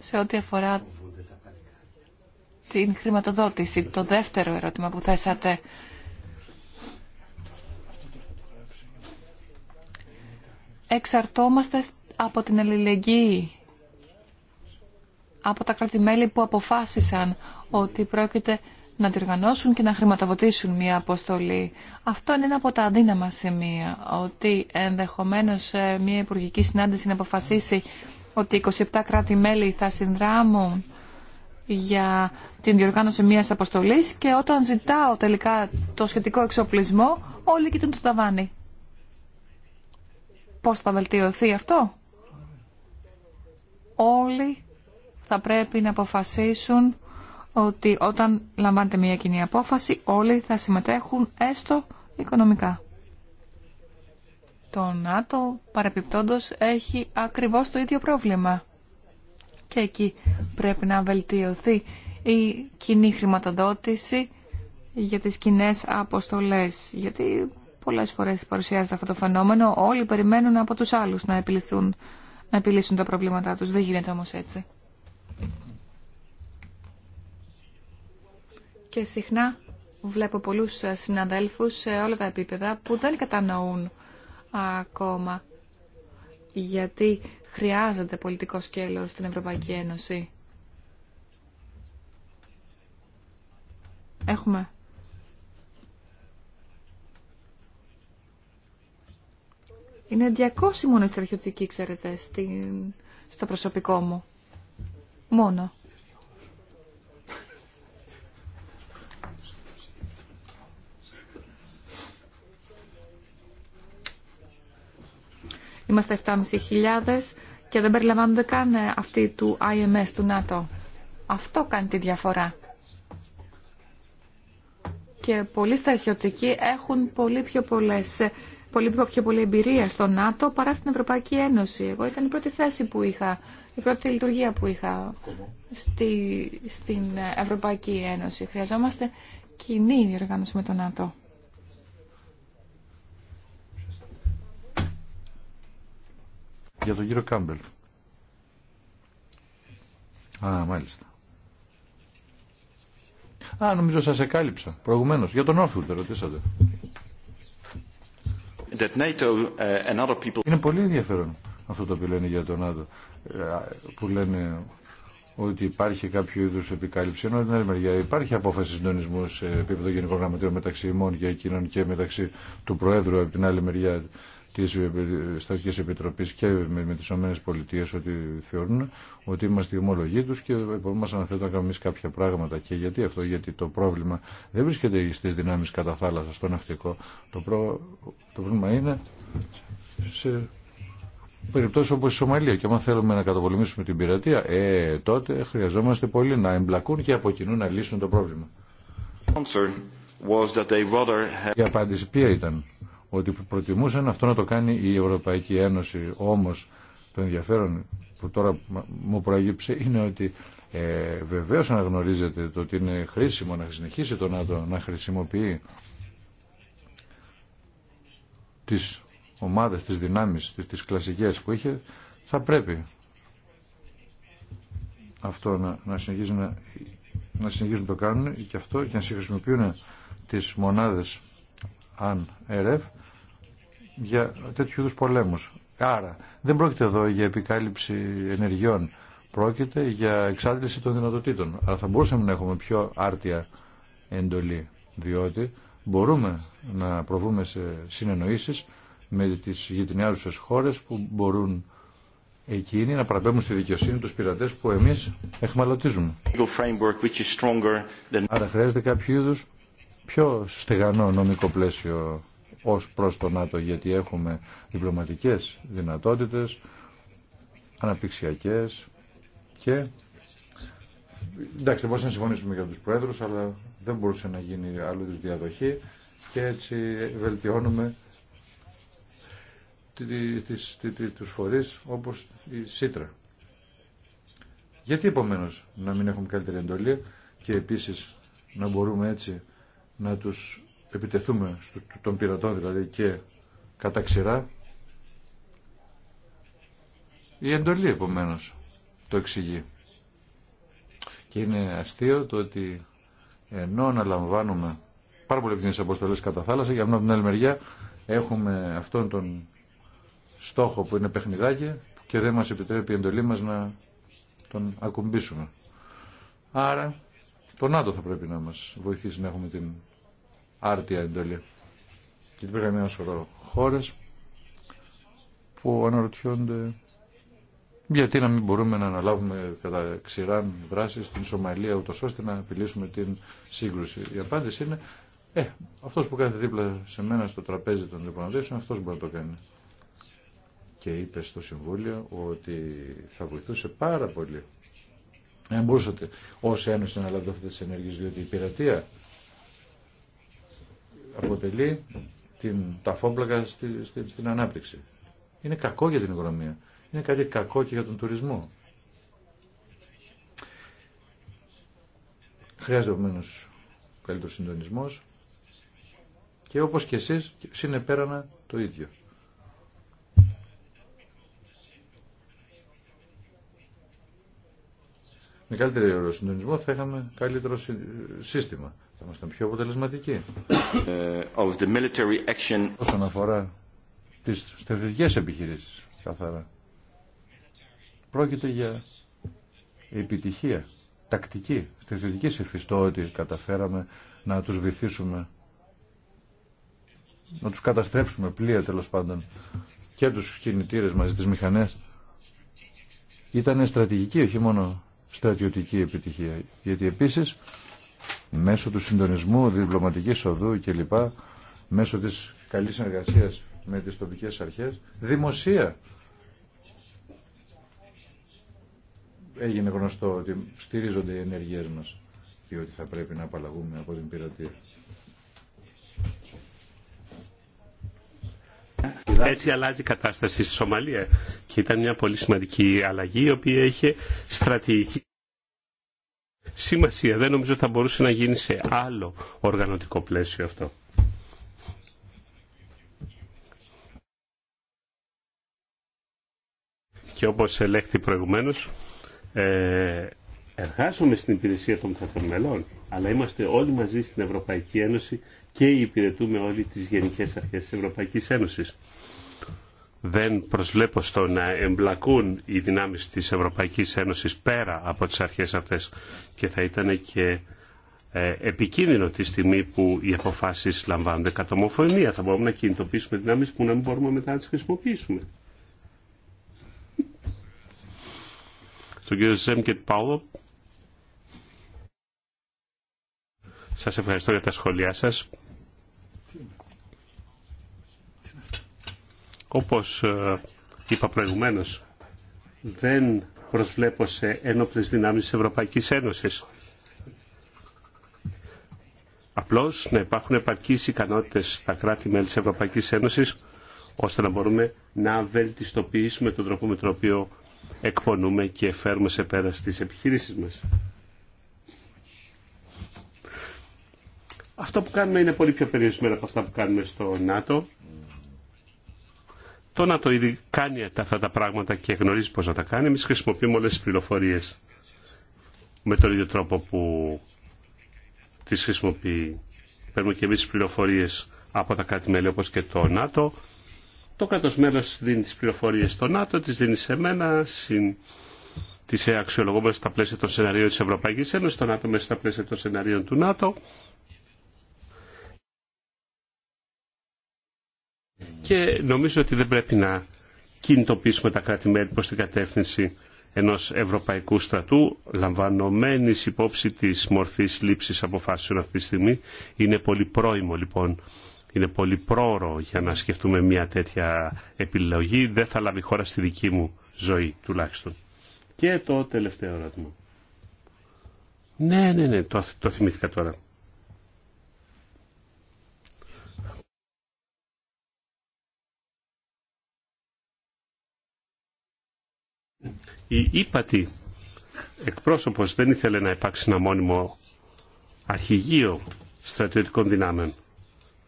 σε ό,τι αφορά την χρηματοδότηση. Το δεύτερο ερώτημα που θέσατε. Εξαρτόμαστε από την αλληλεγγύη, από τα κρατημέλη που αποφάσισαν ότι πρόκειται να διοργανώσουν και να χρηματοδοτήσουν μια αποστολή. Αυτό είναι ένα από τα αδύναμα σημεία, ότι ενδεχομένως ε, μια υπουργική συνάντηση να αποφασίσει ότι 27 κράτη-μέλη θα συνδράμουν για την διοργάνωση μιας αποστολής και όταν ζητάω τελικά το σχετικό εξοπλισμό, όλοι κοιτούν το ταβάνι. Πώς θα βελτιωθεί αυτό? Όλοι θα πρέπει να αποφασίσουν ότι όταν λαμβάνετε μια κοινή απόφαση όλοι θα συμμετέχουν έστω οικονομικά. Το ΝΑΤΟ παρεπιπτόντως έχει ακριβώς το ίδιο πρόβλημα. Και εκεί πρέπει να βελτιωθεί η κοινή χρηματοδότηση για τις κοινέ αποστολές. Γιατί πολλές φορές παρουσιάζεται αυτό το φαινόμενο, όλοι περιμένουν από τους άλλους να, να επιλύσουν τα προβλήματά τους. Δεν γίνεται όμως έτσι. και συχνά βλέπω πολλούς ε, συναδέλφους σε όλα τα επίπεδα που δεν κατανοούν ακόμα γιατί χρειάζεται πολιτικό σκέλος στην Ευρωπαϊκή Ένωση. Έχουμε Είναι 200 μόνο οι στρατιωτικοί, ξέρετε, στην... στο προσωπικό μου. Μόνο. Είμαστε 7.500 και δεν περιλαμβάνονται καν αυτοί του IMS, του ΝΑΤΟ. Αυτό κάνει τη διαφορά. Και πολλοί στρατιωτικοί έχουν πολύ πιο πολλές πολύ πιο πολλή εμπειρία στο ΝΑΤΟ παρά στην Ευρωπαϊκή Ένωση. Εγώ ήταν η πρώτη θέση που είχα, η πρώτη λειτουργία που είχα στη, στην Ευρωπαϊκή Ένωση. Χρειαζόμαστε κοινή διοργάνωση με το ΝΑΤΟ. για τον κύριο Κάμπελ. Α, μάλιστα. Α, νομίζω σας εκάλυψα προηγουμένως. Για τον Όρθουρ ρωτήσατε. That NATO uh, and other people... Είναι πολύ ενδιαφέρον αυτό το που λένε για τον ΝΑΤΟ. Ε, που λένε ότι υπάρχει κάποιο είδου επικάλυψη. Ενώ την άλλη μεριά υπάρχει απόφαση συντονισμού σε επίπεδο Γενικών Γραμματείων μεταξύ ημών και εκείνων και μεταξύ του Προέδρου από την άλλη μεριά της Στατικής Επιτροπής και με τις πολιτείες ότι θεωρούν ότι είμαστε η ομολογή τους και μας αναθέτουν να κάνουμε κάποια πράγματα. Και γιατί αυτό, γιατί το πρόβλημα δεν βρίσκεται στις δυνάμεις κατά θάλασσα, στο ναυτικό. Το, προ... το πρόβλημα είναι σε περιπτώσεις όπως η Σομαλία. Και αν θέλουμε να καταπολεμήσουμε την πειρατεία, ε, τότε χρειαζόμαστε πολύ να εμπλακούν και από κοινού να λύσουν το πρόβλημα. Η απάντηση ποια ήταν ότι προτιμούσαν αυτό να το κάνει η Ευρωπαϊκή Ένωση. Όμως το ενδιαφέρον που τώρα μου προέγυψε είναι ότι ε, βεβαίως αναγνωρίζεται το ότι είναι χρήσιμο να συνεχίσει το ΝΑΤΟ να χρησιμοποιεί τις ομάδες, τις δυνάμεις, τις, κλασικέ που είχε, θα πρέπει αυτό να, να, συνεχίζουν, να, συνεχίζουν το κάνουν και αυτό και να συγχρησιμοποιούν τις μονάδες αν ΕΡΕΦ για τέτοιου είδου πολέμου. Άρα δεν πρόκειται εδώ για επικάλυψη ενεργειών. Πρόκειται για εξάρτηση των δυνατοτήτων. Αλλά θα μπορούσαμε να έχουμε πιο άρτια εντολή. Διότι μπορούμε να προβούμε σε συνεννοήσει με τις γειτονιάζουσε χώρες που μπορούν εκείνοι να παραπέμπουν στη δικαιοσύνη του πειρατές που εμείς εχμαλωτίζουμε. Άρα χρειάζεται κάποιο είδου πιο στεγανό νομικό πλαίσιο ως προς το ΝΑΤΟ γιατί έχουμε διπλωματικές δυνατότητες, αναπτυξιακές και... Εντάξει, δεν μπορούσαμε να συμφωνήσουμε για τους πρόεδρους, αλλά δεν μπορούσε να γίνει άλλο τους διαδοχή και έτσι βελτιώνουμε τους φορείς όπως η ΣΥΤΡΑ. Γιατί επομένως να μην έχουμε καλύτερη εντολή και επίσης να μπορούμε έτσι να τους επιτεθούμε στο, των πειρατών δηλαδή και κατά ξηρά. Η εντολή επομένω το εξηγεί. Και είναι αστείο το ότι ενώ αναλαμβάνουμε πάρα πολύ ευθύνε αποστολές κατά θάλασσα, για από την άλλη μεριά έχουμε αυτόν τον στόχο που είναι παιχνιδάκι και δεν μας επιτρέπει η εντολή μας να τον ακουμπήσουμε. Άρα το ΝΑΤΟ θα πρέπει να μας βοηθήσει να έχουμε την άρτια εντολή. Γιατί υπήρχαν μια σωρό χώρε που αναρωτιόνται γιατί να μην μπορούμε να αναλάβουμε κατά ξηράν δράσει στην Σομαλία ούτω ώστε να απειλήσουμε την σύγκρουση. Η απάντηση είναι ε, αυτό που κάθεται δίπλα σε μένα στο τραπέζι των διαπραγματεύσεων, αυτό μπορεί να το κάνει. Και είπε στο Συμβούλιο ότι θα βοηθούσε πάρα πολύ. Αν μπορούσατε ω Ένωση να λάβετε αυτέ τι ενέργειε, διότι η πειρατεία αποτελεί την ταφόμπλακα στην ανάπτυξη. Είναι κακό για την οικονομία. Είναι κάτι κακό και για τον τουρισμό. Χρειάζεται επομένω καλύτερο συντονισμό και όπως και εσείς συνεπέρανα το ίδιο. Με καλύτερο συντονισμό θα είχαμε καλύτερο σύστημα είμαστε πιο αποτελεσματικοί. Ε, of the military action. Όσον αφορά τις στρατηγικές επιχειρήσεις, καθαρά. Πρόκειται για επιτυχία, τακτική, στρατιωτική φυσικό ότι καταφέραμε να τους βυθίσουμε, να τους καταστρέψουμε πλοία τέλο πάντων και τους κινητήρες μαζί, τις μηχανές. Ήταν στρατηγική, όχι μόνο στρατιωτική επιτυχία, γιατί επίσης μέσω του συντονισμού διπλωματικής οδού κλπ. μέσω της καλής συνεργασίας με τις τοπικές αρχές, δημοσία. Έγινε γνωστό ότι στηρίζονται οι ενέργειές μας διότι θα πρέπει να απαλλαγούμε από την πειρατεία. Έτσι αλλάζει η κατάσταση στη Σομαλία και ήταν μια πολύ σημαντική αλλαγή η οποία είχε στρατηγική σημασία. Δεν νομίζω ότι θα μπορούσε να γίνει σε άλλο οργανωτικό πλαίσιο αυτό. Και όπως ελέγχθη προηγουμένως, ε, εργάζομαι στην υπηρεσία των κρατών αλλά είμαστε όλοι μαζί στην Ευρωπαϊκή Ένωση και υπηρετούμε όλοι τις γενικές αρχές της Ευρωπαϊκής Ένωσης δεν προσβλέπω στο να εμπλακούν οι δυνάμεις της Ευρωπαϊκής Ένωσης πέρα από τις αρχές αυτές και θα ήταν και ε, επικίνδυνο τη στιγμή που οι αποφάσεις λαμβάνονται κατ' ομοφωνία. Θα μπορούμε να κινητοποιήσουμε δυνάμεις που να μην μπορούμε μετά να τις χρησιμοποιήσουμε. Στον κύριο Σας ευχαριστώ για τα σχόλιά σας. Όπως ε, είπα προηγουμένως, δεν προσβλέπω σε ένοπλες δυνάμεις της Ευρωπαϊκής Ένωσης. Απλώς να υπάρχουν επαρκείς ικανότητες στα κράτη-μέλη της Ευρωπαϊκής Ένωσης ώστε να μπορούμε να βελτιστοποιήσουμε τον τρόπο με τον οποίο εκπονούμε και φέρουμε σε πέρα τις επιχειρήσεις μας. Αυτό που κάνουμε είναι πολύ πιο περιορισμένο από αυτά που κάνουμε στο ΝΑΤΟ το να το ήδη κάνει αυτά τα πράγματα και γνωρίζει πώς να τα κάνει, εμεί χρησιμοποιούμε όλες τις πληροφορίες με τον ίδιο τρόπο που τις χρησιμοποιεί. Παίρνουμε και εμείς τις πληροφορίες από τα κράτη-μέλη όπως και το ΝΑΤΟ. Το κράτος μέλος δίνει τις πληροφορίες στο ΝΑΤΟ, τις δίνει σε μένα, συν... τις αξιολογούμε στα πλαίσια των σενάριων της Ευρωπαϊκής Ένωσης, το ΝΑΤΟ μέσα στα πλαίσια των σενάριων του ΝΑΤΟ και νομίζω ότι δεν πρέπει να κινητοποιήσουμε τα κράτη-μέλη προς την κατεύθυνση ενός ευρωπαϊκού στρατού, λαμβανομένης υπόψη της μορφής λήψης αποφάσεων αυτή τη στιγμή. Είναι πολύ πρόημο λοιπόν, είναι πολύ πρόωρο για να σκεφτούμε μια τέτοια επιλογή. Δεν θα λάβει χώρα στη δική μου ζωή τουλάχιστον. Και το τελευταίο ερώτημα. Ναι, ναι, ναι, το, το θυμήθηκα τώρα. η ύπατη εκπρόσωπος δεν ήθελε να υπάρξει ένα μόνιμο αρχηγείο στρατιωτικών δυνάμεων.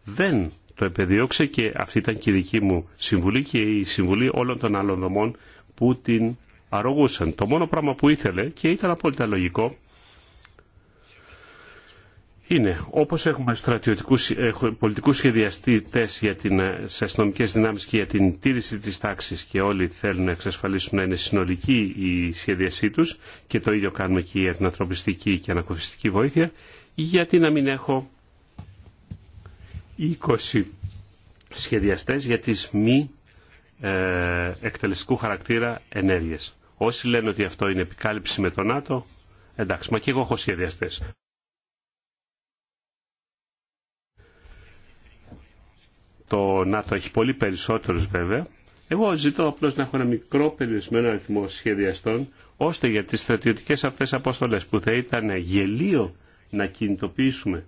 Δεν το επεδίωξε και αυτή ήταν και η δική μου συμβουλή και η συμβουλή όλων των άλλων δομών που την αρρωγούσαν. Το μόνο πράγμα που ήθελε και ήταν απόλυτα λογικό είναι όπως έχουμε στρατιωτικούς, πολιτικούς σχεδιαστές για την, ε, σε αστυνομικέ δυνάμει και για την τήρηση της τάξης και όλοι θέλουν να εξασφαλίσουν να είναι συνολική η σχεδιασή τους και το ίδιο κάνουμε και για την ανθρωπιστική και ανακοφιστική βοήθεια γιατί να μην έχω 20 σχεδιαστές για τις μη ε, εκτελεστικού χαρακτήρα ενέργειες. Όσοι λένε ότι αυτό είναι επικάλυψη με τον ΝΑΤΟ, εντάξει, μα και εγώ έχω σχεδιαστέ. Το ΝΑΤΟ έχει πολύ περισσότερους βέβαια. Εγώ ζητώ απλώς να έχω ένα μικρό περιορισμένο αριθμό σχεδιαστών, ώστε για τις στρατιωτικές αυτές αποστολές που θα ήταν γελίο να κινητοποιήσουμε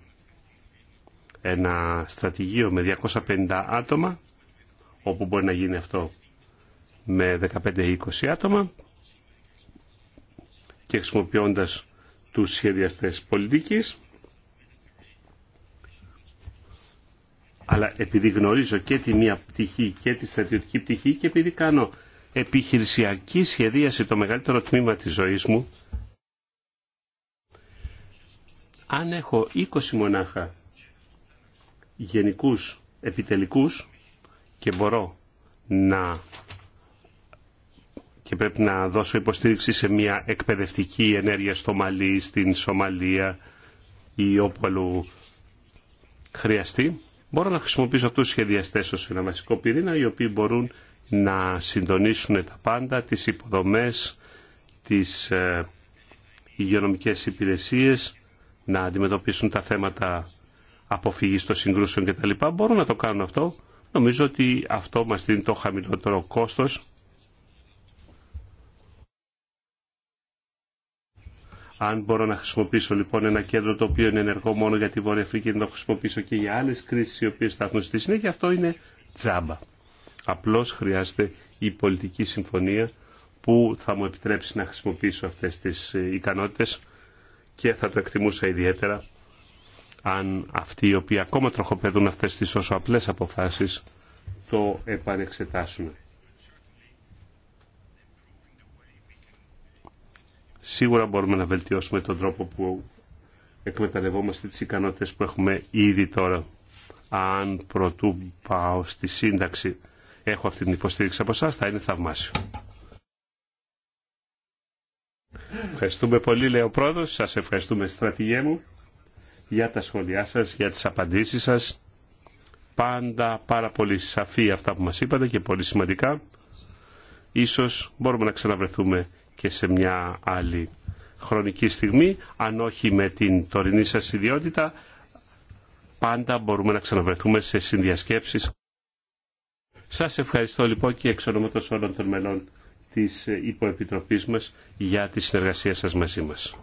ένα στρατηγείο με 250 άτομα, όπου μπορεί να γίνει αυτό με 15-20 άτομα και χρησιμοποιώντας τους σχεδιαστές πολιτικής Αλλά επειδή γνωρίζω και τη μία πτυχή και τη στρατιωτική πτυχή και επειδή κάνω επιχειρησιακή σχεδίαση το μεγαλύτερο τμήμα της ζωής μου, αν έχω 20 μονάχα γενικούς επιτελικούς και μπορώ να και πρέπει να δώσω υποστήριξη σε μια εκπαιδευτική ενέργεια στο Μαλί, στην Σομαλία ή όπου αλλού χρειαστεί. Μπορώ να χρησιμοποιήσω αυτούς τους σχεδιαστές ως ένα βασικό πυρήνα, οι οποίοι μπορούν να συντονίσουν τα πάντα, τις υποδομές, τις ε, υγειονομικές υπηρεσίες, να αντιμετωπίσουν τα θέματα αποφυγής των συγκρούσεων κτλ. Μπορούν να το κάνουν αυτό. Νομίζω ότι αυτό μας δίνει το χαμηλότερο κόστος Αν μπορώ να χρησιμοποιήσω λοιπόν ένα κέντρο το οποίο είναι ενεργό μόνο για τη Βόρεια Αφρική, να το χρησιμοποιήσω και για άλλε κρίσει οι οποίε θα έχουν στη συνέχεια, αυτό είναι τζάμπα. Απλώ χρειάζεται η πολιτική συμφωνία που θα μου επιτρέψει να χρησιμοποιήσω αυτέ τι ε, ικανότητε και θα το εκτιμούσα ιδιαίτερα αν αυτοί οι οποίοι ακόμα τροχοπεδούν αυτές τις όσο απλές αποφάσεις το επανεξετάσουν. Σίγουρα μπορούμε να βελτιώσουμε τον τρόπο που εκμεταλλευόμαστε τις ικανότητες που έχουμε ήδη τώρα. Αν προτού πάω στη σύνταξη έχω αυτή την υποστήριξη από εσά, θα είναι θαυμάσιο. Ευχαριστούμε πολύ, λέει ο πρόεδρος. Σας ευχαριστούμε, στρατηγέ μου, για τα σχόλιά σας, για τις απαντήσεις σας. Πάντα πάρα πολύ σαφή αυτά που μας είπατε και πολύ σημαντικά. Ίσως μπορούμε να ξαναβρεθούμε και σε μια άλλη χρονική στιγμή, αν όχι με την τωρινή σας ιδιότητα, πάντα μπορούμε να ξαναβρεθούμε σε συνδιασκέψεις. Σας ευχαριστώ λοιπόν και εξ ονόματος όλων των μελών της υποεπιτροπής μας για τη συνεργασία σας μαζί μας.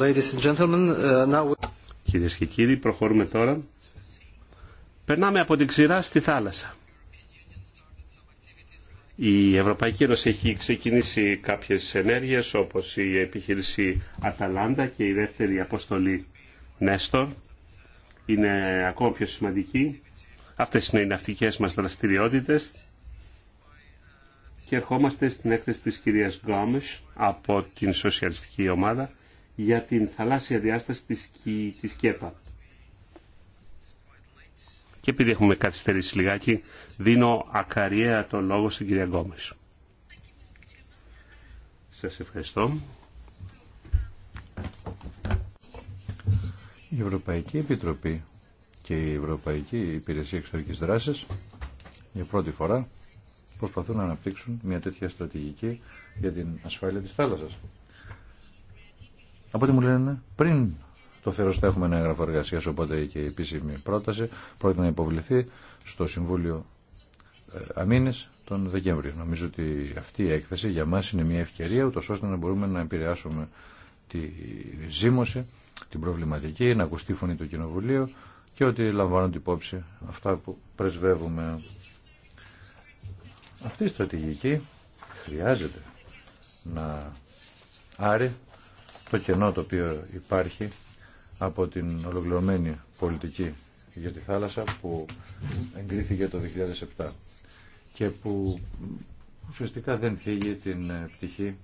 Ladies uh, Κυρίες και κύριοι, προχωρούμε τώρα. Περνάμε από την ξηρά στη θάλασσα. Η Ευρωπαϊκή Ένωση έχει ξεκινήσει κάποιες ενέργειες όπως η επιχείρηση Αταλάντα και η δεύτερη αποστολή Νέστορ. Είναι ακόμα πιο σημαντική. Αυτές είναι οι ναυτικές μας δραστηριότητες. Και ερχόμαστε στην έκθεση της κυρίας Γκόμες από την Σοσιαλιστική Ομάδα για την θαλάσσια διάσταση της, της ΚΕΠΑ. Και επειδή έχουμε καθυστερήσει λιγάκι, δίνω ακαριέα το λόγο στην κυρία Γκόμες. Σας ευχαριστώ. Η Ευρωπαϊκή Επιτροπή και η Ευρωπαϊκή Υπηρεσία Εξωτερικής Δράσης για πρώτη φορά προσπαθούν να αναπτύξουν μια τέτοια στρατηγική για την ασφάλεια της θάλασσας. Από ό,τι μου λένε, πριν το θεωρώ έχουμε ένα έγγραφο εργασία, οπότε και η επίσημη πρόταση πρόκειται να υποβληθεί στο Συμβούλιο ε, Αμήνη τον Δεκέμβριο. Νομίζω ότι αυτή η έκθεση για μα είναι μια ευκαιρία, ούτω ώστε να μπορούμε να επηρεάσουμε τη ζήμωση, την προβληματική, να ακουστεί η φωνή του Κοινοβουλίου και ότι λαμβάνονται υπόψη αυτά που πρεσβεύουμε. Αυτή η στρατηγική χρειάζεται να άρει το κενό το οποίο υπάρχει από την ολοκληρωμένη πολιτική για τη θάλασσα που εγκρίθηκε το 2007 και που ουσιαστικά δεν φύγει την ε, πτυχή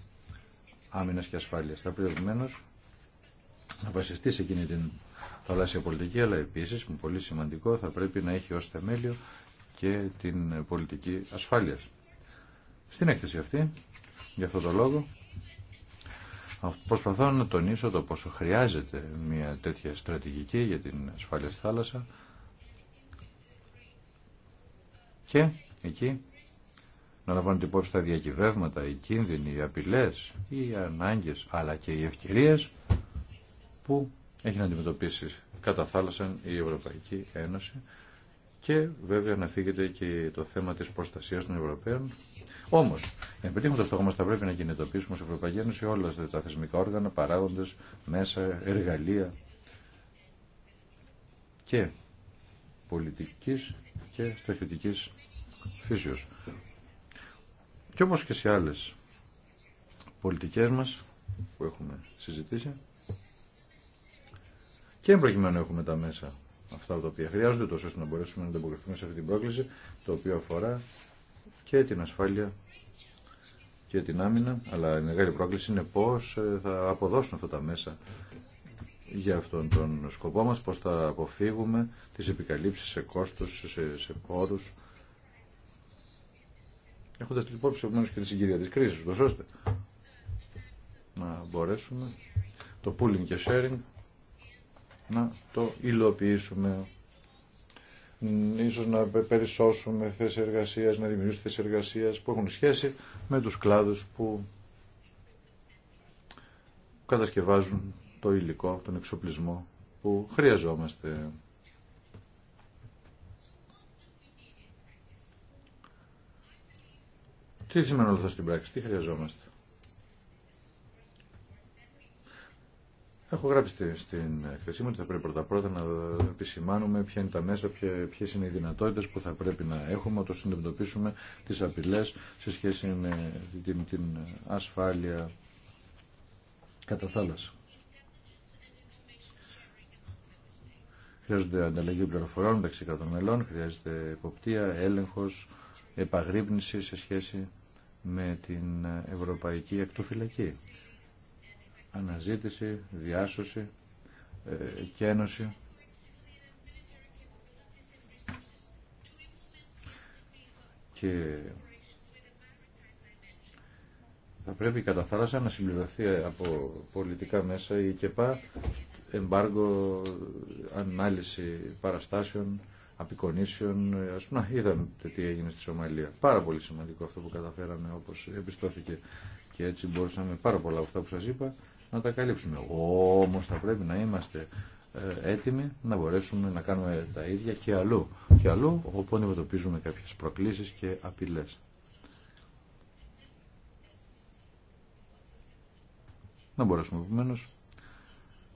άμυνας και ασφάλειας. Θα πρέπει να βασιστεί σε εκείνη την θαλάσσια πολιτική, αλλά επίσης, που πολύ σημαντικό, θα πρέπει να έχει ως θεμέλιο και την πολιτική ασφάλειας. Στην έκθεση αυτή, για αυτό το λόγο, Προσπαθώ να τονίσω το πόσο χρειάζεται μια τέτοια στρατηγική για την ασφάλεια στη θάλασσα και εκεί να την υπόψη τα διακυβεύματα, οι κίνδυνοι, οι απειλές, οι ανάγκες αλλά και οι ευκαιρίες που έχει να αντιμετωπίσει κατά θάλασσα η Ευρωπαϊκή Ένωση και βέβαια να φύγεται και το θέμα της προστασίας των Ευρωπαίων. Όμως, επιτύχοντας το μας θα πρέπει να κινητοποιήσουμε σε Ευρωπαϊκή Ένωση όλα τα θεσμικά όργανα, παράγοντες, μέσα, εργαλεία και πολιτικής και στρατιωτικής φύσεως. Και όμως και σε άλλες πολιτικές μας που έχουμε συζητήσει και προκειμένου έχουμε τα μέσα αυτά τα οποία χρειάζονται, τόσο ώστε να μπορέσουμε να ανταποκριθούμε σε αυτή την πρόκληση, το οποίο αφορά και την ασφάλεια και την άμυνα, αλλά η μεγάλη πρόκληση είναι πώς ε, θα αποδώσουν αυτά τα μέσα για αυτόν τον σκοπό μας, πώς θα αποφύγουμε τις επικαλύψεις σε κόστος, σε, σε πόρους, έχοντας την υπόψη επομένως και τη συγκυρία της κρίσης, ώστε να μπορέσουμε το pooling και sharing να το υλοποιήσουμε. Ίσως να περισσώσουμε θέσεις εργασίας, να δημιουργήσουμε θέσεις εργασίας που έχουν σχέση με τους κλάδους που κατασκευάζουν το υλικό, τον εξοπλισμό που χρειαζόμαστε. Τι σημαίνει όλα αυτά στην πράξη, τι χρειαζόμαστε. Έχω γράψει στην εκθεσή μου ότι θα πρέπει πρώτα πρώτα να επισημάνουμε ποια είναι τα μέσα, ποιε είναι οι δυνατότητε που θα πρέπει να έχουμε, όταν συνειδητοποιήσουμε τις τι απειλέ σε σχέση με την, την ασφάλεια κατά θάλασσα. Χρειάζονται ανταλλαγή πληροφοριών μεταξύ κρατών μελών, χρειάζεται εποπτεία, έλεγχο, επαγρύπνηση σε σχέση με την ευρωπαϊκή ακτοφυλακή αναζήτηση, διάσωση ε, και ένωση. Και θα πρέπει κατά θάλασσα να συμπληρωθεί από πολιτικά μέσα η πά, εμπάργκο, ανάλυση παραστάσεων, απεικονίσεων. Ας πούμε, είδαμε τι έγινε στη Σομαλία. Πάρα πολύ σημαντικό αυτό που καταφέραμε όπως επιστώθηκε και έτσι μπορούσαμε πάρα πολλά από αυτά που σας είπα να τα καλύψουμε. Όμω θα πρέπει να είμαστε ε, έτοιμοι να μπορέσουμε να κάνουμε τα ίδια και αλλού. Και αλλού όπου αντιμετωπίζουμε κάποιε προκλήσει και απειλέ. Να μπορέσουμε επομένω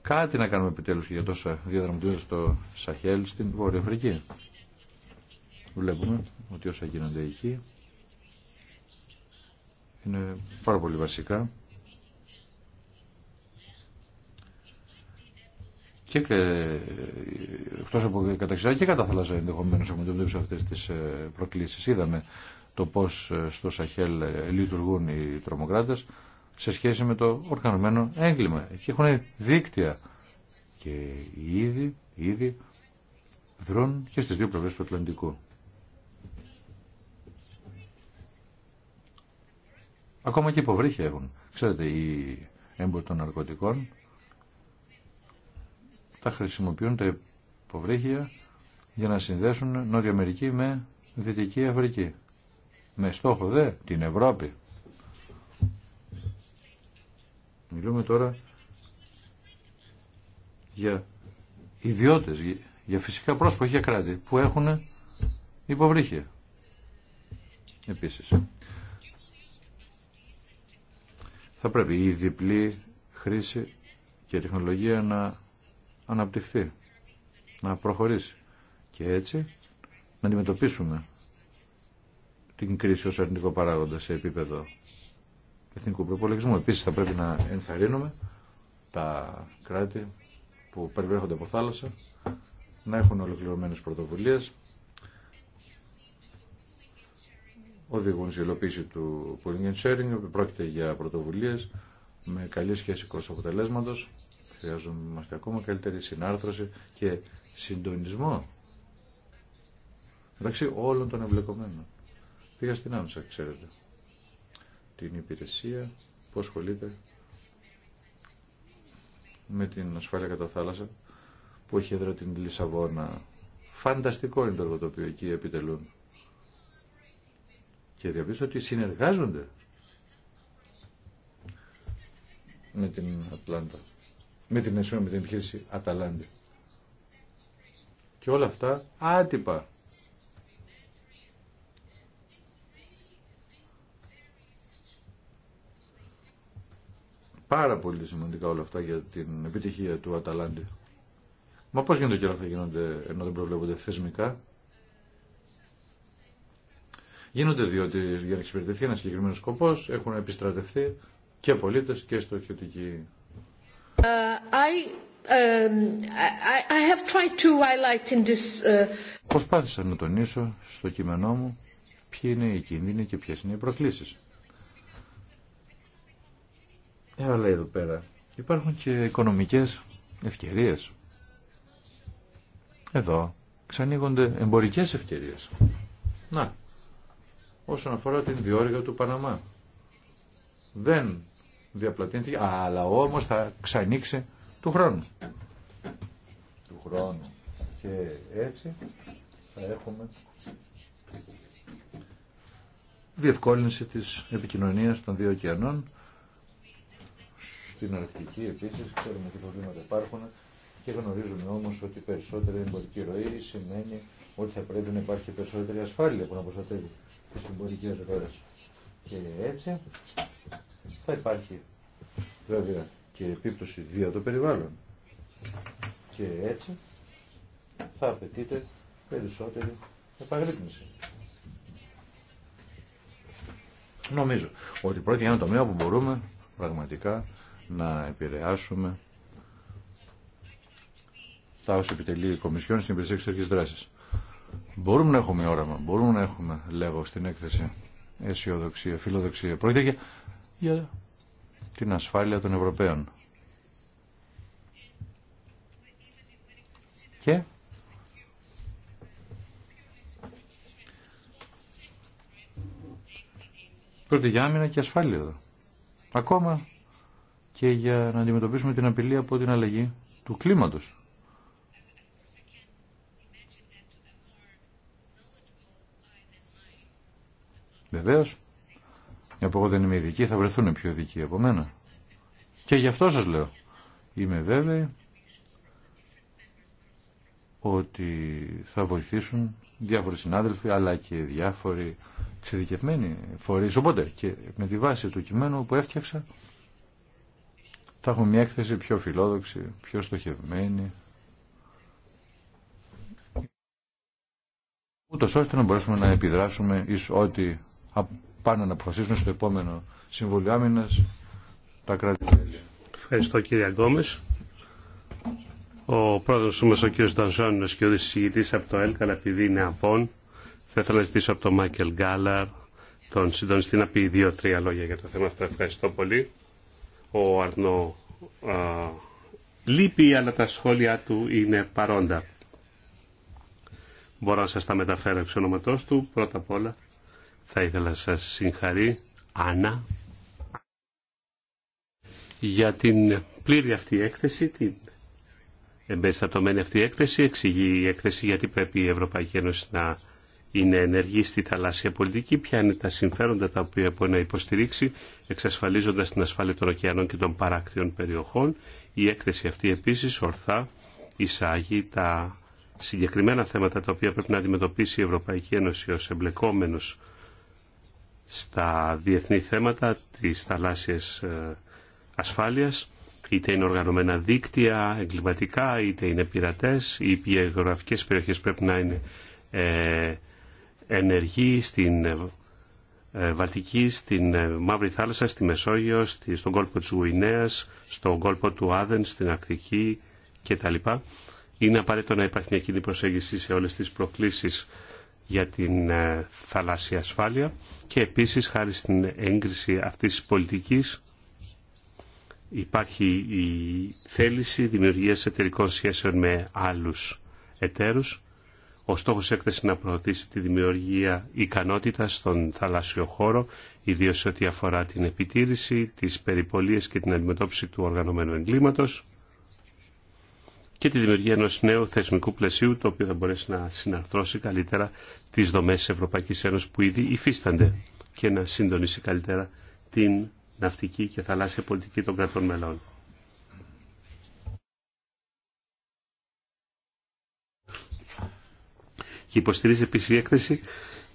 κάτι να κάνουμε επιτέλου για τόσα διαδραματίζοντα στο Σαχέλ στην Βόρεια Αφρική. Βλέπουμε ότι όσα γίνονται εκεί είναι πάρα πολύ βασικά και εκτό από και κατά θάλασσα ενδεχομένω έχουμε αντιμετωπίσει αυτές τις ε, προκλήσεις. Είδαμε το πώ ε, στο Σαχέλ ε, λειτουργούν οι τρομοκράτε σε σχέση με το οργανωμένο έγκλημα. Εκεί έχουν δίκτυα και ήδη, ήδη δρούν και στις δύο πλευρές του Ατλαντικού. Ακόμα και υποβρύχια έχουν. Ξέρετε, οι έμποροι των ναρκωτικών τα χρησιμοποιούν τα υποβρύχια για να συνδέσουν Νότια Αμερική με Δυτική Αφρική. Με στόχο δε την Ευρώπη. Μιλούμε τώρα για ιδιώτες, για φυσικά πρόσωπα, για κράτη που έχουν υποβρύχια. Επίσης. Θα πρέπει η διπλή χρήση και τεχνολογία να αναπτυχθεί, να προχωρήσει και έτσι να αντιμετωπίσουμε την κρίση ως αρνητικό παράγοντα σε επίπεδο εθνικού προπολογισμού. Επίσης θα πρέπει να ενθαρρύνουμε τα κράτη που περιβρέχονται από θάλασσα να έχουν ολοκληρωμένες πρωτοβουλίες οδηγούν σε υλοποίηση του pooling and sharing, πρόκειται για πρωτοβουλίες με καλή σχέση αποτελέσματος Χρειάζομαστε ακόμα καλύτερη συνάρθρωση και συντονισμό μεταξύ όλων των εμπλεκομένων. Πήγα στην Άμσα, ξέρετε, την υπηρεσία που ασχολείται με την ασφάλεια κατά θάλασσα που έχει έδρα την Λισαβόνα. Φανταστικό είναι το έργο το οποίο εκεί επιτελούν. Και διαπίστω ότι συνεργάζονται με την Ατλάντα με την ΕΣΟ, με την επιχείρηση Αταλάντη. Και όλα αυτά άτυπα. Πάρα πολύ σημαντικά όλα αυτά για την επιτυχία του Αταλάντη. Μα πώς γίνονται και όλα αυτά γίνονται ενώ δεν προβλέπονται θεσμικά. Γίνονται διότι για να εξυπηρετηθεί ένα συγκεκριμένο σκοπό έχουν επιστρατευθεί και πολίτε και στρατιωτικοί. Προσπάθησα να τονίσω στο κείμενό μου ποιοι είναι οι κίνδυνοι και ποιες είναι οι προκλήσεις. Ε, αλλά εδώ πέρα υπάρχουν και οικονομικές ευκαιρίες. Εδώ ξανοίγονται εμπορικές ευκαιρίες. Να, όσον αφορά την διόρυγα του Παναμά. Δεν αλλά όμως θα ξανοίξει του χρόνου. Του χρόνου. Και έτσι θα έχουμε διευκόλυνση της επικοινωνίας των δύο ωκεανών. Στην Αρκτική επίσης ξέρουμε τι προβλήματα υπάρχουν και γνωρίζουμε όμως ότι περισσότερη εμπορική ροή σημαίνει ότι θα πρέπει να υπάρχει περισσότερη ασφάλεια που να προστατεύει τις εμπορικές ροές. Και έτσι θα υπάρχει βέβαια και επίπτωση βία το περιβάλλον. Και έτσι θα απαιτείται περισσότερη επαγρύπνηση. Νομίζω ότι πρόκειται για ένα τομέα που μπορούμε πραγματικά να επηρεάσουμε τα όσα επιτελεί η Κομισιόν στην υπηρεσία εξωτερική δράση. Μπορούμε να έχουμε όραμα, μπορούμε να έχουμε, λέγω στην έκθεση, αισιοδοξία, φιλοδοξία. Πρόκειται για για την ασφάλεια των Ευρωπαίων. Και Πρώτη για άμυνα και ασφάλεια εδώ. Ακόμα και για να αντιμετωπίσουμε την απειλή από την αλλαγή του κλίματος. Βεβαίως, μια που εγώ δεν είμαι ειδική, θα βρεθούν πιο ειδικοί από μένα. Και γι' αυτό σας λέω. Είμαι βέβαιη ότι θα βοηθήσουν διάφοροι συνάδελφοι αλλά και διάφοροι εξειδικευμένοι φορείς. Οπότε και με τη βάση του κειμένου που έφτιαξα θα έχουμε μια έκθεση πιο φιλόδοξη, πιο στοχευμένη. Ούτως ώστε να μπορέσουμε να επιδράσουμε εις ό,τι πάνε να αποφασίσουν στο επόμενο Συμβούλιο Άμυνα τα κράτη. μέλη. Ευχαριστώ κύριε Αγκόμε. Ο πρόεδρο του ο κύριο Ντανζόνιος και ο δισηγητή από το ΕΛΚΑ, επειδή είναι απόν, θα ήθελα να ζητήσω από τον Μάικελ Γκάλαρ, τον συντονιστή, να πει δύο-τρία λόγια για το θέμα αυτό. Ευχαριστώ πολύ. Ο Αρνό λείπει, αλλά τα σχόλια του είναι παρόντα. Μπορώ να σας τα μεταφέρω εξ ονόματός του. Πρώτα απ' όλα θα ήθελα να σας συγχαρεί, Άννα, για την πλήρη αυτή έκθεση, την εμπεριστατωμένη αυτή έκθεση. Εξηγεί η έκθεση γιατί πρέπει η Ευρωπαϊκή Ένωση να είναι ενεργή στη θαλάσσια πολιτική, ποια είναι τα συμφέροντα τα οποία μπορεί να υποστηρίξει, εξασφαλίζοντας την ασφάλεια των ωκεανών και των παράκτιων περιοχών. Η έκθεση αυτή επίσης ορθά εισάγει τα συγκεκριμένα θέματα τα οποία πρέπει να αντιμετωπίσει η Ευρωπαϊκή Ένωση ως εμπλεκόμενος στα διεθνή θέματα της θαλάσσιας ε, ασφάλειας, είτε είναι οργανωμένα δίκτυα, εγκληματικά, είτε είναι πειρατές, οι γεωγραφικές περιοχές πρέπει να είναι ε, ενεργοί στην ε, ε Βαλτική, στην ε, Μαύρη Θάλασσα, στη Μεσόγειο, στον κόλπο της Γουινέας, στον κόλπο του Άδεν, στην Αρκτική κτλ. Είναι απαραίτητο να υπάρχει μια κοινή προσέγγιση σε όλες τις προκλήσεις για την ε, θαλάσσια ασφάλεια και επίσης χάρη στην έγκριση αυτής της πολιτικής υπάρχει η θέληση δημιουργίας εταιρικών σχέσεων με άλλους εταίρους. Ο στόχος έκθεση να προωθήσει τη δημιουργία ικανότητα στον θαλάσσιο χώρο, ιδίως ό,τι αφορά την επιτήρηση, τις περιπολίες και την αντιμετώπιση του οργανωμένου εγκλήματος και τη δημιουργία ενός νέου θεσμικού πλαισίου το οποίο θα μπορέσει να συναρθρώσει καλύτερα τις δομές της Ευρωπαϊκής Ένωσης που ήδη υφίστανται και να συντονίσει καλύτερα την ναυτική και θαλάσσια πολιτική των κρατών μελών. Και υποστηρίζει επίσης η έκθεση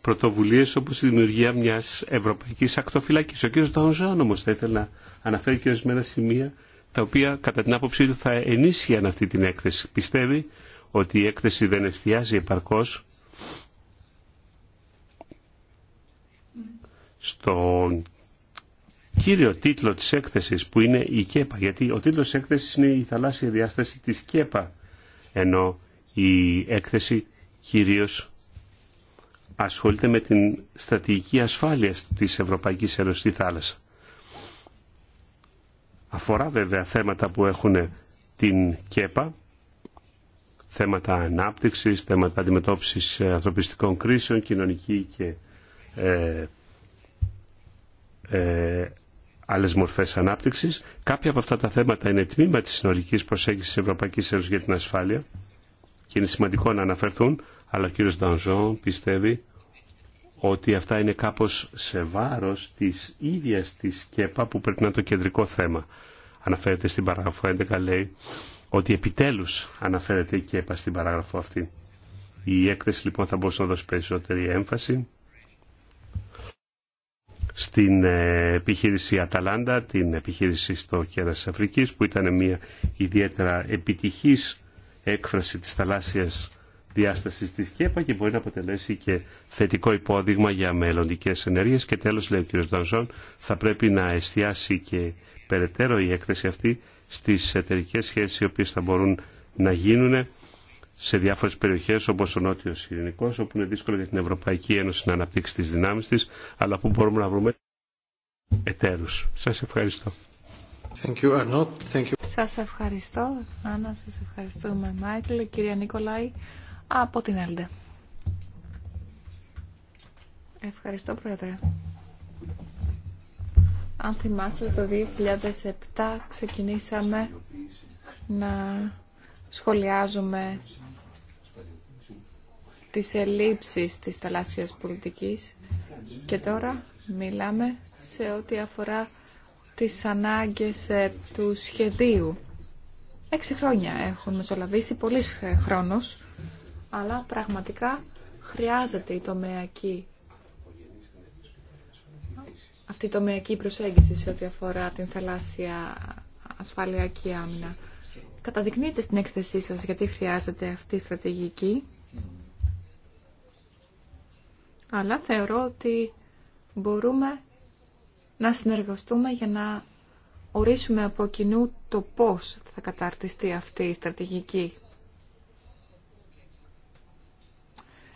πρωτοβουλίες όπως η δημιουργία μιας ευρωπαϊκής ακτοφυλακής. Ο κ. Νταουζάν όμως θα ήθελε να αναφέρει και ορισμένα σημεία τα οποία κατά την άποψή του θα ενίσχυαν αυτή την έκθεση. Πιστεύει ότι η έκθεση δεν εστιάζει επαρκώς στον κύριο τίτλο της έκθεσης που είναι η ΚΕΠΑ, γιατί ο τίτλος της έκθεσης είναι η θαλάσσια διάσταση της ΚΕΠΑ, ενώ η έκθεση κυρίως ασχολείται με την στρατηγική ασφάλεια της Ευρωπαϊκής Ένωσης στη θάλασσα. Αφορά βέβαια θέματα που έχουν την ΚΕΠΑ, θέματα ανάπτυξης, θέματα αντιμετώπισης ανθρωπιστικών κρίσεων, κοινωνική και ε, ε, άλλε μορφέ ανάπτυξη. Κάποια από αυτά τα θέματα είναι τμήμα τη συνολική προσέγγιση τη Ευρωπαϊκή Ένωση για την ασφάλεια και είναι σημαντικό να αναφερθούν, αλλά ο κ. Ντανζόν πιστεύει ότι αυτά είναι κάπως σε βάρος της ίδιας της ΚΕΠΑ που πρέπει να είναι το κεντρικό θέμα. Αναφέρεται στην παράγραφο 11 λέει ότι επιτέλους αναφέρεται η ΚΕΠΑ στην παράγραφο αυτή. Η έκθεση λοιπόν θα μπορούσε να δώσει περισσότερη έμφαση στην ε, επιχείρηση Αταλάντα, την επιχείρηση στο κέρας της Αφρικής που ήταν μια ιδιαίτερα επιτυχής έκφραση της θαλάσσιας διάσταση της ΚΕΠΑ και μπορεί να αποτελέσει και θετικό υπόδειγμα για μελλοντικές ενέργειες. Και τέλος, λέει ο κ. Δανζόν, θα πρέπει να εστιάσει και περαιτέρω η έκθεση αυτή στις εταιρικέ σχέσεις οι οποίες θα μπορούν να γίνουν σε διάφορες περιοχές όπως ο Νότιος Ειρηνικός, όπου είναι δύσκολο για την Ευρωπαϊκή Ένωση να αναπτύξει τις δυνάμεις της, αλλά που μπορούμε να βρούμε εταίρους. Σας ευχαριστώ. Thank you, Arnold. Thank you. Σας ευχαριστώ, Άννα, σας ευχαριστούμε, Μάικλ, κυρία Νικολάη από την Ευχαριστώ, Πρόεδρε. Αν θυμάστε, το 2007 ξεκινήσαμε να σχολιάζουμε τις ελλείψεις της θαλάσσιας πολιτικής και τώρα μιλάμε σε ό,τι αφορά τις ανάγκες ε, του σχεδίου. Έξι χρόνια έχουν μεσολαβήσει, πολλοί χρόνος αλλά πραγματικά χρειάζεται η τομεακή αυτή η τομεακή προσέγγιση σε ό,τι αφορά την θαλάσσια ασφάλεια και άμυνα. Καταδεικνύετε στην έκθεσή σας γιατί χρειάζεται αυτή η στρατηγική. Αλλά θεωρώ ότι μπορούμε να συνεργαστούμε για να ορίσουμε από κοινού το πώς θα καταρτιστεί αυτή η στρατηγική.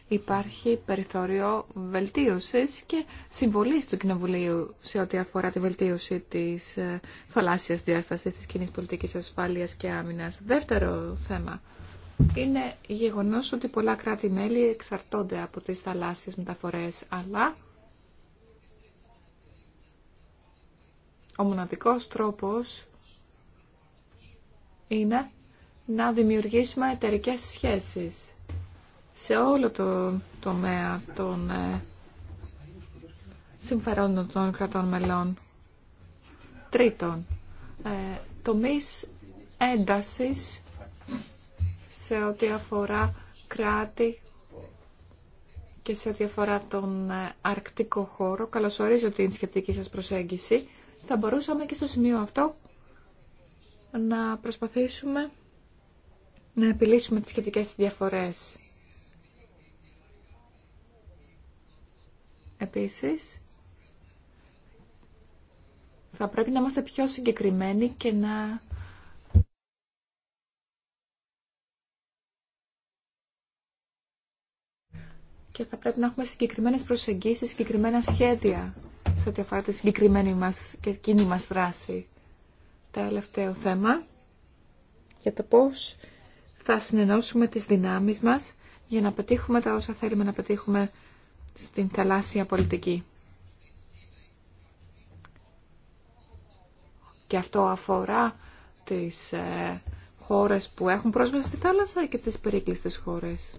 υπάρχει περιθώριο βελτίωσης και συμβολής του Κοινοβουλίου σε ό,τι αφορά τη βελτίωση της ε, θαλάσσιας διάστασης της κοινή πολιτικής ασφάλειας και άμυνας. Δεύτερο θέμα είναι γεγονός ότι πολλά κράτη-μέλη εξαρτώνται από τις θαλάσσιες μεταφορές, αλλά ο μοναδικός τρόπος είναι να δημιουργήσουμε εταιρικές σχέσεις σε όλο το τομέα των ε, συμφερόντων των κρατών μελών. Τρίτον, ε, τομείς έντασης σε ό,τι αφορά κράτη και σε ό,τι αφορά τον ε, αρκτικό χώρο. Καλωσορίζω την σχετική σας προσέγγιση. Θα μπορούσαμε και στο σημείο αυτό να προσπαθήσουμε να επιλύσουμε τις σχετικές διαφορές. Επίσης, θα πρέπει να είμαστε πιο συγκεκριμένοι και να και θα πρέπει να έχουμε συγκεκριμένες προσεγγίσεις, συγκεκριμένα σχέδια σε ό,τι αφορά τη συγκεκριμένη μας και εκείνη μας δράση. Τελευταίο θέμα για το πώς θα συνενώσουμε τις δυνάμεις μας για να πετύχουμε τα όσα θέλουμε να πετύχουμε στην θαλάσσια πολιτική. Και αυτό αφορά τις ε, χώρες που έχουν πρόσβαση στη θάλασσα και τις περίκλειστες χώρες.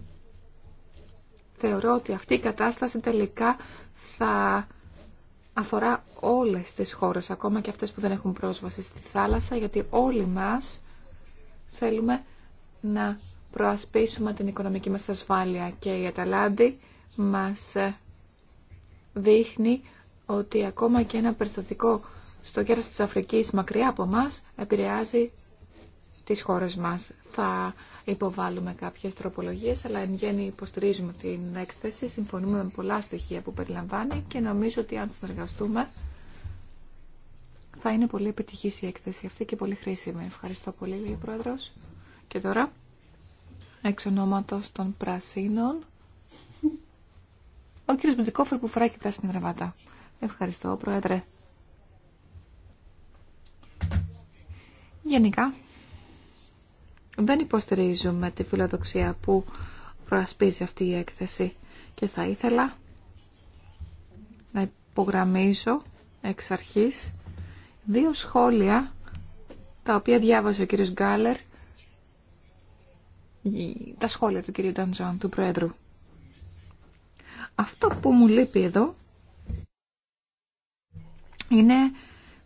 Θεωρώ ότι αυτή η κατάσταση τελικά θα αφορά όλες τις χώρες, ακόμα και αυτές που δεν έχουν πρόσβαση στη θάλασσα, γιατί όλοι μας θέλουμε να προασπίσουμε την οικονομική μας ασφάλεια και η Αταλάντη μας δείχνει ότι ακόμα και ένα περιστατικό στο κέρας της Αφρικής μακριά από μας επηρεάζει τις χώρες μας. Θα υποβάλουμε κάποιες τροπολογίες, αλλά εν γέννη υποστηρίζουμε την έκθεση, συμφωνούμε με πολλά στοιχεία που περιλαμβάνει και νομίζω ότι αν συνεργαστούμε θα είναι πολύ επιτυχής η έκθεση αυτή και πολύ χρήσιμη. Ευχαριστώ πολύ, λέει ο Πρόεδρος. Και τώρα, εξ ονόματος των Πρασίνων, ο κύριος Μπεντικόφερ που φοράει και πράσινη γραβάτα. Ευχαριστώ, Πρόεδρε. Γενικά, δεν υποστηρίζουμε τη φιλοδοξία που προασπίζει αυτή η έκθεση και θα ήθελα να υπογραμμίσω εξ αρχής δύο σχόλια τα οποία διάβασε ο κύριος Γκάλερ τα σχόλια του κύριου Τάντζον, του Πρόεδρου. Αυτό που μου λείπει εδώ είναι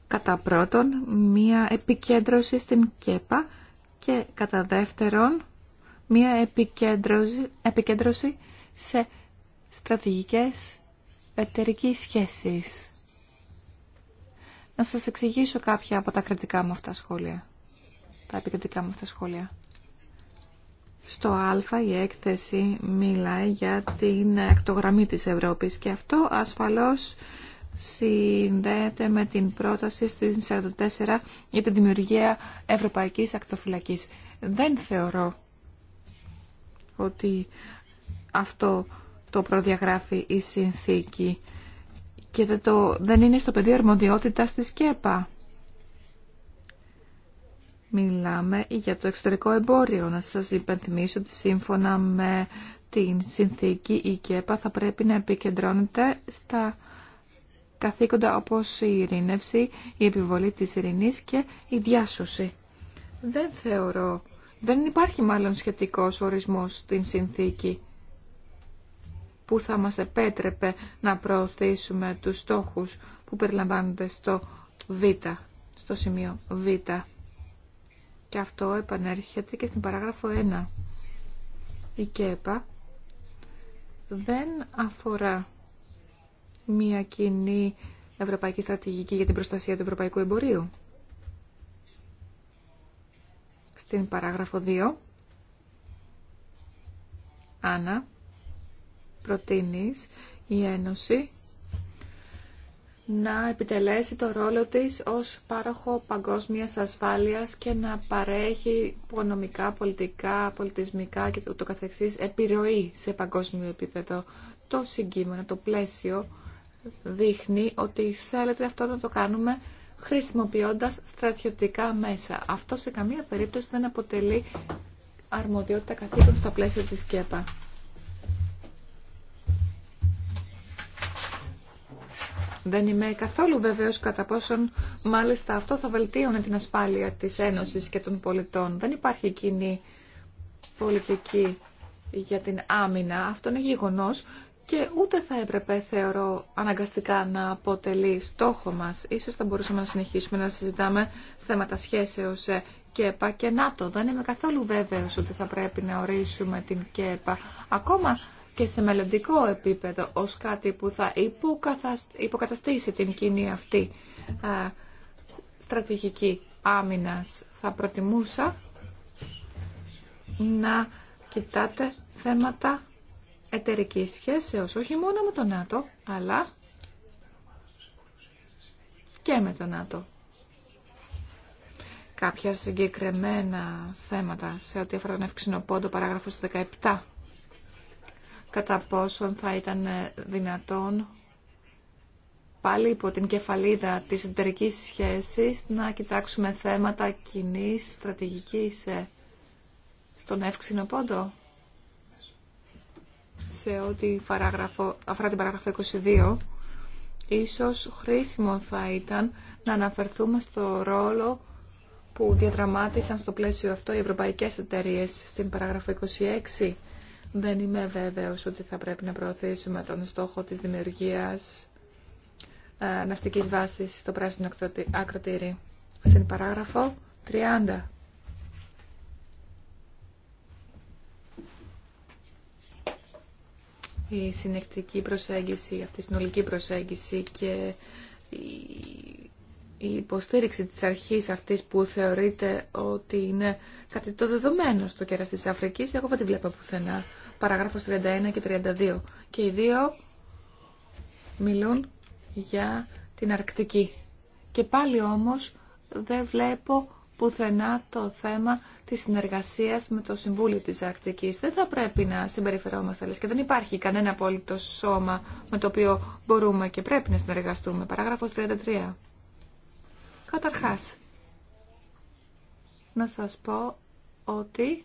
κατά πρώτον μία επικέντρωση στην ΚΕΠΑ και κατά δεύτερον μία επικέντρωση, επικέντρωση σε στρατηγικές εταιρικέ σχέσεις. Να σας εξηγήσω κάποια από τα κριτικά μου αυτά σχόλια. Τα επικριτικά μου αυτά σχόλια. Στο Α η έκθεση μιλάει για την ακτογραμμή της Ευρώπης και αυτό ασφαλώς συνδέεται με την πρόταση του 44 για την δημιουργία Ευρωπαϊκής Ακτοφυλακής. Δεν θεωρώ ότι αυτό το προδιαγράφει η συνθήκη και δεν, το, δεν είναι στο πεδίο αρμοδιότητας της ΚΕΠΑ. Μιλάμε για το εξωτερικό εμπόριο. Να σας υπενθυμίσω ότι σύμφωνα με την συνθήκη η ΚΕΠΑ θα πρέπει να επικεντρώνεται στα καθήκοντα όπως η ειρήνευση, η επιβολή της ειρηνής και η διάσωση. Δεν θεωρώ, δεν υπάρχει μάλλον σχετικός ορισμός στην συνθήκη που θα μας επέτρεπε να προωθήσουμε τους στόχους που περιλαμβάνονται στο Β, στο σημείο Β. Και αυτό επανέρχεται και στην παράγραφο 1. Η ΚΕΠΑ δεν αφορά μια κοινή ευρωπαϊκή στρατηγική για την προστασία του ευρωπαϊκού εμπορίου. Στην παράγραφο 2, Άννα, προτείνεις η Ένωση να επιτελέσει το ρόλο της ως πάροχο παγκόσμιας ασφάλειας και να παρέχει οικονομικά, πολιτικά, πολιτισμικά και το καθεξής επιρροή σε παγκόσμιο επίπεδο. Το συγκείμενο, το πλαίσιο δείχνει ότι θέλετε αυτό να το κάνουμε χρησιμοποιώντας στρατιωτικά μέσα. Αυτό σε καμία περίπτωση δεν αποτελεί αρμοδιότητα καθήκον στα πλαίσια της ΚΕΠΑ. Δεν είμαι καθόλου βεβαίως κατά πόσον μάλιστα αυτό θα βελτίωνε την ασφάλεια της Ένωσης και των πολιτών. Δεν υπάρχει κοινή πολιτική για την άμυνα. Αυτό είναι γεγονό και ούτε θα έπρεπε, θεωρώ, αναγκαστικά να αποτελεί στόχο μας. Ίσως θα μπορούσαμε να συνεχίσουμε να συζητάμε θέματα σχέσεως ε, ΚΕΠΑ και ΝΑΤΟ. Δεν είμαι καθόλου βέβαιος ότι θα πρέπει να ορίσουμε την ΚΕΠΑ. Ακόμα και σε μελλοντικό επίπεδο ως κάτι που θα υποκαταστήσει την κοινή αυτή στρατηγική άμυνας. Θα προτιμούσα να κοιτάτε θέματα εταιρικής σχέσεως, όχι μόνο με τον ΝΑΤΟ, αλλά και με τον ΝΑΤΟ. Κάποια συγκεκριμένα θέματα σε ό,τι αφορά τον ευξηνοπόντο, παράγραφος 17 κατά πόσον θα ήταν ε, δυνατόν πάλι υπό την κεφαλίδα της εταιρική σχέσης να κοιτάξουμε θέματα κοινή στρατηγικής ε, στον εύξηνο πόντο σε ό,τι αφορά την παράγραφο 22 ίσως χρήσιμο θα ήταν να αναφερθούμε στο ρόλο που διαδραμάτισαν στο πλαίσιο αυτό οι ευρωπαϊκές εταιρείες στην παράγραφο 26 δεν είμαι βέβαιος ότι θα πρέπει να προωθήσουμε τον στόχο της δημιουργίας ε, ναυτικής βάσης στο πράσινο ακροτήρι. Στην παράγραφο 30. η συνεκτική προσέγγιση, αυτή η συνολική προσέγγιση και η υποστήριξη της αρχής αυτής που θεωρείται ότι είναι κάτι το δεδομένο στο κέρας της Αφρικής, εγώ δεν τη βλέπω πουθενά παραγράφος 31 και 32. Και οι δύο μιλούν για την Αρκτική. Και πάλι όμως δεν βλέπω πουθενά το θέμα της συνεργασίας με το Συμβούλιο της Αρκτικής. Δεν θα πρέπει να συμπεριφερόμαστε, λες, και δεν υπάρχει κανένα απόλυτο σώμα με το οποίο μπορούμε και πρέπει να συνεργαστούμε. Παράγραφος 33. Καταρχάς, να σας πω ότι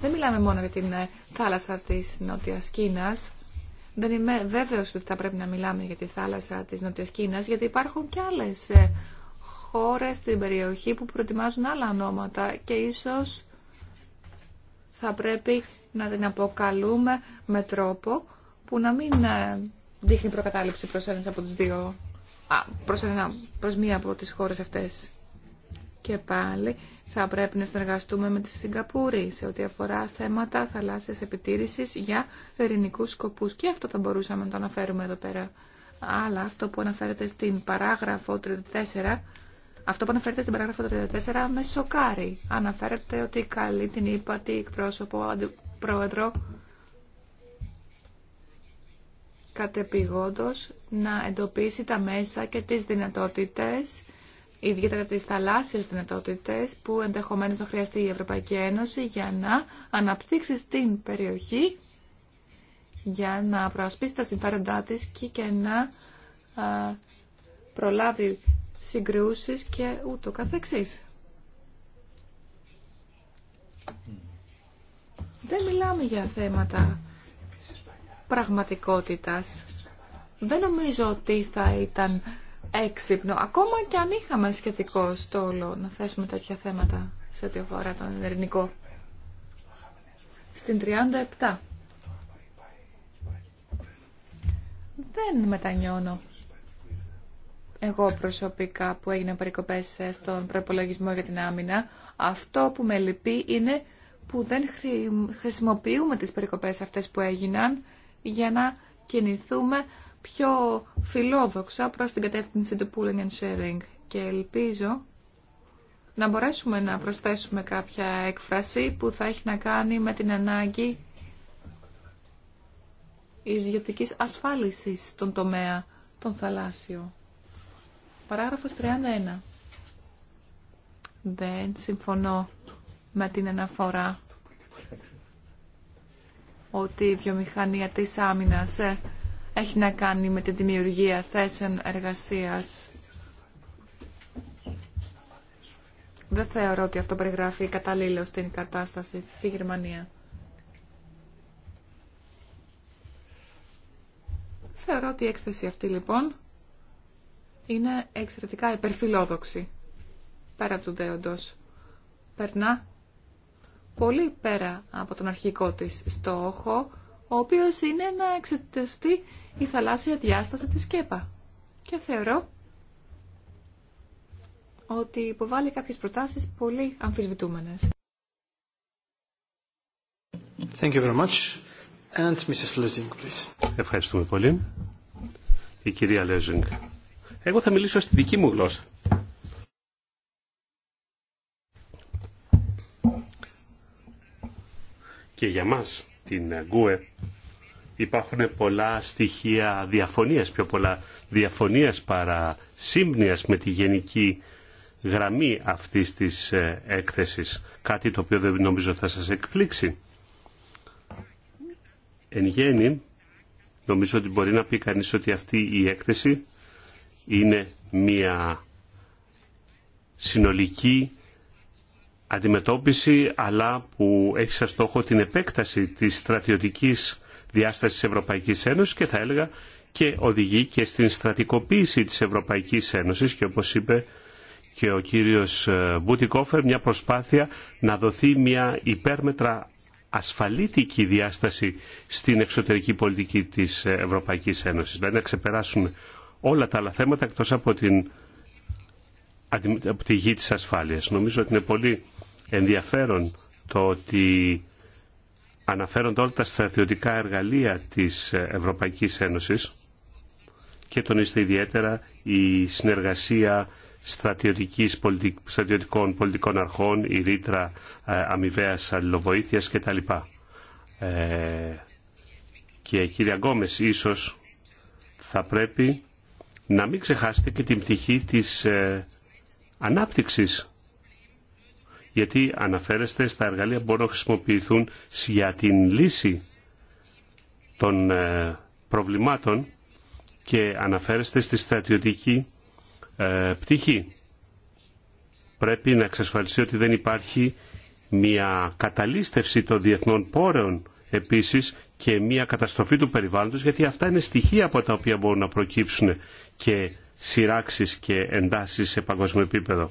Δεν μιλάμε μόνο για την ε, θάλασσα της Νότιας Κίνας. Δεν είμαι βέβαιος ότι θα πρέπει να μιλάμε για τη θάλασσα της Νότιας Κίνας, γιατί υπάρχουν και άλλες ε, χώρες στην περιοχή που προετοιμάζουν άλλα νόματα και ίσως θα πρέπει να την αποκαλούμε με τρόπο που να μην ε, δείχνει προκατάληψη προς ένας από τις δύο, προς, μία από τις χώρες αυτές. Και πάλι θα πρέπει να συνεργαστούμε με τη Σιγκαπούρη σε ό,τι αφορά θέματα θαλάσσιας επιτήρησης για ειρηνικού σκοπούς. Και αυτό θα μπορούσαμε να το αναφέρουμε εδώ πέρα. Αλλά αυτό που αναφέρεται στην παράγραφο 34, αυτό που αναφέρεται στην παράγραφο 34 με σοκάρει. Αναφέρεται ότι καλεί την ύπατη εκπρόσωπο αντιπρόεδρο κατεπηγόντως να εντοπίσει τα μέσα και τις δυνατότητες ιδιαίτερα τις θαλάσσιες δυνατότητες που ενδεχομένως θα χρειαστεί η Ευρωπαϊκή Ένωση για να αναπτύξει στην περιοχή, για να προασπίσει τα συμφέροντά της και, και να προλάβει συγκρούσεις και ούτω καθεξής. Δεν μιλάμε για θέματα πραγματικότητας. Δεν νομίζω ότι θα ήταν έξυπνο, ακόμα και αν είχαμε σχετικό στόλο να θέσουμε τέτοια θέματα σε ό,τι αφορά τον ελληνικό. Στην 37. Δεν μετανιώνω εγώ προσωπικά που έγιναν περικοπές στον προπολογισμό για την άμυνα. Αυτό που με λυπεί είναι που δεν χρησιμοποιούμε τις περικοπές αυτές που έγιναν για να κινηθούμε πιο φιλόδοξα προς την κατεύθυνση του pooling and sharing και ελπίζω να μπορέσουμε να προσθέσουμε κάποια έκφραση που θα έχει να κάνει με την ανάγκη ιδιωτική ασφάλισης στον τομέα των θαλάσσιων. Παράγραφος 31. Δεν συμφωνώ με την αναφορά ότι η βιομηχανία της άμυνας ε, έχει να κάνει με τη δημιουργία θέσεων εργασίας. Δεν θεωρώ ότι αυτό περιγράφει καταλήλω την κατάσταση στη Γερμανία. Θεωρώ ότι η έκθεση αυτή λοιπόν είναι εξαιρετικά υπερφιλόδοξη πέρα του δέοντος. Περνά πολύ πέρα από τον αρχικό της στόχο, ο οποίος είναι να εξεταστεί η θαλάσσια διάσταση της ΚΕΠΑ. Και θεωρώ ότι υποβάλλει κάποιες προτάσεις πολύ αμφισβητούμενες. Thank you very much. And Mrs. please. Ευχαριστούμε πολύ. Η κυρία Λέζινγκ. Εγώ θα μιλήσω στη δική μου γλώσσα. Και για μας την ΓΚΟΕ υπάρχουν πολλά στοιχεία διαφωνίας, πιο πολλά διαφωνίας παρά σύμπνοιας με τη γενική γραμμή αυτής της ε, έκθεσης. Κάτι το οποίο δεν νομίζω θα σας εκπλήξει. Εν γέννη, νομίζω ότι μπορεί να πει κανείς ότι αυτή η έκθεση είναι μια συνολική αντιμετώπιση αλλά που έχει σαν στόχο την επέκταση της στρατιωτικής διάσταση της Ευρωπαϊκής Ένωσης και θα έλεγα και οδηγεί και στην στρατικοποίηση της Ευρωπαϊκής Ένωσης και όπως είπε και ο κύριος ε, Μπουτικόφερ μια προσπάθεια να δοθεί μια υπέρμετρα ασφαλίτικη διάσταση στην εξωτερική πολιτική της ε, Ευρωπαϊκής Ένωσης. Δηλαδή να ξεπεράσουν όλα τα άλλα θέματα εκτός από την από τη γη της ασφάλειας. Νομίζω ότι είναι πολύ ενδιαφέρον το ότι αναφέρονται όλα τα στρατιωτικά εργαλεία της Ευρωπαϊκής Ένωσης και τονίζεται ιδιαίτερα η συνεργασία στρατιωτικής, στρατιωτικών πολιτικών αρχών, η ρήτρα ε, αμοιβαία αλληλοβοήθειας κτλ. Ε, και κύριε Γκόμες, ίσως θα πρέπει να μην ξεχάσετε και την πτυχή της ε, ανάπτυξης γιατί αναφέρεστε στα εργαλεία που μπορούν να χρησιμοποιηθούν για την λύση των ε, προβλημάτων και αναφέρεστε στη στρατιωτική ε, πτυχή. Πρέπει να εξασφαλιστεί ότι δεν υπάρχει μια καταλήστευση των διεθνών πόρεων επίσης και μια καταστροφή του περιβάλλοντος γιατί αυτά είναι στοιχεία από τα οποία μπορούν να προκύψουν και σειράξεις και εντάσεις σε παγκόσμιο επίπεδο.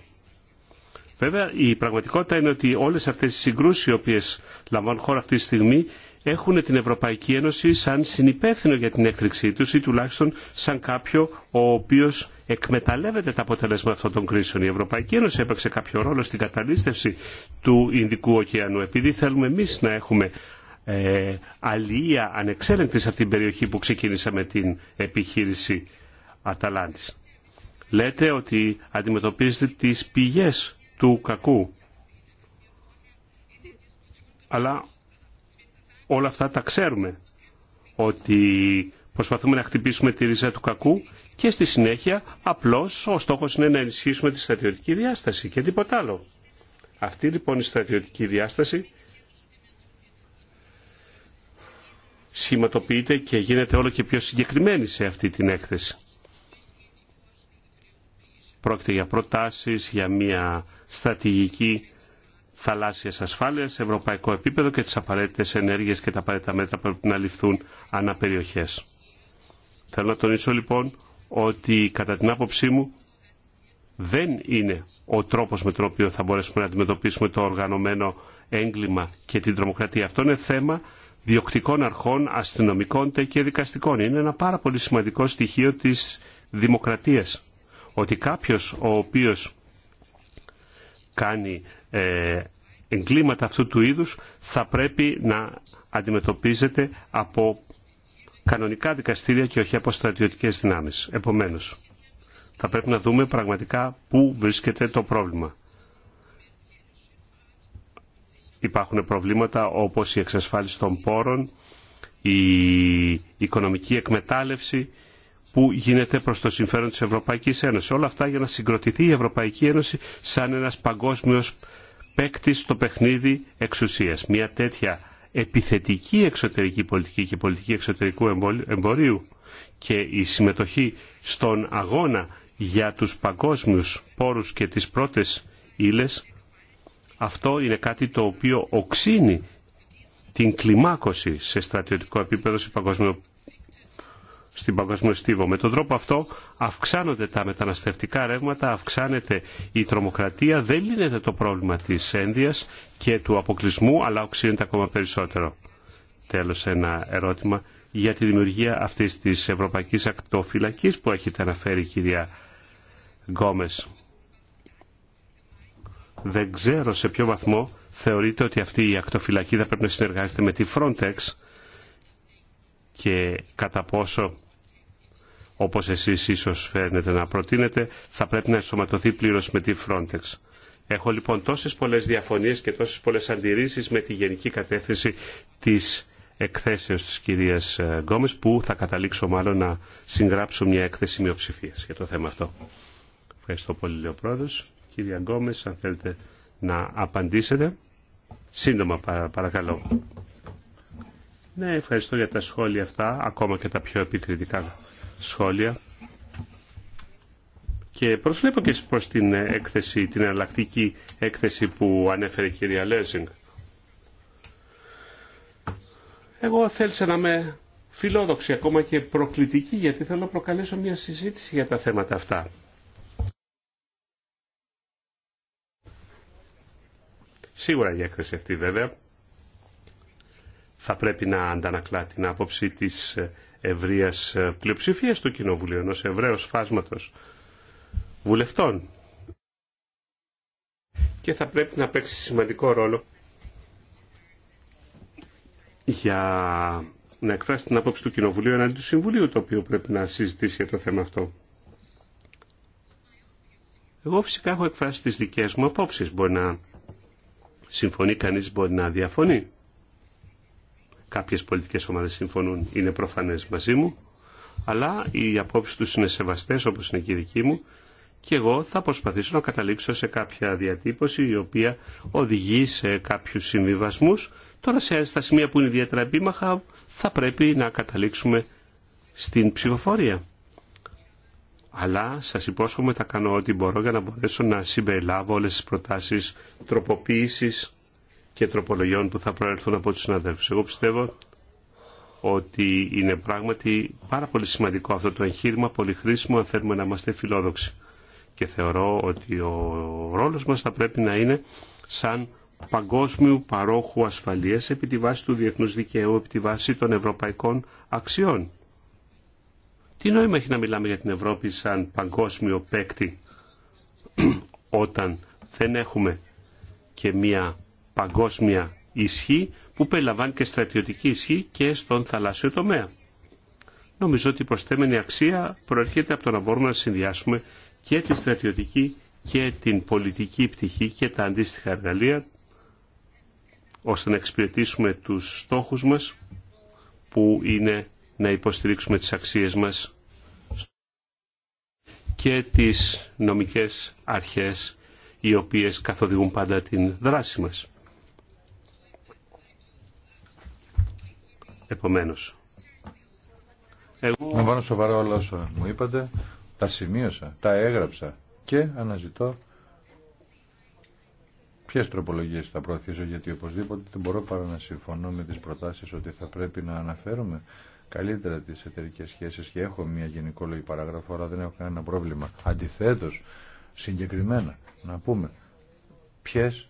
Βέβαια, η πραγματικότητα είναι ότι όλες αυτές οι συγκρούσεις οι οποίες λαμβάνουν χώρα αυτή τη στιγμή έχουν την Ευρωπαϊκή Ένωση σαν συνυπεύθυνο για την έκρηξή τους ή τουλάχιστον σαν κάποιο ο οποίος εκμεταλλεύεται τα αποτελέσματα αυτών των κρίσεων. Η Ευρωπαϊκή Ένωση έπαιξε κάποιο ρόλο στην καταλήστευση του Ινδικού ωκεανού επειδή θέλουμε εμείς να έχουμε ε, αλληλεία ανεξέλεγκτη σε αυτήν την περιοχή που με την επιχείρηση Αταλάντης. Λέτε ότι αντιμετωπίζετε τις πηγές του κακού. Αλλά όλα αυτά τα ξέρουμε ότι προσπαθούμε να χτυπήσουμε τη ρίζα του κακού και στη συνέχεια απλώς ο στόχος είναι να ενισχύσουμε τη στρατιωτική διάσταση και τίποτα άλλο. Αυτή λοιπόν η στρατιωτική διάσταση σχηματοποιείται και γίνεται όλο και πιο συγκεκριμένη σε αυτή την έκθεση. Πρόκειται για προτάσεις, για μια στρατηγική θαλάσσιας ασφάλειας σε ευρωπαϊκό επίπεδο και τις απαραίτητες ενέργειες και τα απαραίτητα μέτρα που πρέπει να ληφθούν ανά περιοχές. Θέλω να τονίσω λοιπόν ότι κατά την άποψή μου δεν είναι ο τρόπος με τον οποίο θα μπορέσουμε να αντιμετωπίσουμε το οργανωμένο έγκλημα και την τρομοκρατία. Αυτό είναι θέμα διοκτικών αρχών, αστυνομικών και δικαστικών. Είναι ένα πάρα πολύ σημαντικό στοιχείο της δημοκρατίας. Ότι κάποιος ο οποίος κάνει ε, εγκλήματα αυτού του είδους θα πρέπει να αντιμετωπίζεται από κανονικά δικαστήρια και όχι από στρατιωτικές δυνάμεις. Επομένως, θα πρέπει να δούμε πραγματικά πού βρίσκεται το πρόβλημα. Υπάρχουν προβλήματα όπως η εξασφάλιση των πόρων, η οικονομική εκμετάλλευση που γίνεται προς το συμφέρον της Ευρωπαϊκής Ένωσης. Όλα αυτά για να συγκροτηθεί η Ευρωπαϊκή Ένωση σαν ένας παγκόσμιος παίκτη στο παιχνίδι εξουσίας. Μια τέτοια επιθετική εξωτερική πολιτική και πολιτική εξωτερικού εμπορίου και η συμμετοχή στον αγώνα για τους παγκόσμιους πόρους και τις πρώτες ύλες, αυτό είναι κάτι το οποίο οξύνει την κλιμάκωση σε στρατιωτικό επίπεδο, σε παγκόσμιο στην παγκόσμιο στίβο. Με τον τρόπο αυτό αυξάνονται τα μεταναστευτικά ρεύματα, αυξάνεται η τρομοκρατία, δεν λύνεται το πρόβλημα της ένδυας και του αποκλεισμού, αλλά οξύνεται ακόμα περισσότερο. Τέλος ένα ερώτημα για τη δημιουργία αυτής της Ευρωπαϊκής Ακτοφυλακής που έχετε αναφέρει κυρία Γκόμες. Δεν ξέρω σε ποιο βαθμό θεωρείτε ότι αυτή η ακτοφυλακή θα πρέπει να συνεργάζεται με τη Frontex και κατά πόσο όπως εσείς ίσως φαίνεται να προτείνετε, θα πρέπει να ενσωματωθεί πλήρως με τη Frontex. Έχω λοιπόν τόσες πολλές διαφωνίες και τόσες πολλές αντιρρήσεις με τη γενική κατεύθυνση της εκθέσεως της κυρίας ε, Γκόμες που θα καταλήξω μάλλον να συγγράψω μια έκθεση μειοψηφία για το θέμα αυτό. Ευχαριστώ πολύ λέει ο πρόεδρος. Κυρία Γκόμες, αν θέλετε να απαντήσετε. Σύντομα παρακαλώ. Ναι, ευχαριστώ για τα σχόλια αυτά, ακόμα και τα πιο επικριτικά σχόλια και προσβλέπω και προς την έκθεση, την εναλλακτική έκθεση που ανέφερε η κυρία Λέζινγκ. Εγώ θέλησα να είμαι φιλόδοξη ακόμα και προκλητική γιατί θέλω να προκαλέσω μια συζήτηση για τα θέματα αυτά. Σίγουρα η έκθεση αυτή βέβαια θα πρέπει να αντανακλά την άποψη της ευρείας ε, πλειοψηφία του Κοινοβουλίου, ενός ευρέω φάσματος βουλευτών. Και θα πρέπει να παίξει σημαντικό ρόλο για να εκφράσει την άποψη του Κοινοβουλίου εναντί του Συμβουλίου, το οποίο πρέπει να συζητήσει για το θέμα αυτό. Εγώ φυσικά έχω εκφράσει τις δικές μου απόψεις. Μπορεί να συμφωνεί κανείς, μπορεί να διαφωνεί. Κάποιες πολιτικές ομάδες συμφωνούν, είναι προφανές μαζί μου, αλλά οι απόψεις τους είναι σεβαστές όπως είναι και η δική μου και εγώ θα προσπαθήσω να καταλήξω σε κάποια διατύπωση η οποία οδηγεί σε κάποιους συμβιβασμούς. Τώρα σε, στα σημεία που είναι ιδιαίτερα επίμαχα θα πρέπει να καταλήξουμε στην ψηφοφορία. Αλλά σας υπόσχομαι θα κάνω ό,τι μπορώ για να μπορέσω να συμπεριλάβω όλες τις προτάσεις τροποποίησης και τροπολογιών που θα προέλθουν από τους συναδέλφους. Εγώ πιστεύω ότι είναι πράγματι πάρα πολύ σημαντικό αυτό το εγχείρημα, πολύ χρήσιμο αν θέλουμε να είμαστε φιλόδοξοι. Και θεωρώ ότι ο ρόλος μας θα πρέπει να είναι σαν παγκόσμιου παρόχου ασφαλείας επί τη βάση του διεθνούς δικαίου, επί τη βάση των ευρωπαϊκών αξιών. Τι νόημα έχει να μιλάμε για την Ευρώπη σαν παγκόσμιο παίκτη *clears throat* όταν δεν έχουμε και μία παγκόσμια ισχύ που περιλαμβάνει και στρατιωτική ισχύ και στον θαλάσσιο τομέα. Νομίζω ότι η προσθέμενη αξία προέρχεται από το να μπορούμε να συνδυάσουμε και τη στρατιωτική και την πολιτική πτυχή και τα αντίστοιχα εργαλεία ώστε να εξυπηρετήσουμε τους στόχους μας που είναι να υποστηρίξουμε τις αξίες μας και τις νομικές αρχές οι οποίες καθοδηγούν πάντα την δράση μας. Επομένως, εγώ... Να σοβαρά όλα όσα μου είπατε, τα σημείωσα, τα έγραψα και αναζητώ ποιες τροπολογίες θα προωθήσω γιατί οπωσδήποτε δεν μπορώ παρά να συμφωνώ με τις προτάσεις ότι θα πρέπει να αναφέρουμε καλύτερα τις εταιρικέ σχέσεις και έχω μια γενικόλογη παράγραφο αλλά δεν έχω κανένα πρόβλημα. Αντιθέτως, συγκεκριμένα, να πούμε ποιες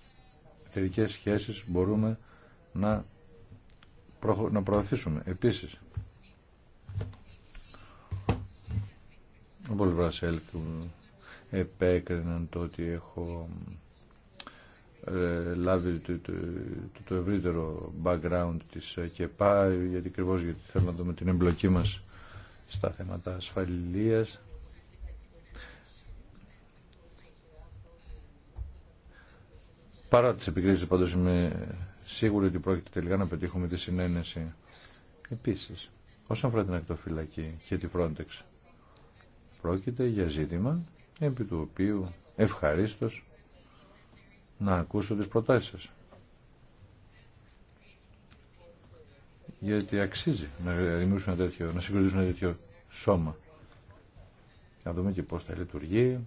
εταιρικέ σχέσεις μπορούμε να να προωθήσουμε επίσης. Ο Πολυβρασέλ επέκριναν το ότι έχω ε, λάβει το, το, το, ευρύτερο background της ΚΕΠΑ γιατί ακριβώ γιατί θέλω να δούμε την εμπλοκή μας στα θέματα ασφαλείας παρά τις επικρίσεις πάντως είμαι σίγουροι ότι πρόκειται τελικά να πετύχουμε τη συνένεση. Επίσης, όσον αφορά την ακτοφυλακή και τη Frontex, πρόκειται για ζήτημα επί του οποίου ευχαρίστως να ακούσω τις προτάσεις Γιατί αξίζει να δημιουργήσουν ένα τέτοιο, να συγκροτήσουν τέτοιο σώμα. Να δούμε και πώς θα λειτουργεί,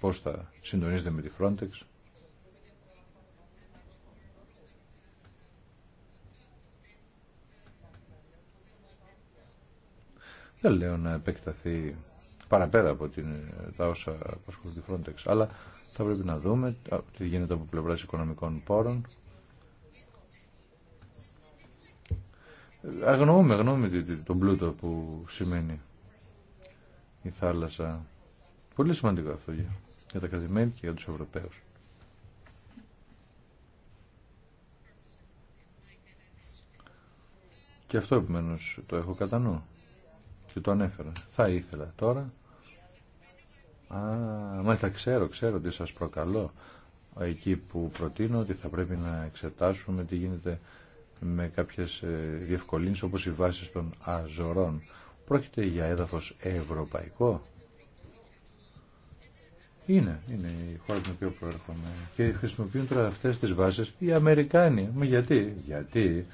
πώς θα συντονίζεται με τη Frontex. Δεν λέω να επεκταθεί παραπέρα από την, τα όσα απασχολούν τη Frontex, αλλά θα πρέπει να δούμε τι γίνεται από πλευρά οικονομικών πόρων. Αγνοούμε, αγνοούμε τον πλούτο που σημαίνει η θάλασσα. Πολύ σημαντικό αυτό για τα καθημερινά και για τους Ευρωπαίους. Και αυτό επομένω το έχω κατά νου το τον έφερα. Θα ήθελα τώρα. Α, θα ξέρω, ξέρω τι σας προκαλώ. Εκεί που προτείνω ότι θα πρέπει να εξετάσουμε τι γίνεται με κάποιες ε, διευκολύνσεις όπως οι βάσεις των Αζωρών. Πρόκειται για έδαφος ευρωπαϊκό. Είναι, είναι η χώρα την οποία προέρχομαι. Και χρησιμοποιούν τώρα αυτές τις βάσεις οι Αμερικάνοι. Μα γιατί, γιατί,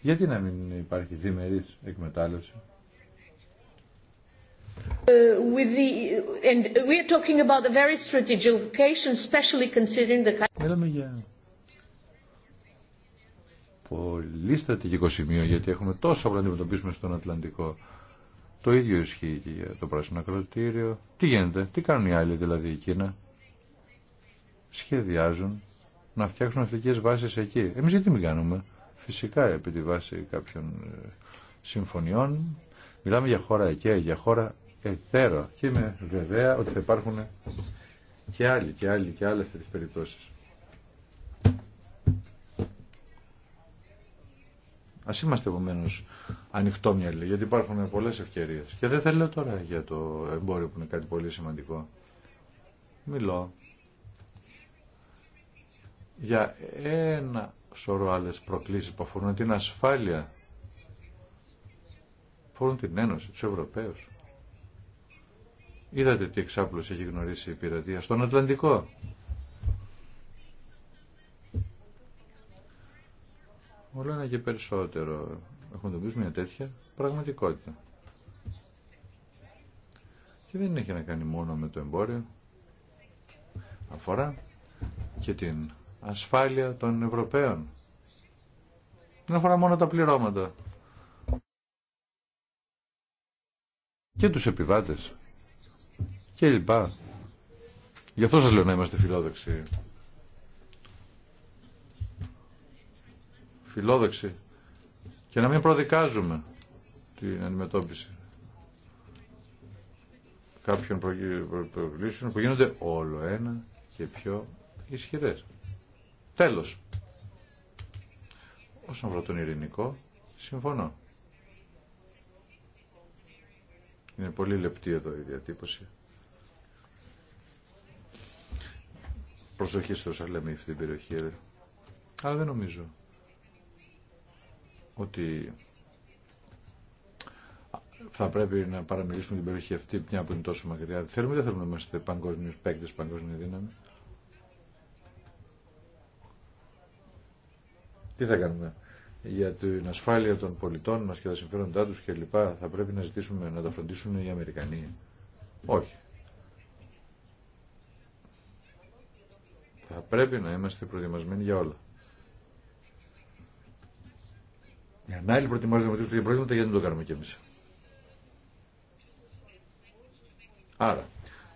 γιατί να μην υπάρχει διμερής εκμετάλλευση. Μιλάμε για πολύ στρατηγικό σημείο γιατί έχουμε τόσο πολλά να αντιμετωπίσουμε στον Ατλαντικό. Το ίδιο ισχύει και για το πράσινο ακροτήριο. Τι γίνεται, τι κάνουν οι άλλοι δηλαδή η Κίνα. Σχεδιάζουν να φτιάξουν αυτικέ βάσει εκεί. Εμεί γιατί μην κάνουμε. Φυσικά επί τη βάση κάποιων ε, συμφωνιών. Μιλάμε για χώρα εκεί, για χώρα εταίρο και είμαι βεβαία ότι θα υπάρχουν και άλλοι και άλλοι και άλλες τέτοιες περιπτώσεις. Α είμαστε επομένω ανοιχτόμυαλοι, γιατί υπάρχουν πολλέ ευκαιρίε. Και δεν θα λέω τώρα για το εμπόριο που είναι κάτι πολύ σημαντικό. Μιλώ για ένα σωρό άλλε προκλήσει που αφορούν την ασφάλεια. Αφορούν την Ένωση, του Ευρωπαίου. Είδατε τι εξάπλωση έχει γνωρίσει η πειρατεία στον Ατλαντικό. Όλα ένα και περισσότερο έχουν εντοπίσει μια τέτοια πραγματικότητα. Και δεν έχει να κάνει μόνο με το εμπόριο. Αφορά και την ασφάλεια των Ευρωπαίων. Δεν αφορά μόνο τα πληρώματα. Και τους επιβάτες και λοιπά. Γι' αυτό σας λέω να είμαστε φιλόδοξοι. Φιλόδοξοι. Και να μην προδικάζουμε την αντιμετώπιση κάποιων προκλήσεων που γίνονται όλο ένα και πιο ισχυρές. Τέλος. Όσον βρω τον ειρηνικό, συμφωνώ. Είναι πολύ λεπτή εδώ η διατύπωση. προσοχή στο όσα λέμε αυτή την περιοχή. Αλλά δεν νομίζω ότι θα πρέπει να παραμιλήσουμε την περιοχή αυτή μια που είναι τόσο μακριά. Θέλουμε ή δεν θέλουμε να είμαστε παγκόσμιου παίκτε, παγκόσμια δύναμη. Τι θα κάνουμε για την ασφάλεια των πολιτών μας και τα συμφέροντά τους και λοιπά θα πρέπει να ζητήσουμε να τα φροντίσουν οι Αμερικανοί. Όχι. Θα πρέπει να είμαστε προετοιμασμένοι για όλα. Για να άλλοι προετοιμάζονται για προβλήματα, γιατί δεν το κάνουμε κι εμείς. Άρα,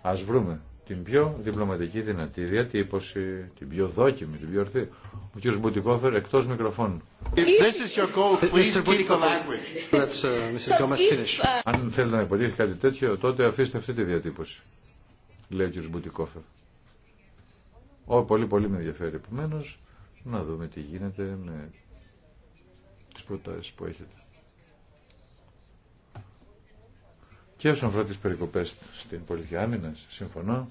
ας βρούμε την πιο διπλωματική δυνατή διατύπωση, την πιο δόκιμη, την πιο ορθή. Ο κ. Μπουτικόφερ εκτός μικροφώνου. Αν θέλετε να υποτίθεται κάτι τέτοιο, τότε αφήστε αυτή τη διατύπωση, λέει ο κ. Μπουτικόφερ. Ω, πολύ πολύ με ενδιαφέρει επομένω να δούμε τι γίνεται με τις προτάσεις που έχετε. Και όσον αφορά τις περικοπές στην πολιτική άμυνα, συμφωνώ,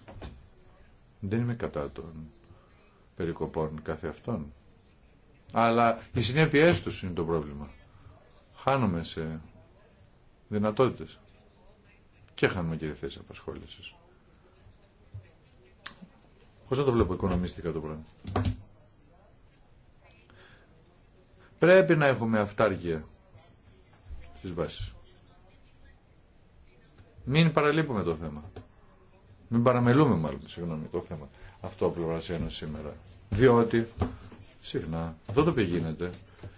δεν είμαι κατά των περικοπών κάθε αυτών. Αλλά οι συνέπειές τους είναι το πρόβλημα. Χάνουμε σε δυνατότητες. Και χάνουμε και θέσεις απασχόλησης. Πώς θα το βλέπω οικονομίστηκα το πράγμα. Πρέπει να έχουμε αυτάρκεια στις βάσεις. Μην παραλείπουμε το θέμα. Μην παραμελούμε μάλλον, συγγνώμη, το θέμα. Αυτό που σήμερα. Διότι, συχνά, αυτό το οποίο γίνεται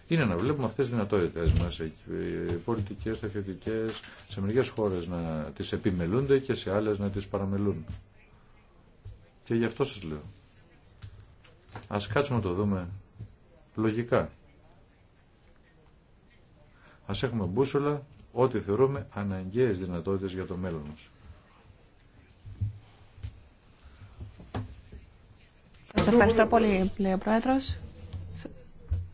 είναι να βλέπουμε αυτές τις δυνατότητες μας, οι ε, πολιτικές, ταχυτικές, σε μερικές χώρες να τις επιμελούνται και σε άλλες να τις παραμελούν. Και γι' αυτό σας λέω. Ας κάτσουμε να το δούμε λογικά. Ας έχουμε μπούσολα ό,τι θεωρούμε αναγκαίες δυνατότητες για το μέλλον μας. Σας ευχαριστώ πολύ, πλέον Πρόεδρος.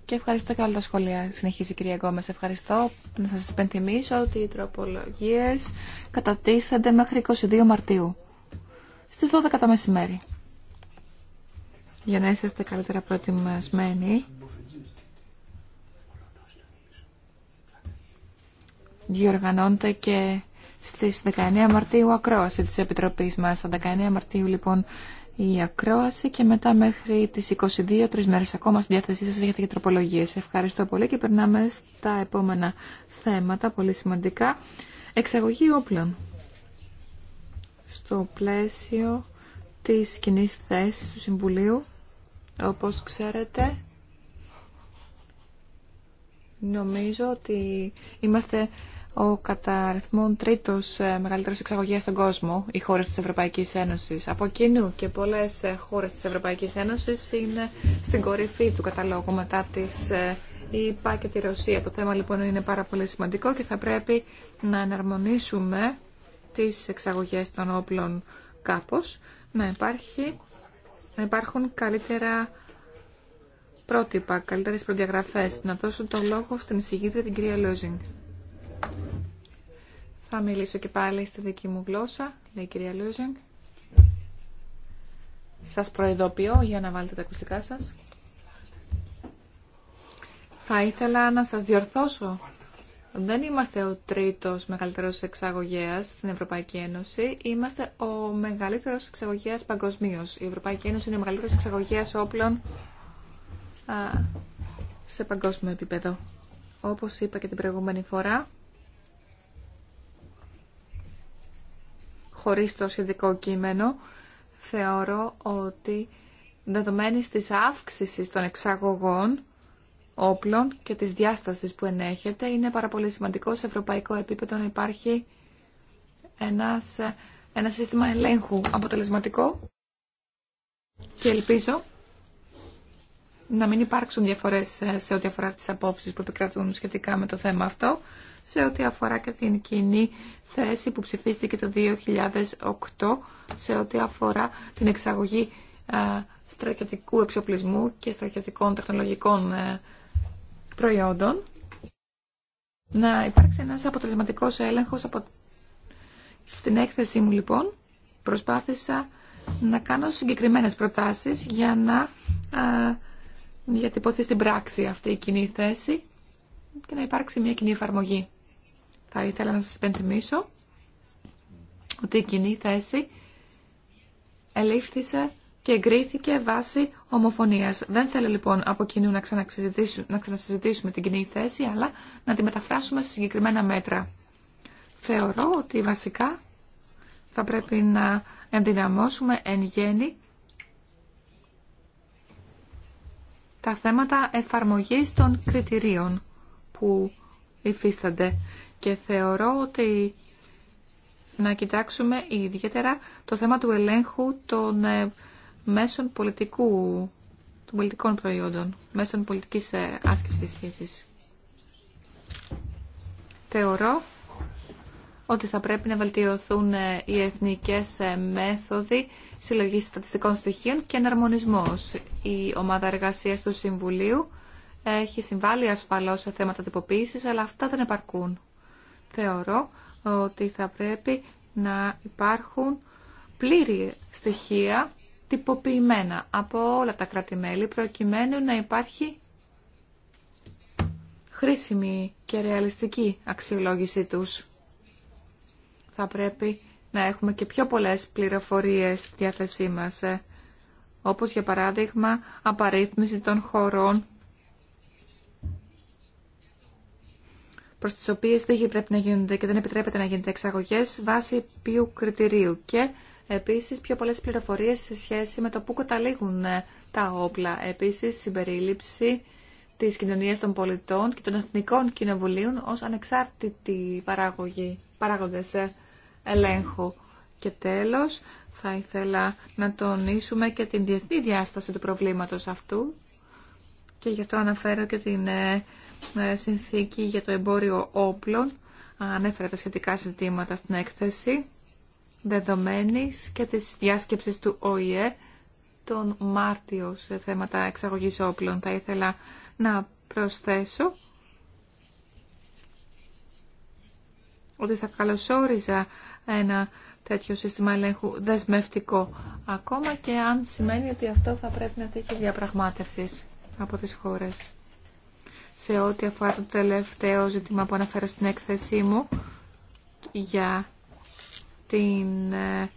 Και ευχαριστώ και όλα τα σχολεία, Συνεχίζει η κυρία Γκόμες. Ευχαριστώ. Να σας υπενθυμίσω ότι οι τροπολογίες κατατίθενται μέχρι 22 Μαρτίου στις 12 το μεσημέρι. Για να είστε καλύτερα προετοιμασμένοι. Διοργανώνεται και στις 19 Μαρτίου ακρόαση της Επιτροπής μας. Στα 19 Μαρτίου λοιπόν η ακρόαση και μετά μέχρι τις 22, τρεις μέρες ακόμα στη διάθεσή σας για τις τροπολογίες. Ευχαριστώ πολύ και περνάμε στα επόμενα θέματα, πολύ σημαντικά. Εξαγωγή όπλων στο πλαίσιο της κοινή θέση του Συμβουλίου. Όπως ξέρετε, νομίζω ότι είμαστε ο κατά αριθμόν τρίτος ε, μεγαλύτερος εξαγωγέας στον κόσμο, οι χώρες της Ευρωπαϊκής Ένωσης. Από κοινού και πολλές ε, χώρες της Ευρωπαϊκής Ένωσης είναι στην κορυφή του καταλόγου μετά της ε, ΠΑ και τη Ρωσία. Το θέμα λοιπόν είναι πάρα πολύ σημαντικό και θα πρέπει να εναρμονίσουμε τις εξαγωγές των όπλων κάπως, να, υπάρχει, να υπάρχουν καλύτερα πρότυπα, καλύτερες προδιαγραφές. Να δώσω τον λόγο στην εισηγήτρια την κυρία Λόζινγκ. Θα μιλήσω και πάλι στη δική μου γλώσσα, λέει η κυρία Λούζινγκ. Σας προειδοποιώ για να βάλετε τα ακουστικά σας. Θα ήθελα να σας διορθώσω δεν είμαστε ο τρίτος μεγαλύτερος εξαγωγέας στην Ευρωπαϊκή Ένωση. Είμαστε ο μεγαλύτερος εξαγωγέας παγκοσμίω. Η Ευρωπαϊκή Ένωση είναι ο μεγαλύτερος εξαγωγέας όπλων σε παγκόσμιο επίπεδο. Όπως είπα και την προηγούμενη φορά, χωρίς το σχετικό κείμενο, θεωρώ ότι δεδομένη της αύξησης των εξαγωγών όπλων και της διάστασης που ενέχεται είναι πάρα πολύ σημαντικό σε ευρωπαϊκό επίπεδο να υπάρχει ένα σύστημα ελέγχου αποτελεσματικό και ελπίζω να μην υπάρξουν διαφορές σε ό,τι αφορά τις απόψεις που επικρατούν σχετικά με το θέμα αυτό, σε ό,τι αφορά και την κοινή θέση που ψηφίστηκε το 2008, σε ό,τι αφορά την εξαγωγή ε, στρατιωτικού εξοπλισμού και στρατιωτικών τεχνολογικών ε, προϊόντων να υπάρξει ένας αποτελεσματικός έλεγχος από... Στην έκθεση μου λοιπόν προσπάθησα να κάνω συγκεκριμένες προτάσεις για να α, διατυπωθεί στην πράξη αυτή η κοινή θέση και να υπάρξει μια κοινή εφαρμογή. Θα ήθελα να σας υπενθυμίσω ότι η κοινή θέση ελήφθησε και εγκρίθηκε βάσει ομοφωνίας. Δεν θέλω λοιπόν από κοινού να να ξανασυζητήσουμε την κοινή θέση, αλλά να τη μεταφράσουμε σε συγκεκριμένα μέτρα. Θεωρώ ότι βασικά θα πρέπει να ενδυναμώσουμε εν γέννη τα θέματα εφαρμογής των κριτηρίων που υφίστανται και θεωρώ ότι να κοιτάξουμε ιδιαίτερα το θέμα του ελέγχου των ε, μέσων πολιτικού, των πολιτικών προϊόντων, μέσων πολιτικής ε, άσκησης της φύσης. Θεωρώ ότι θα πρέπει να βελτιωθούν ε, οι εθνικές ε, μέθοδοι συλλογής στατιστικών στοιχείων και εναρμονισμός. Η ομάδα εργασίας του Συμβουλίου έχει συμβάλει ασφαλώς σε θέματα τυποποίησης, αλλά αυτά δεν επαρκούν. Θεωρώ ότι θα πρέπει να υπάρχουν πλήρη στοιχεία τυποποιημένα από όλα τα κράτη-μέλη προκειμένου να υπάρχει χρήσιμη και ρεαλιστική αξιολόγησή τους. Θα πρέπει να έχουμε και πιο πολλές πληροφορίες στη διάθεσή μας, ε, όπως για παράδειγμα απαρίθμηση των χωρών προς τις οποίες δεν πρέπει να γίνονται και δεν επιτρέπεται να γίνονται εξαγωγές βάσει ποιου κριτηρίου και Επίσης, πιο πολλές πληροφορίες σε σχέση με το πού καταλήγουν ε, τα όπλα. Επίσης, συμπερίληψη της κοινωνίας των πολιτών και των εθνικών κοινοβουλίων ως ανεξάρτητοι παράγωγοι, παράγοντες ε, ελέγχου. Και τέλος, θα ήθελα να τονίσουμε και την διεθνή διάσταση του προβλήματος αυτού και γι' αυτό αναφέρω και την ε, συνθήκη για το εμπόριο όπλων. Ανέφερα τα σχετικά ζητήματα στην έκθεση δεδομένης και της διάσκεψης του ΟΗΕ τον Μάρτιο σε θέματα εξαγωγής όπλων. Θα ήθελα να προσθέσω ότι θα καλωσόριζα ένα τέτοιο σύστημα ελέγχου δεσμευτικό ακόμα και αν σημαίνει ότι αυτό θα πρέπει να τύχει διαπραγμάτευσης από τις χώρες. Σε ό,τι αφορά το τελευταίο ζήτημα που αναφέρω στην έκθεσή μου για την ε,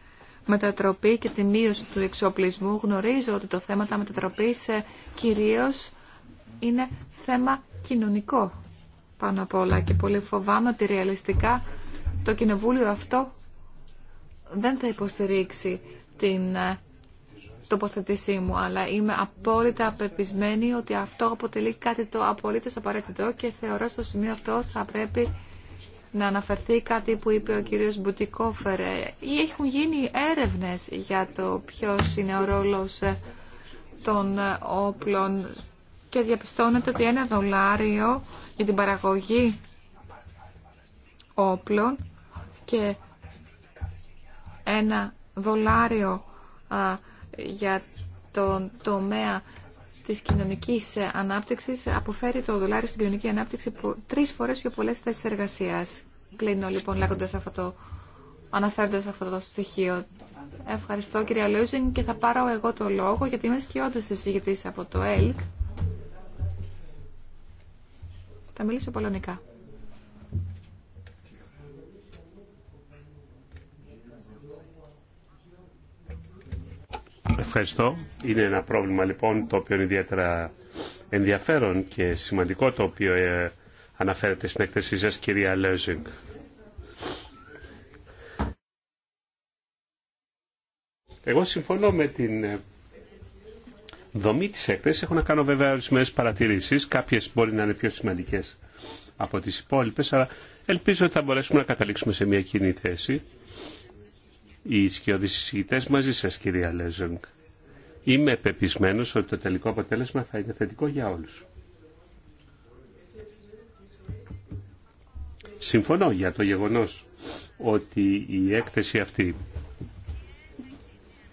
μετατροπή και τη μείωση του εξοπλισμού. Γνωρίζω ότι το θέμα τα μετατροπής ε, κυρίως είναι θέμα κοινωνικό πάνω απ' όλα και πολύ φοβάμαι ότι ρεαλιστικά το κοινοβούλιο αυτό δεν θα υποστηρίξει την ε, τοποθετησή μου, αλλά είμαι απόλυτα απεπισμένη ότι αυτό αποτελεί κάτι το απολύτως απαραίτητο και θεωρώ στο σημείο αυτό θα πρέπει να αναφερθεί κάτι που είπε ο κύριος Μπουτικόφερε ή έχουν γίνει έρευνες για το ποιος είναι ο ρόλος ε, των ε, όπλων και διαπιστώνεται ότι ένα δολάριο για την παραγωγή όπλων και ένα δολάριο για τον τομέα Τη κοινωνική ανάπτυξη αποφέρει το δολάριο στην κοινωνική ανάπτυξη τρεις φορές πιο πολλέ θέσει εργασία. Κλείνω λοιπόν λέγοντα αυτό το αναφέροντας αυτό το στοιχείο. Ευχαριστώ κυρία Λούζιν και θα πάρω εγώ το λόγο γιατί είμαι σκιώδη είσαι από το ΕΛΚ. Θα μιλήσω πολωνικά. Ευχαριστώ. Είναι ένα πρόβλημα λοιπόν το οποίο είναι ιδιαίτερα ενδιαφέρον και σημαντικό το οποίο ε, αναφέρεται στην έκθεσή σας κυρία Λέζινγκ. Εγώ συμφωνώ με την ε, δομή της έκθεσης. Έχω να κάνω βέβαια ορισμένε παρατηρήσεις. Κάποιες μπορεί να είναι πιο σημαντικές από τις υπόλοιπες, αλλά ελπίζω ότι θα μπορέσουμε να καταλήξουμε σε μια κοινή θέση οι ισχυώδεις μαζί σας κυρία Λέζονγκ. Είμαι πεπισμένος ότι το τελικό αποτέλεσμα θα είναι θετικό για όλους. Συμφωνώ για το γεγονός ότι η έκθεση αυτή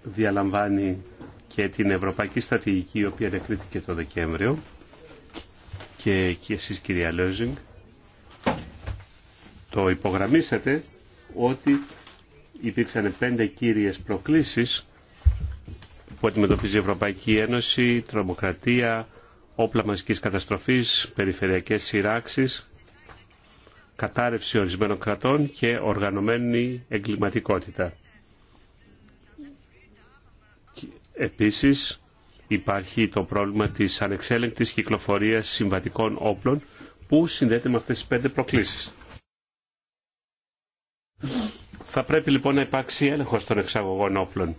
διαλαμβάνει και την Ευρωπαϊκή Στρατηγική η οποία δεκρίθηκε το Δεκέμβριο και, και εσείς κυρία Λέζινγκ το υπογραμμίσατε ότι υπήρξαν πέντε κύριες προκλήσεις που αντιμετωπίζει η Ευρωπαϊκή Ένωση, τρομοκρατία, όπλα μαζικής καταστροφής, περιφερειακές σειράξεις, κατάρρευση ορισμένων κρατών και οργανωμένη εγκληματικότητα. Επίσης υπάρχει το πρόβλημα της ανεξέλεγκτης κυκλοφορίας συμβατικών όπλων που συνδέεται με αυτές τις πέντε προκλήσεις. Θα πρέπει λοιπόν να υπάρξει έλεγχος των εξαγωγών όπλων.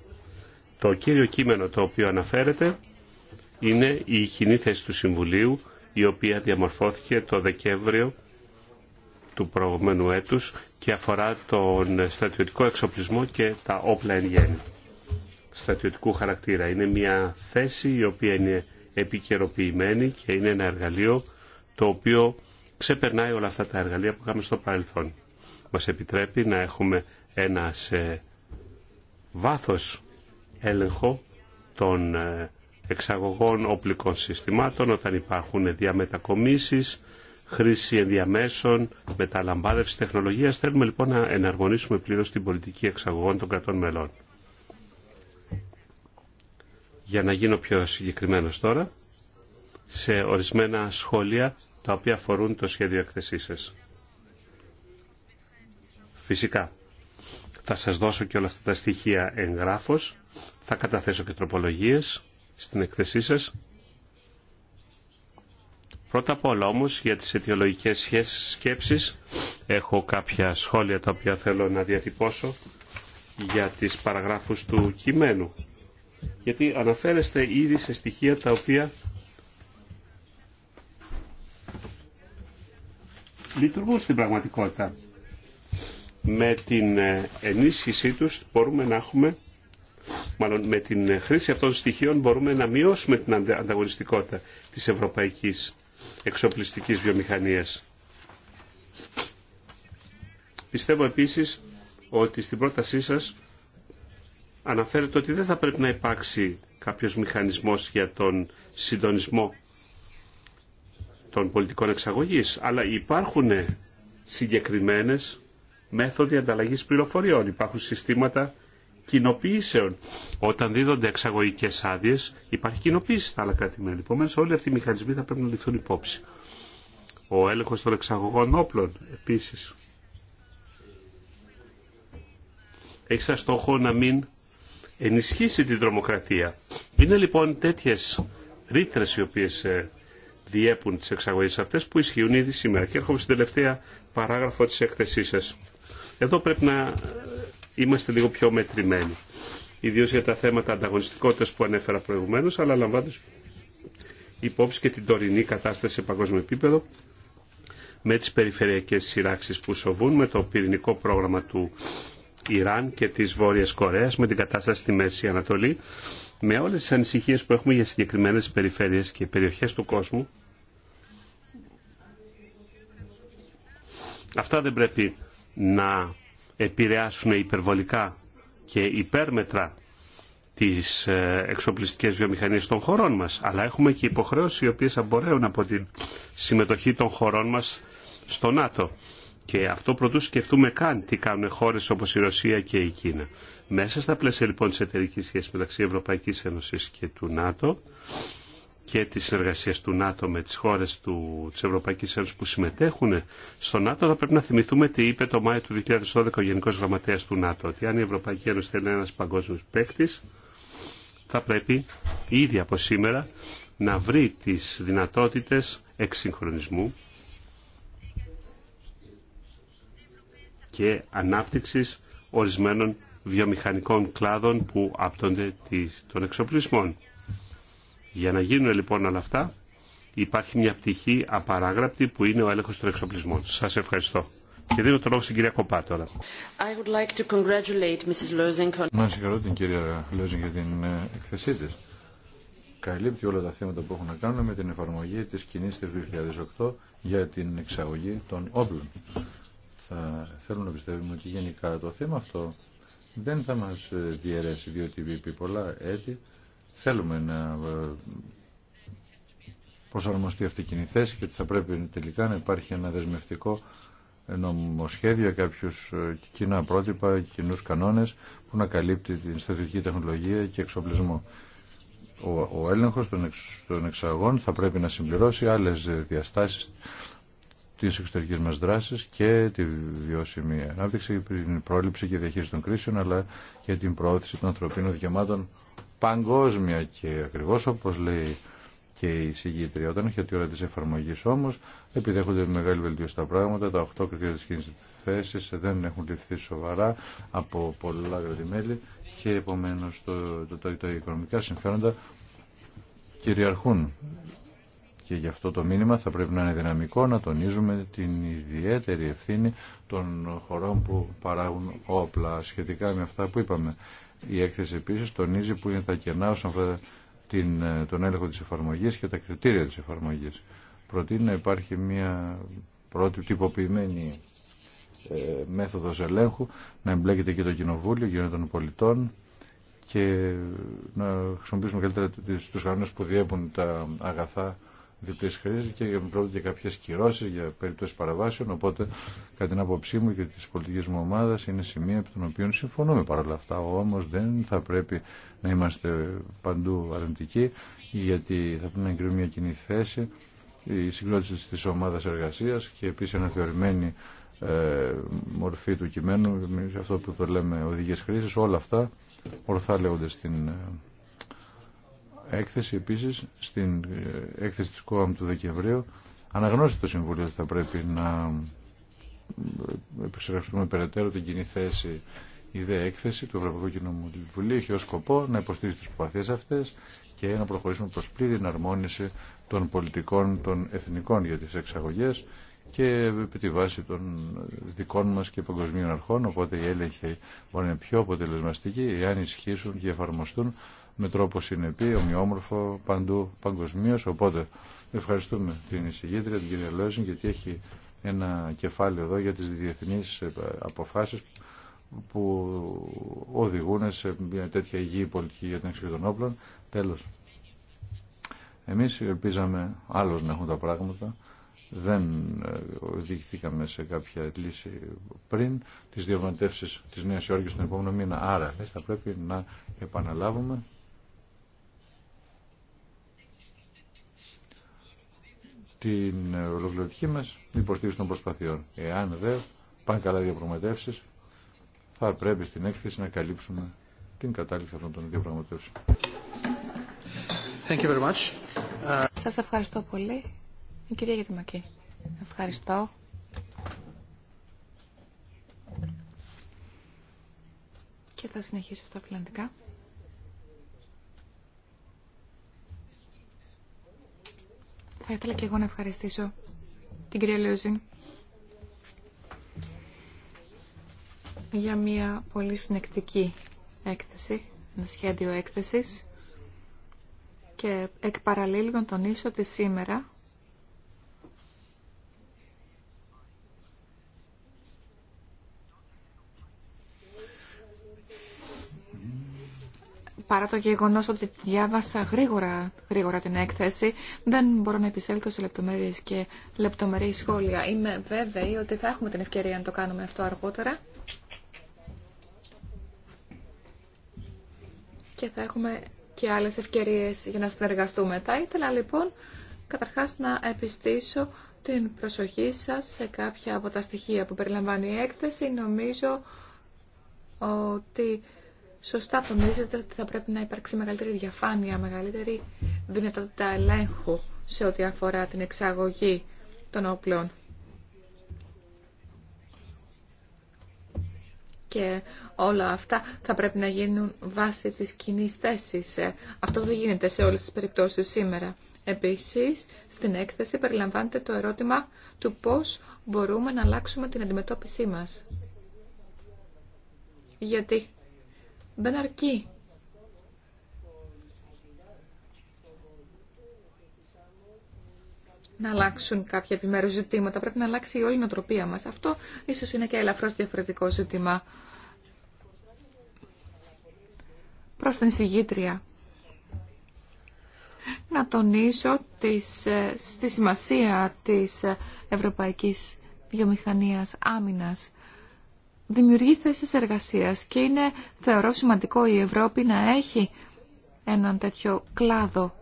Το κύριο κείμενο το οποίο αναφέρεται είναι η κοινή θέση του Συμβουλίου η οποία διαμορφώθηκε το Δεκέμβριο του προηγούμενου έτους και αφορά τον στρατιωτικό εξοπλισμό και τα όπλα εν γέννη. Στρατιωτικού χαρακτήρα. Είναι μια θέση η οποία είναι επικαιροποιημένη και είναι ένα εργαλείο το οποίο ξεπερνάει όλα αυτά τα εργαλεία που είχαμε στο παρελθόν. Μας επιτρέπει να έχουμε ένας σε βάθος έλεγχο των ε, εξαγωγών οπλικών συστημάτων όταν υπάρχουν διαμετακομίσεις, χρήση ενδιαμέσων, μεταλαμπάδευση τεχνολογίας. Θέλουμε λοιπόν να εναρμονίσουμε πλήρως την πολιτική εξαγωγών των κρατών μελών. Για να γίνω πιο συγκεκριμένος τώρα, σε ορισμένα σχόλια τα οποία αφορούν το σχέδιο εκθεσή σα. Φυσικά, θα σας δώσω και όλα αυτά τα στοιχεία εγγράφως. Θα καταθέσω και τροπολογίες στην εκθεσή σας. Πρώτα απ' όλα όμως για τις αιτιολογικές σχέσεις σκέψεις έχω κάποια σχόλια τα οποία θέλω να διατυπώσω για τις παραγράφους του κειμένου. Γιατί αναφέρεστε ήδη σε στοιχεία τα οποία λειτουργούν στην πραγματικότητα με την ε, ενίσχυσή τους μπορούμε να έχουμε μάλλον με την ε, χρήση αυτών των στοιχείων μπορούμε να μειώσουμε την ανταγωνιστικότητα της ευρωπαϊκής εξοπλιστικής βιομηχανίας. Πιστεύω επίσης ότι στην πρότασή σας αναφέρετε ότι δεν θα πρέπει να υπάρξει κάποιος μηχανισμός για τον συντονισμό των πολιτικών εξαγωγής, αλλά υπάρχουν συγκεκριμένες μέθοδοι ανταλλαγής πληροφοριών, υπάρχουν συστήματα κοινοποιήσεων. Όταν δίδονται εξαγωγικέ άδειε, υπάρχει κοινοποίηση στα άλλα κράτη-μέλη. Επομένω, όλοι αυτοί οι μηχανισμοί θα πρέπει να ληφθούν υπόψη. Ο έλεγχο των εξαγωγών όπλων, επίση. Έχει σαν στόχο να μην ενισχύσει την τρομοκρατία. Είναι λοιπόν τέτοιε ρήτρε οι οποίε ε, διέπουν τι εξαγωγέ αυτέ που ισχύουν ήδη σήμερα. Και έρχομαι στην τελευταία παράγραφο τη έκθεσή σα. Εδώ πρέπει να είμαστε λίγο πιο μετρημένοι. Ιδίω για τα θέματα ανταγωνιστικότητα που ανέφερα προηγουμένω, αλλά λαμβάνοντα υπόψη και την τωρινή κατάσταση σε παγκόσμιο επίπεδο, με τις περιφερειακές σειράξει που σοβούν, με το πυρηνικό πρόγραμμα του Ιράν και της Βόρειας Κορέας, με την κατάσταση στη Μέση Ανατολή, με όλε τι ανησυχίε που έχουμε για συγκεκριμένε περιφερειέ και περιοχέ του κόσμου. Αυτά δεν πρέπει να επηρεάσουν υπερβολικά και υπέρμετρα τις ε, εξοπλιστικές βιομηχανίες των χωρών μας. Αλλά έχουμε και υποχρέωση οι οποίες απορρέουν από τη συμμετοχή των χωρών μας στο ΝΑΤΟ. Και αυτό πρωτού σκεφτούμε καν τι κάνουν χώρες όπως η Ρωσία και η Κίνα. Μέσα στα πλαίσια λοιπόν της εταιρικής σχέσης μεταξύ Ευρωπαϊκής Ένωσης και του ΝΑΤΟ και τη συνεργασία του ΝΑΤΟ με τι χώρε τη Ευρωπαϊκή Ένωση που συμμετέχουν στο ΝΑΤΟ, θα πρέπει να θυμηθούμε τι είπε το Μάιο του 2012 ο Γενικό Γραμματέα του ΝΑΤΟ. Ότι αν η Ευρωπαϊκή Ένωση θέλει ένα παγκόσμιο παίκτη, θα πρέπει ήδη από σήμερα να βρει τι δυνατότητε εξυγχρονισμού και ανάπτυξης ορισμένων βιομηχανικών κλάδων που άπτονται των εξοπλισμών. Για να γίνουν λοιπόν όλα αυτά υπάρχει μια πτυχή απαράγραπτη που είναι ο έλεγχος των εξοπλισμών. Σας ευχαριστώ. Και δίνω το λόγο στην κυρία Κοπά τώρα. Like Mrs. Να συγχαρώ την κυρία Λόζινγκ για την ε, εκθεσή της. Καλύπτει όλα τα θέματα που έχουν να κάνουν με την εφαρμογή της κοινής τη 2008 για την εξαγωγή των όπλων. Θα θέλουμε να πιστεύουμε ότι γενικά το θέμα αυτό δεν θα μας ε, διαιρέσει διότι επί πολλά έτη θέλουμε να ε, προσαρμοστεί αυτή η κοινή θέση και ότι θα πρέπει τελικά να υπάρχει ένα δεσμευτικό νομοσχέδιο, κάποιου ε, κοινά πρότυπα, κοινού κανόνε που να καλύπτει την στρατιωτική τεχνολογία και εξοπλισμό. Ο, ο έλεγχο των, εξ, των εξαγών θα πρέπει να συμπληρώσει άλλε διαστάσει τη εξωτερική μα δράση και τη βιώσιμη ανάπτυξη, την πρόληψη και διαχείριση των κρίσεων, αλλά και την προώθηση των ανθρωπίνων δικαιωμάτων παγκόσμια και ακριβώς όπως λέει και η συγγήτρια. Όταν έχει τη ώρα τη εφαρμογή όμω, επιδέχονται μεγάλη βελτίωση στα πράγματα. Τα 8 κριτήρια τη κίνηση θέση δεν έχουν ληφθεί σοβαρά από πολλά κρατημέλη και επομένω τα οικονομικά συμφέροντα κυριαρχούν. Και γι' αυτό το μήνυμα θα πρέπει να είναι δυναμικό να τονίζουμε την ιδιαίτερη ευθύνη των χωρών που παράγουν όπλα σχετικά με αυτά που είπαμε. Η έκθεση επίσης τονίζει που είναι τα κενά όσον αφορά ε, τον έλεγχο τη εφαρμογή και τα κριτήρια τη εφαρμογή. Προτείνει να υπάρχει μια πρώτη τυποποιημένη ε, μέθοδος ελέγχου, να εμπλέκεται και το Κοινοβούλιο, γύρω των Πολιτών και να χρησιμοποιήσουμε καλύτερα του κανόνε που διέπουν τα αγαθά διπλής χρήσης και πρόκειται για κάποιες κυρώσεις για περιπτώσεις παραβάσεων, οπότε κατά την άποψή μου και της πολιτικής μου ομάδας είναι σημεία από τον οποίο συμφωνούμε όλα αυτά, όμως δεν θα πρέπει να είμαστε παντού αρνητικοί γιατί θα πρέπει να εγκρίνουμε μια κοινή θέση η συγκρότηση της ομάδας εργασίας και επίσης αναθεωρημένη ε, μορφή του κειμένου, αυτό που το λέμε οδηγίες χρήσης, όλα αυτά ορθά λέγονται στην ε, έκθεση επίσης στην ε, έκθεση της ΚΟΑΜ του Δεκεμβρίου αναγνώσει το Συμβούλιο ότι θα πρέπει να ε, επεξεργαστούμε περαιτέρω την κοινή θέση η δε έκθεση του Ευρωπαϊκού Κοινοβουλίου έχει ως σκοπό να υποστηρίζει τις προπαθίες αυτές και να προχωρήσουμε προς πλήρη εναρμόνιση των πολιτικών των εθνικών για τις εξαγωγές και επί τη βάση των δικών μας και παγκοσμίων αρχών οπότε οι έλεγχοι μπορεί να είναι πιο αποτελεσματικοί εάν ισχύσουν και εφαρμοστούν με τρόπο συνεπή, ομοιόμορφο παντού παγκοσμίω. Οπότε ευχαριστούμε την εισηγήτρια, την κυρία Λόζιν, γιατί έχει ένα κεφάλαιο εδώ για τις διεθνείς ε, αποφάσεις που οδηγούν σε μια τέτοια υγιή πολιτική για την εξοχή των όπλων. Τέλος. Εμείς ελπίζαμε άλλως να έχουν τα πράγματα. Δεν ε, οδηγηθήκαμε σε κάποια λύση πριν τις διαπραγματεύσεις της Νέας Υόρκης τον επόμενο μήνα. Άρα, θα πρέπει να επαναλάβουμε την ολοκληρωτική μας υποστήριξη των προσπαθειών. Εάν δεν πάνε καλά διαπραγματεύσει, θα πρέπει στην έκθεση να καλύψουμε την κατάληξη αυτών των διαπραγματεύσεων. Thank you very much. Σας ευχαριστώ πολύ. Η κυρία Γετμακή. Ευχαριστώ. Και θα συνεχίσω στα φιλανδικά. Θα ήθελα και εγώ να ευχαριστήσω την κυρία Λεωζίν για μια πολύ συνεκτική έκθεση, ένα σχέδιο έκθεσης και εκ τον τονίσω ότι σήμερα παρά το γεγονός ότι διάβασα γρήγορα, γρήγορα την έκθεση, δεν μπορώ να επισέλθω σε λεπτομέρειες και λεπτομερείς σχόλια. Είμαι βέβαιη ότι θα έχουμε την ευκαιρία να το κάνουμε αυτό αργότερα. Και θα έχουμε και άλλες ευκαιρίες για να συνεργαστούμε. Θα ήθελα λοιπόν καταρχάς να επιστήσω την προσοχή σας σε κάποια από τα στοιχεία που περιλαμβάνει η έκθεση. Νομίζω ότι Σωστά τονίζετε ότι θα πρέπει να υπάρξει μεγαλύτερη διαφάνεια, μεγαλύτερη δυνατότητα ελέγχου σε ό,τι αφορά την εξαγωγή των όπλων. Και όλα αυτά θα πρέπει να γίνουν βάσει της κοινή θέση. Αυτό δεν γίνεται σε όλες τις περιπτώσεις σήμερα. Επίσης, στην έκθεση περιλαμβάνεται το ερώτημα του πώς μπορούμε να αλλάξουμε την αντιμετώπιση μας. Γιατί δεν αρκεί. να αλλάξουν κάποια επιμέρους ζητήματα. Πρέπει να αλλάξει η όλη νοοτροπία μας. Αυτό ίσως είναι και ελαφρώς διαφορετικό ζήτημα. Προς την εισηγήτρια. Να τονίσω της, ε, στη σημασία της Ευρωπαϊκής Βιομηχανίας Άμυνας δημιουργεί θέσεις εργασίας και είναι θεωρώ σημαντικό η Ευρώπη να έχει έναν τέτοιο κλάδο.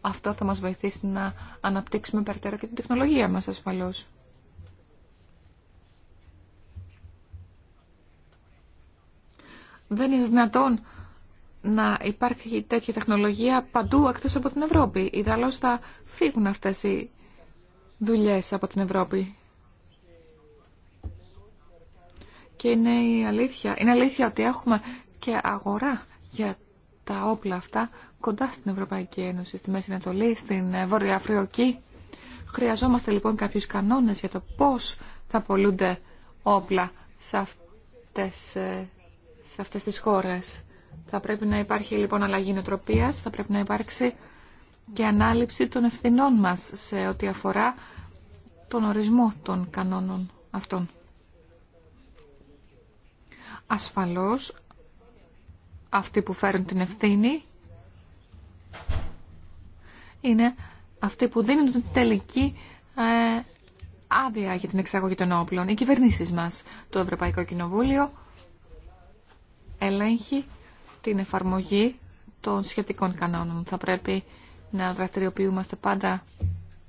Αυτό θα μας βοηθήσει να αναπτύξουμε περαιτέρω και την τεχνολογία μας ασφαλώς. Δεν είναι δυνατόν να υπάρχει τέτοια τεχνολογία παντού εκτός από την Ευρώπη. Ιδάλλως θα φύγουν αυτές οι δουλειές από την Ευρώπη. Και είναι η αλήθεια. Είναι αλήθεια ότι έχουμε και αγορά για τα όπλα αυτά κοντά στην Ευρωπαϊκή Ένωση, στη Μέση Ανατολή, στην Βόρεια Αφριοκή. Χρειαζόμαστε λοιπόν κάποιους κανόνες για το πώς θα πολλούνται όπλα σε αυτές, ε, σε αυτές τις χώρες. Θα πρέπει να υπάρχει λοιπόν αλλαγή νοτροπίας, θα πρέπει να υπάρξει και ανάληψη των ευθυνών μας σε ό,τι αφορά τον ορισμό των κανόνων αυτών. Ασφαλώς, αυτοί που φέρουν την ευθύνη είναι αυτοί που δίνουν την τελική ε, άδεια για την εξαγωγή των όπλων. Οι κυβερνήσει μας, το Ευρωπαϊκό Κοινοβούλιο, ελέγχει την εφαρμογή των σχετικών κανόνων. Θα πρέπει να δραστηριοποιούμαστε πάντα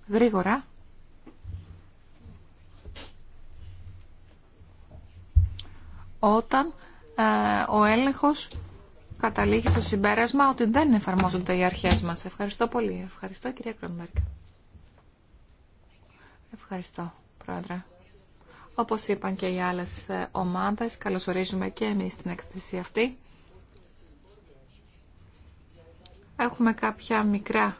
γρήγορα όταν ε, ο έλεγχος καταλήγει στο συμπέρασμα ότι δεν εφαρμόζονται οι αρχές μας. Ευχαριστώ πολύ. Ευχαριστώ κυρία Κρονμέρκ. Ευχαριστώ πρόεδρε. Όπως είπαν και οι άλλες ε, ομάδες, καλωσορίζουμε και εμείς την εκθεσή αυτή. Έχουμε κάποια μικρά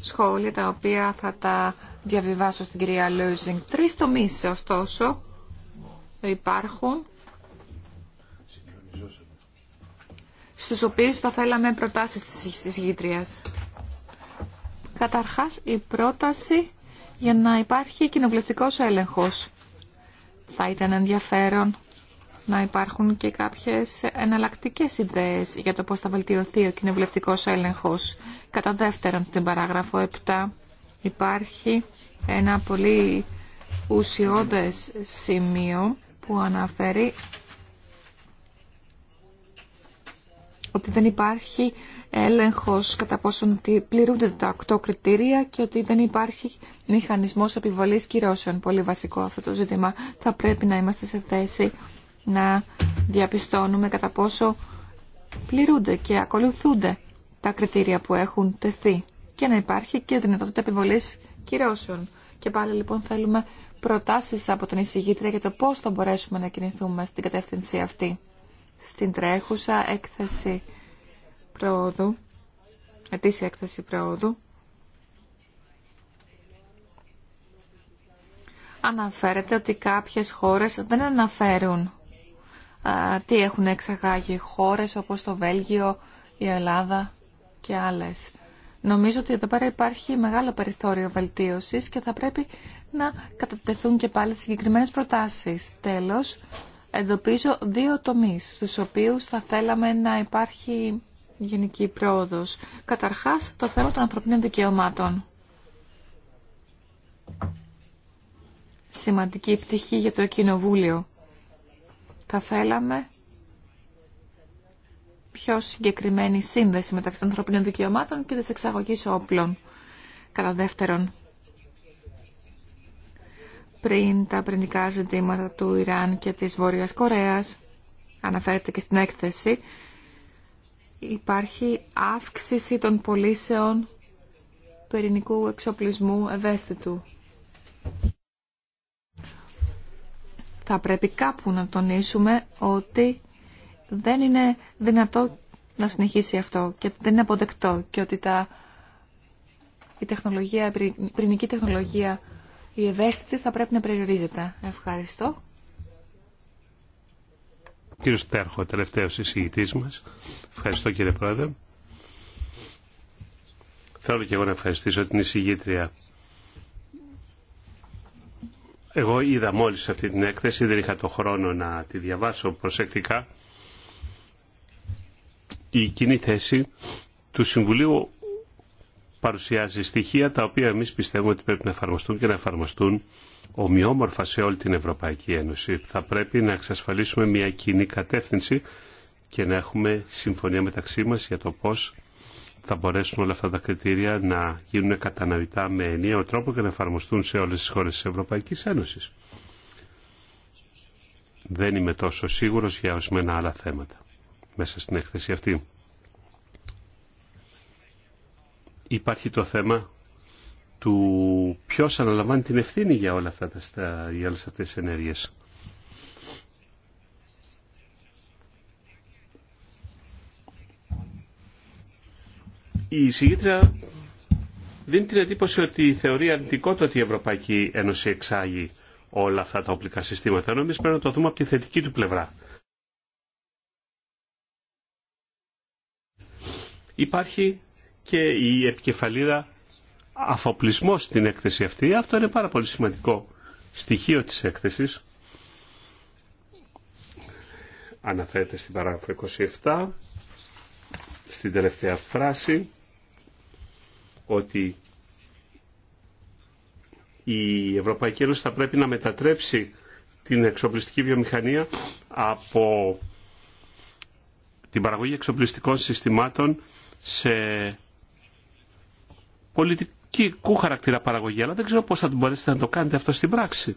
σχόλια τα οποία θα τα διαβιβάσω στην κυρία Λούζινγκ. Τρεις τομείς ωστόσο υπάρχουν στους οποίους θα θέλαμε προτάσεις της εισηγητρίας. Καταρχάς, η πρόταση για να υπάρχει κοινοβουλευτικός έλεγχος. Θα ήταν ενδιαφέρον να υπάρχουν και κάποιες εναλλακτικές ιδέες για το πώς θα βελτιωθεί ο κοινοβουλευτικός έλεγχος. Κατά δεύτερον, στην παράγραφο 7 υπάρχει ένα πολύ ουσιώδες σημείο που αναφέρει ότι δεν υπάρχει έλεγχος κατά πόσον πληρούνται τα οκτώ κριτήρια και ότι δεν υπάρχει μηχανισμός επιβολής κυρώσεων. Πολύ βασικό αυτό το ζήτημα. Θα πρέπει να είμαστε σε θέση να διαπιστώνουμε κατά πόσο πληρούνται και ακολουθούνται τα κριτήρια που έχουν τεθεί και να υπάρχει και δυνατότητα επιβολής κυρώσεων. Και πάλι λοιπόν θέλουμε προτάσεις από την εισηγήτρια για το πώς θα μπορέσουμε να κινηθούμε στην κατεύθυνση αυτή στην τρέχουσα έκθεση προόδου, ετήσια έκθεση προόδου, αναφέρεται ότι κάποιες χώρες δεν αναφέρουν τι έχουν εξαγάγει χώρες όπως το Βέλγιο, η Ελλάδα και άλλες. Νομίζω ότι εδώ πέρα υπάρχει μεγάλο περιθώριο βελτίωσης και θα πρέπει να κατατεθούν και πάλι συγκεκριμένες προτάσεις. Τέλος, εντοπίζω δύο τομείς στους οποίους θα θέλαμε να υπάρχει γενική πρόοδος. Καταρχάς, το θέμα των ανθρωπίνων δικαιωμάτων. Σημαντική πτυχή για το Κοινοβούλιο. Θα θέλαμε πιο συγκεκριμένη σύνδεση μεταξύ των ανθρωπίνων δικαιωμάτων και της εξαγωγής όπλων. Κατά δεύτερον, πριν τα πρινικά ζητήματα του Ιράν και της Βόρειας Κορέας, αναφέρεται και στην έκθεση, υπάρχει αύξηση των πωλήσεων περινικού εξοπλισμού ευαίσθητου. Θα πρέπει κάπου να τονίσουμε ότι δεν είναι δυνατό να συνεχίσει αυτό και δεν είναι αποδεκτό και ότι τα, η τεχνολογία, η πυρηνική τεχνολογία η ευαίσθητη θα πρέπει να περιορίζεται. Ευχαριστώ. Κύριο Τέρχο, τελευταίος εισηγητής μας. Ευχαριστώ κύριε Πρόεδρε. Θέλω και εγώ να ευχαριστήσω την εισηγήτρια. Εγώ είδα μόλις αυτή την έκθεση, δεν είχα το χρόνο να τη διαβάσω προσεκτικά. Η κοινή θέση του Συμβουλίου παρουσιάζει στοιχεία τα οποία εμείς πιστεύουμε ότι πρέπει να εφαρμοστούν και να εφαρμοστούν ομοιόμορφα σε όλη την Ευρωπαϊκή Ένωση. Θα πρέπει να εξασφαλίσουμε μια κοινή κατεύθυνση και να έχουμε συμφωνία μεταξύ μας για το πώς θα μπορέσουν όλα αυτά τα κριτήρια να γίνουν κατανοητά με ενιαίο τρόπο και να εφαρμοστούν σε όλες τις χώρες της Ευρωπαϊκής Ένωσης. Δεν είμαι τόσο σίγουρος για ορισμένα άλλα θέματα μέσα στην έκθεση αυτή. υπάρχει το θέμα του ποιος αναλαμβάνει την ευθύνη για, όλα αυτά, για όλες αυτές τις ενέργειες. Η εισηγήτρια δίνει την εντύπωση ότι θεωρεί αρνητικό το ότι η Ευρωπαϊκή Ένωση εξάγει όλα αυτά τα οπλικά συστήματα. Νομίζω πρέπει να το δούμε από τη θετική του πλευρά. Υπάρχει και η επικεφαλίδα αφοπλισμός στην έκθεση αυτή. Αυτό είναι πάρα πολύ σημαντικό στοιχείο της έκθεσης. Αναφέρεται στην παράγραφο 27, στην τελευταία φράση, ότι η Ευρωπαϊκή Ένωση θα πρέπει να μετατρέψει την εξοπλιστική βιομηχανία από την παραγωγή εξοπλιστικών συστημάτων σε πολιτικού χαρακτήρα παραγωγή, αλλά δεν ξέρω πώς θα μπορέσετε να το κάνετε αυτό στην πράξη.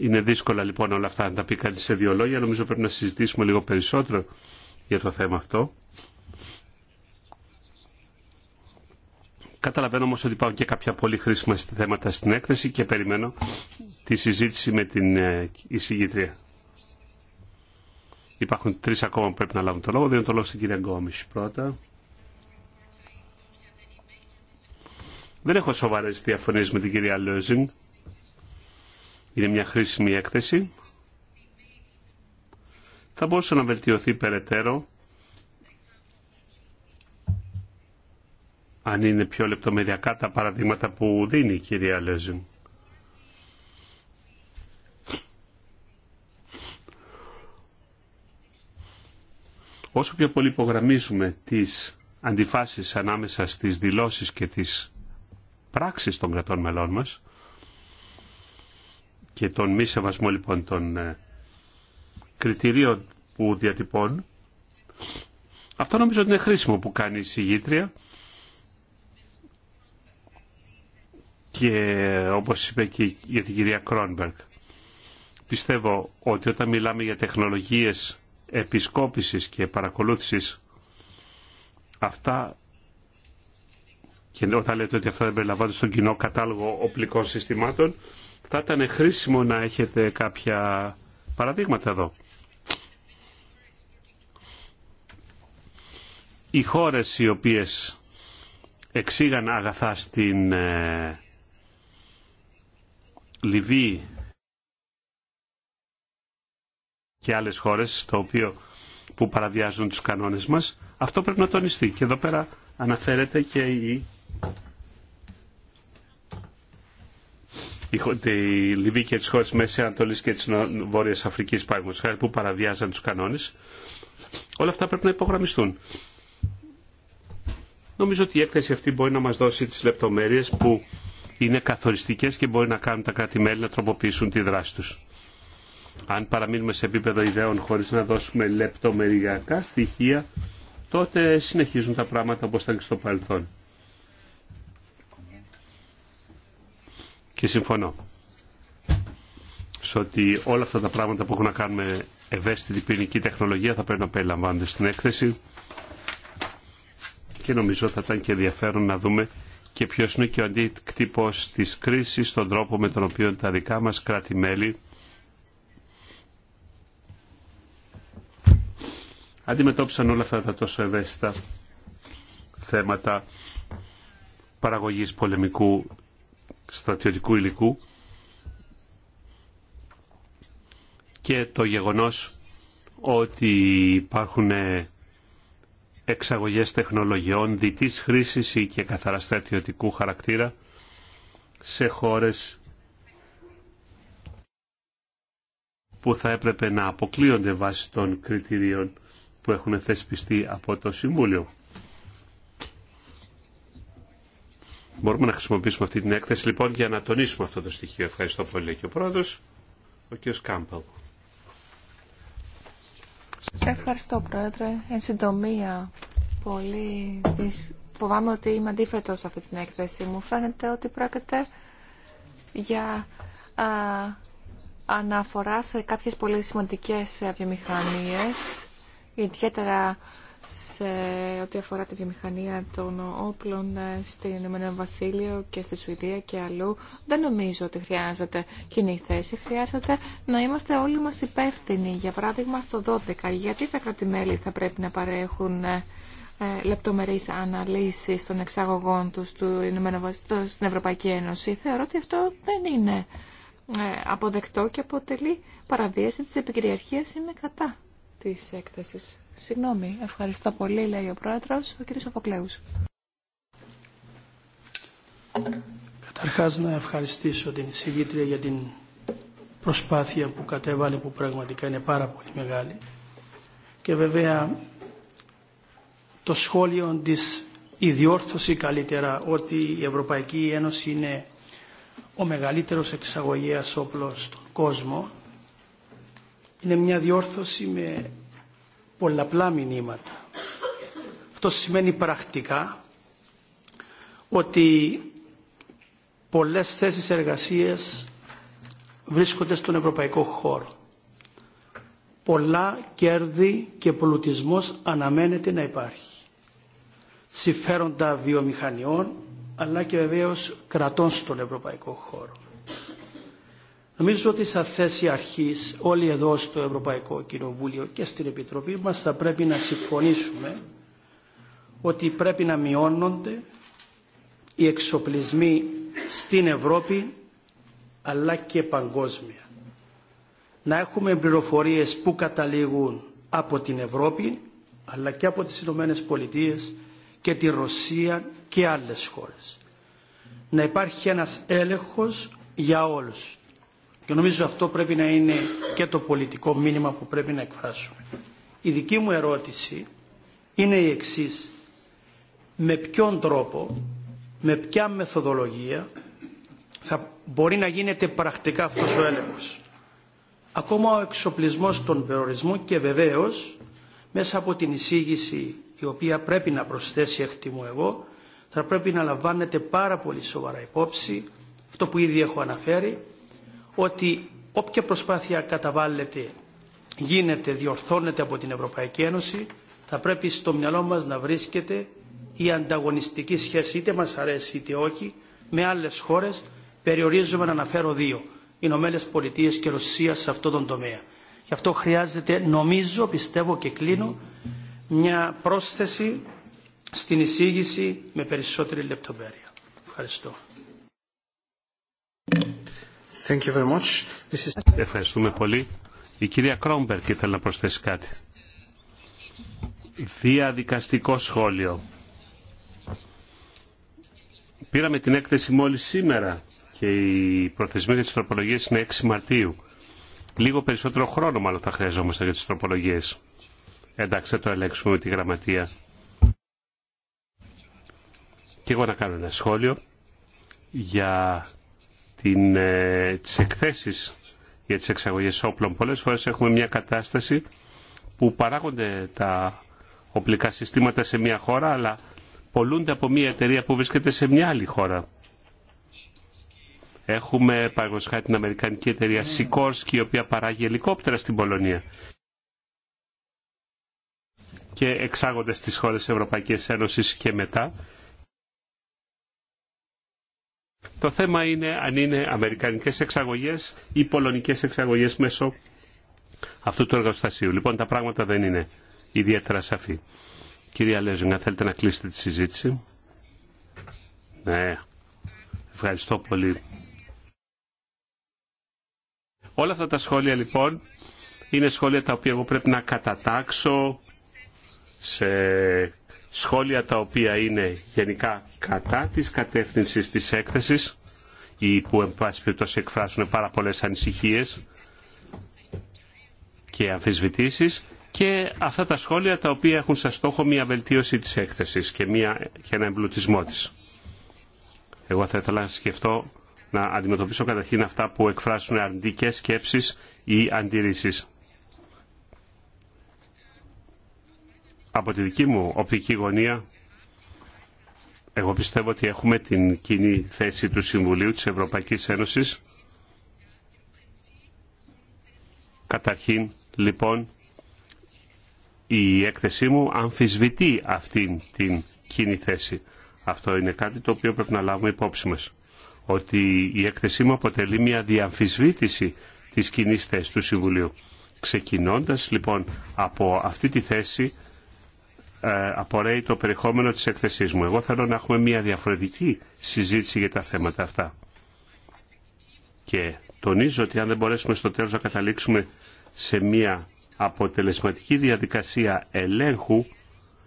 Είναι δύσκολα λοιπόν όλα αυτά να τα πει κανείς σε δύο λόγια. Νομίζω πρέπει να συζητήσουμε λίγο περισσότερο για το θέμα αυτό. Καταλαβαίνω όμως ότι υπάρχουν και κάποια πολύ χρήσιμα θέματα στην έκθεση και περιμένω τη συζήτηση με την ε, εισηγήτρια. Υπάρχουν τρεις ακόμα που πρέπει να λάβουν το λόγο. Δίνω το λόγο στην κυρία Γκόμιση πρώτα. Δεν έχω σοβαρές διαφωνίες με την κυρία Λόζιν. Είναι μια χρήσιμη έκθεση. Θα μπορούσε να βελτιωθεί περαιτέρω αν είναι πιο λεπτομεριακά τα παραδείγματα που δίνει η κυρία Λέζιν. Όσο πιο πολύ υπογραμμίζουμε τις αντιφάσεις ανάμεσα στις δηλώσεις και τις πράξεις των κρατών μελών μας και τον μη σεβασμό λοιπόν των ε, κριτηρίων που διατυπώνουν. Αυτό νομίζω ότι είναι χρήσιμο που κάνει η συγγήτρια και όπως είπε και για την κυρία Κρόνμπεργκ. Πιστεύω ότι όταν μιλάμε για τεχνολογίες επισκόπησης και παρακολούθησης αυτά και όταν λέτε ότι αυτά δεν περιλαμβάνονται στον κοινό κατάλογο οπλικών συστημάτων, θα ήταν χρήσιμο να έχετε κάποια παραδείγματα εδώ. Οι χώρες οι οποίες εξήγαν αγαθά στην ε, Λιβύη και άλλες χώρες το οποίο που παραβιάζουν τους κανόνες μας, αυτό πρέπει να τονιστεί. Και εδώ πέρα αναφέρεται και η Τη Λιβύη και τι χώρε Μέση Ανατολή και τη Βόρεια Αφρική, παραδείγματο χάρη, που παραβιάζαν του κανόνε. Όλα αυτά πρέπει να υπογραμμιστούν. Νομίζω ότι η έκθεση αυτή μπορεί να μα δώσει τι λεπτομέρειε που είναι καθοριστικέ και μπορεί να κάνουν τα κράτη-μέλη να τροποποιήσουν τη δράση του. Αν παραμείνουμε σε επίπεδο ιδέων χωρί να δώσουμε λεπτομεριακά στοιχεία, τότε συνεχίζουν τα πράγματα όπω ήταν και στο παρελθόν. Και συμφωνώ σε ότι όλα αυτά τα πράγματα που έχουν να κάνουν με ευαίσθητη ποινική τεχνολογία θα πρέπει να περιλαμβάνονται στην έκθεση και νομίζω θα ήταν και ενδιαφέρον να δούμε και ποιο είναι και ο αντίκτυπο τη κρίση στον τρόπο με τον οποίο τα δικά μα κράτη-μέλη αντιμετώπισαν όλα αυτά τα τόσο ευαίσθητα θέματα παραγωγής πολεμικού στρατιωτικού υλικού και το γεγονός ότι υπάρχουν εξαγωγές τεχνολογιών διτής χρήσης ή και καθαρά στρατιωτικού χαρακτήρα σε χώρες που θα έπρεπε να αποκλείονται βάσει των κριτηρίων που έχουν θεσπιστεί από το Συμβούλιο. Μπορούμε να χρησιμοποιήσουμε αυτή την έκθεση λοιπόν για να τονίσουμε αυτό το στοιχείο. Ευχαριστώ πολύ και ο πρόεδρο, ο κ. Κάμπελ. Ευχαριστώ πρόεδρε. Εν συντομία, πολύ φοβάμαι ότι είμαι αντίθετο σε αυτή την έκθεση. Μου φαίνεται ότι πρόκειται για α, αναφορά σε κάποιες πολύ σημαντικές ε, βιομηχανίες, ιδιαίτερα σε ό,τι αφορά τη βιομηχανία των όπλων στην Ηνωμένο Βασίλειο και στη Σουηδία και αλλού. Δεν νομίζω ότι χρειάζεται κοινή θέση. Χρειάζεται να είμαστε όλοι μας υπεύθυνοι. Για παράδειγμα στο 12, γιατί τα κρατημέλη θα πρέπει να παρέχουν ε, ε, λεπτομερείς αναλύσεις των εξαγωγών τους του στην Ευρωπαϊκή Ένωση. Θεωρώ ότι αυτό δεν είναι ε, αποδεκτό και αποτελεί παραβίαση της επικυριαρχίας. Είμαι κατά της έκθεσης. Συγγνώμη, ευχαριστώ πολύ, λέει ο Πρόεδρος, ο κύριος Αφοκλέους. Καταρχάς να ευχαριστήσω την εισηγήτρια για την προσπάθεια που κατέβαλε που πραγματικά είναι πάρα πολύ μεγάλη και βέβαια το σχόλιο της η καλύτερα ότι η Ευρωπαϊκή Ένωση είναι ο μεγαλύτερος εξαγωγέας όπλος στον κόσμο είναι μια διόρθωση με πολλαπλά μηνύματα. Αυτό σημαίνει πρακτικά ότι πολλές θέσεις εργασίας βρίσκονται στον ευρωπαϊκό χώρο. Πολλά κέρδη και πολιτισμός αναμένεται να υπάρχει. Συμφέροντα βιομηχανιών αλλά και βεβαίως κρατών στον ευρωπαϊκό χώρο. Νομίζω ότι σαν θέση αρχής όλοι εδώ στο Ευρωπαϊκό Κοινοβούλιο και στην Επιτροπή μας θα πρέπει να συμφωνήσουμε ότι πρέπει να μειώνονται οι εξοπλισμοί στην Ευρώπη αλλά και παγκόσμια. Να έχουμε πληροφορίες που καταλήγουν από την Ευρώπη αλλά και από τις Ηνωμένε Πολιτείε και τη Ρωσία και άλλες χώρες. Να υπάρχει ένας έλεγχος για όλους και νομίζω αυτό πρέπει να είναι και το πολιτικό μήνυμα που πρέπει να εκφράσουμε. Η δική μου ερώτηση είναι η εξής. Με ποιον τρόπο, με ποια μεθοδολογία θα μπορεί να γίνεται πρακτικά αυτός ο έλεγχος. Ακόμα ο εξοπλισμός των περιορισμών και βεβαίως μέσα από την εισήγηση η οποία πρέπει να προσθέσει εκτιμώ εγώ θα πρέπει να λαμβάνεται πάρα πολύ σοβαρά υπόψη αυτό που ήδη έχω αναφέρει ότι όποια προσπάθεια καταβάλλεται γίνεται, διορθώνεται από την Ευρωπαϊκή Ένωση θα πρέπει στο μυαλό μας να βρίσκεται η ανταγωνιστική σχέση είτε μας αρέσει είτε όχι με άλλες χώρες περιορίζουμε να αναφέρω δύο οι Ηνωμένε Πολιτείε και Ρωσία σε αυτόν τον τομέα. Γι' αυτό χρειάζεται νομίζω, πιστεύω και κλείνω μια πρόσθεση στην εισήγηση με περισσότερη λεπτομέρεια. Ευχαριστώ. Ευχαριστούμε πολύ. Η κυρία Κρόμπερκ ήθελε να προσθέσει κάτι. Διαδικαστικό σχόλιο. Πήραμε την έκθεση μόλις σήμερα και η προθεσμία για τις τροπολογίες είναι 6 Μαρτίου. Λίγο περισσότερο χρόνο μάλλον θα χρειαζόμαστε για τις τροπολογίες. Εντάξει, θα το ελέγξουμε με τη γραμματεία. Και εγώ να κάνω ένα σχόλιο για την, ε, τις εκθέσεις για τις εξαγωγές όπλων. Πολλές φορές έχουμε μια κατάσταση που παράγονται τα οπλικά συστήματα σε μια χώρα, αλλά πολλούνται από μια εταιρεία που βρίσκεται σε μια άλλη χώρα. Έχουμε παραγωγικά την Αμερικανική εταιρεία Sikorsky, η οποία παράγει ελικόπτερα στην Πολωνία και εξάγονται στις χώρες Ευρωπαϊκής Ένωσης και μετά το θέμα είναι αν είναι αμερικανικές εξαγωγές ή πολωνικές εξαγωγές μέσω αυτού του εργοστασίου. Λοιπόν, τα πράγματα δεν είναι ιδιαίτερα σαφή. Κυρία λέζου θέλετε να κλείσετε τη συζήτηση. Ναι, ευχαριστώ πολύ. Όλα αυτά τα σχόλια λοιπόν είναι σχόλια τα οποία εγώ πρέπει να κατατάξω σε σχόλια τα οποία είναι γενικά κατά της κατεύθυνσης της έκθεσης ή που εν πάση περιπτώσει εκφράσουν πάρα πολλές ανησυχίες και αμφισβητήσεις και αυτά τα σχόλια τα οποία έχουν σαν στόχο μια βελτίωση της έκθεσης και, μια, και ένα εμπλουτισμό της. Εγώ θα ήθελα να σκεφτώ να αντιμετωπίσω καταρχήν αυτά που εκφράσουν αρνητικές σκέψεις ή αντιρρήσεις. από τη δική μου οπτική γωνία, εγώ πιστεύω ότι έχουμε την κοινή θέση του Συμβουλίου της Ευρωπαϊκής Ένωσης. Καταρχήν, λοιπόν, η έκθεσή μου αμφισβητεί αυτήν την κοινή θέση. Αυτό είναι κάτι το οποίο πρέπει να λάβουμε υπόψη μας. Ότι η έκθεσή μου αποτελεί μια διαμφισβήτηση της κοινή θέσης του Συμβουλίου. Ξεκινώντας λοιπόν από αυτή τη θέση ε, απορρέει το περιεχόμενο της εκθεσής μου. Εγώ θέλω να έχουμε μια διαφορετική συζήτηση για τα θέματα αυτά. Και τονίζω ότι αν δεν μπορέσουμε στο τέλος να καταλήξουμε σε μια αποτελεσματική διαδικασία ελέγχου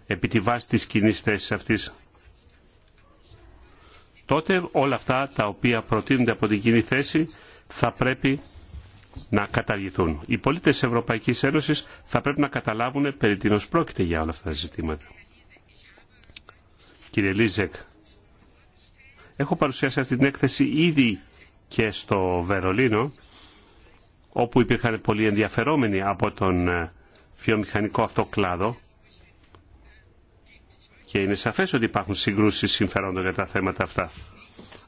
επί τη βάση της κοινής θέσης αυτής, τότε όλα αυτά τα οποία προτείνονται από την κοινή θέση θα πρέπει να καταργηθούν. Οι πολίτε Ευρωπαϊκής Ένωσης θα πρέπει να καταλάβουν περί τίνο πρόκειται για όλα αυτά τα ζητήματα. Κύριε Λίζεκ, έχω παρουσιάσει αυτή την έκθεση ήδη και στο Βερολίνο, όπου υπήρχαν πολύ ενδιαφερόμενοι από τον ε, βιομηχανικό αυτό κλάδο και είναι σαφές ότι υπάρχουν συγκρούσεις συμφερόντων για τα θέματα αυτά.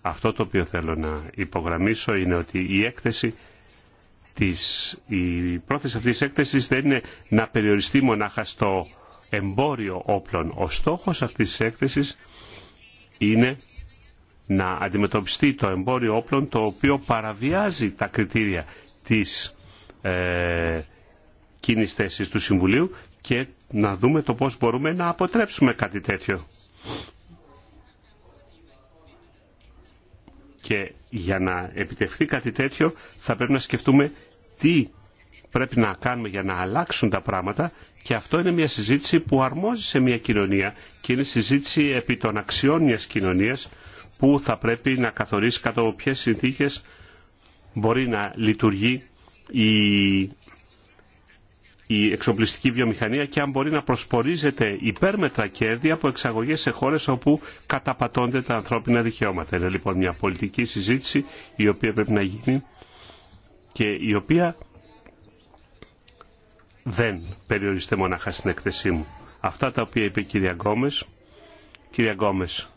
Αυτό το οποίο θέλω να υπογραμμίσω είναι ότι η έκθεση της, η πρόθεση αυτής της έκθεσης δεν είναι να περιοριστεί μονάχα στο εμπόριο όπλων. Ο στόχος αυτής της έκθεσης είναι να αντιμετωπιστεί το εμπόριο όπλων το οποίο παραβιάζει τα κριτήρια της ε, του Συμβουλίου και να δούμε το πώς μπορούμε να αποτρέψουμε κάτι τέτοιο. Και για να επιτευχθεί κάτι τέτοιο θα πρέπει να σκεφτούμε τι πρέπει να κάνουμε για να αλλάξουν τα πράγματα και αυτό είναι μια συζήτηση που αρμόζει σε μια κοινωνία και είναι συζήτηση επί των αξιών μιας κοινωνίας που θα πρέπει να καθορίσει κατά ποιε συνθήκες μπορεί να λειτουργεί η, η εξοπλιστική βιομηχανία και αν μπορεί να προσπορίζεται υπέρμετρα κέρδη από εξαγωγές σε χώρες όπου καταπατώνται τα ανθρώπινα δικαιώματα. Είναι λοιπόν μια πολιτική συζήτηση η οποία πρέπει να γίνει και η οποία δεν περιοριστεί μονάχα στην εκθεσή μου. Αυτά τα οποία είπε η κυρία Γκόμες. Κυρία Γκόμες,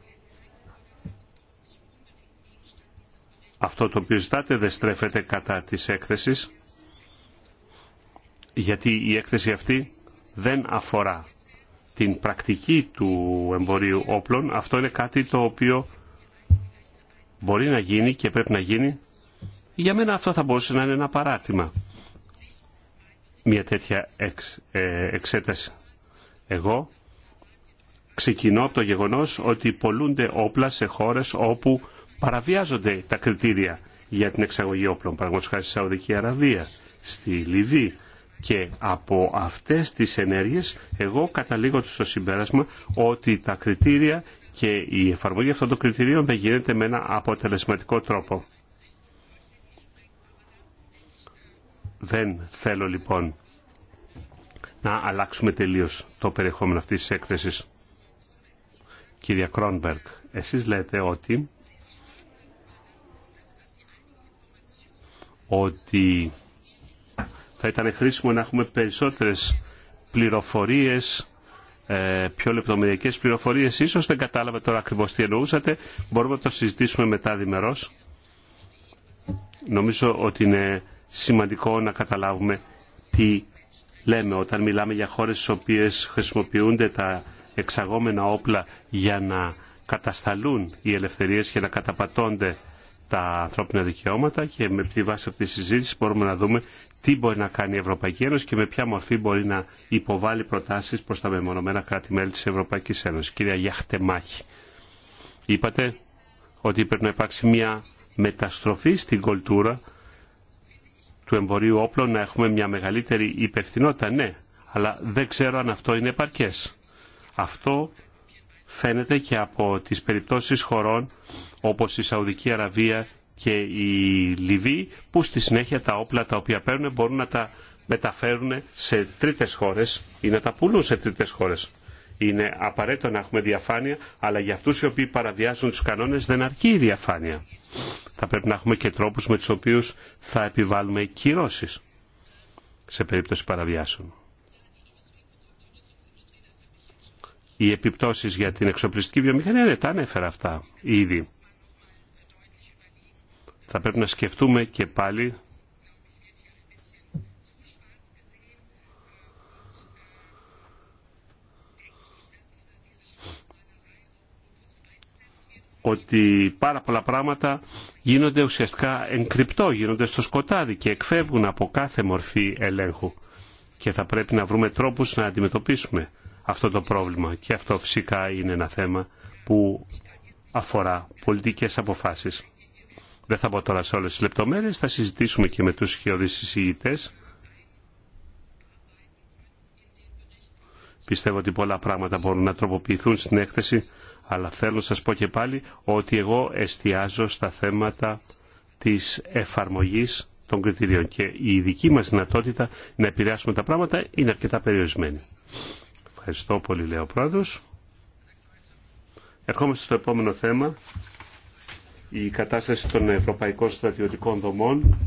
αυτό το οποίο ζητάτε δεν στρέφεται κατά της έκθεσης, γιατί η έκθεση αυτή δεν αφορά την πρακτική του εμπορίου όπλων. Αυτό είναι κάτι το οποίο μπορεί να γίνει και πρέπει να γίνει για μένα αυτό θα μπορούσε να είναι ένα παράτημα. Μια τέτοια εξ, ε, εξέταση. Εγώ ξεκινώ από το γεγονός ότι πολλούνται όπλα σε χώρες όπου παραβιάζονται τα κριτήρια για την εξαγωγή όπλων, παραγωγικά στη Σαουδική Αραβία, στη Λιβύη. Και από αυτές τις ενέργειες εγώ καταλήγω στο συμπέρασμα ότι τα κριτήρια και η εφαρμογή αυτών των κριτηρίων δεν γίνεται με ένα αποτελεσματικό τρόπο. Δεν θέλω λοιπόν να αλλάξουμε τελείως το περιεχόμενο αυτής της έκθεσης. Κυρία Κρόνπερκ, εσείς λέτε ότι ότι θα ήταν χρήσιμο να έχουμε περισσότερες πληροφορίες, ε, πιο λεπτομεριακές πληροφορίες. Ίσως δεν κατάλαβα τώρα ακριβώς τι εννοούσατε. Μπορούμε να το συζητήσουμε μετά διμερός. Νομίζω ότι είναι σημαντικό να καταλάβουμε τι λέμε όταν μιλάμε για χώρες στις οποίες χρησιμοποιούνται τα εξαγόμενα όπλα για να κατασταλούν οι ελευθερίες και να καταπατώνται τα ανθρώπινα δικαιώματα και με τη βάση αυτή τη συζήτηση μπορούμε να δούμε τι μπορεί να κάνει η Ευρωπαϊκή Ένωση και με ποια μορφή μπορεί να υποβάλει προτάσεις προς τα μεμονωμένα κράτη-μέλη της Ευρωπαϊκής Ένωσης. Κυρία Γιαχτεμάχη, είπατε ότι πρέπει να υπάρξει μια μεταστροφή στην κολτούρα του εμπορίου όπλων να έχουμε μια μεγαλύτερη υπευθυνότητα, ναι, αλλά δεν ξέρω αν αυτό είναι επαρκές. Αυτό φαίνεται και από τις περιπτώσεις χωρών όπως η Σαουδική Αραβία και η Λιβύη που στη συνέχεια τα όπλα τα οποία παίρνουν μπορούν να τα μεταφέρουν σε τρίτες χώρες ή να τα πουλούν σε τρίτες χώρες. Είναι απαραίτητο να έχουμε διαφάνεια, αλλά για αυτούς οι οποίοι παραβιάζουν τους κανόνες δεν αρκεί η διαφάνεια θα πρέπει να έχουμε και τρόπους με τους οποίους θα επιβάλλουμε κυρώσεις σε περίπτωση παραβιάσεων. Οι επιπτώσεις για την εξοπλιστική βιομηχανία δεν τα ανέφερα αυτά ήδη. Θα πρέπει να σκεφτούμε και πάλι ότι πάρα πολλά πράγματα γίνονται ουσιαστικά εγκρυπτό, γίνονται στο σκοτάδι και εκφεύγουν από κάθε μορφή ελέγχου. Και θα πρέπει να βρούμε τρόπους να αντιμετωπίσουμε αυτό το πρόβλημα. Και αυτό φυσικά είναι ένα θέμα που αφορά πολιτικές αποφάσεις. Δεν θα πω τώρα σε όλες τις λεπτομέρειες, θα συζητήσουμε και με τους σχεδόν Πιστεύω ότι πολλά πράγματα μπορούν να τροποποιηθούν στην έκθεση αλλά θέλω να σας πω και πάλι ότι εγώ εστιάζω στα θέματα της εφαρμογής των κριτηρίων και η δική μας δυνατότητα να επηρεάσουμε τα πράγματα είναι αρκετά περιορισμένη. Ευχαριστώ πολύ, λέει ο Πρόεδρος. Ερχόμαστε στο επόμενο θέμα, η κατάσταση των ευρωπαϊκών στρατιωτικών δομών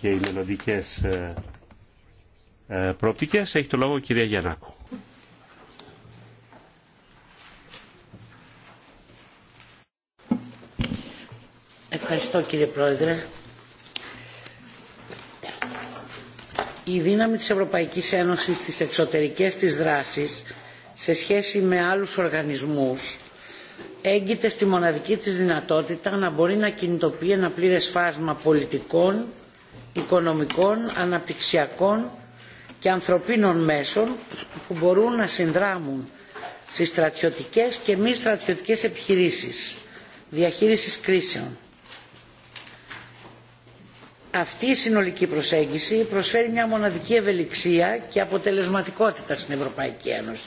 και οι μελλοντικέ ε, ε, προοπτικές. Έχει το λόγο η κυρία Γιαννάκου. Ευχαριστώ κύριε Πρόεδρε. Η δύναμη της Ευρωπαϊκής Ένωσης στις εξωτερικές της δράσεις σε σχέση με άλλους οργανισμούς έγκυται στη μοναδική της δυνατότητα να μπορεί να κινητοποιεί ένα πλήρες φάσμα πολιτικών, οικονομικών, αναπτυξιακών και ανθρωπίνων μέσων που μπορούν να συνδράμουν στις στρατιωτικές και μη στρατιωτικές επιχειρήσεις διαχείρισης κρίσεων αυτή η συνολική προσέγγιση προσφέρει μια μοναδική ευελιξία και αποτελεσματικότητα στην Ευρωπαϊκή Ένωση.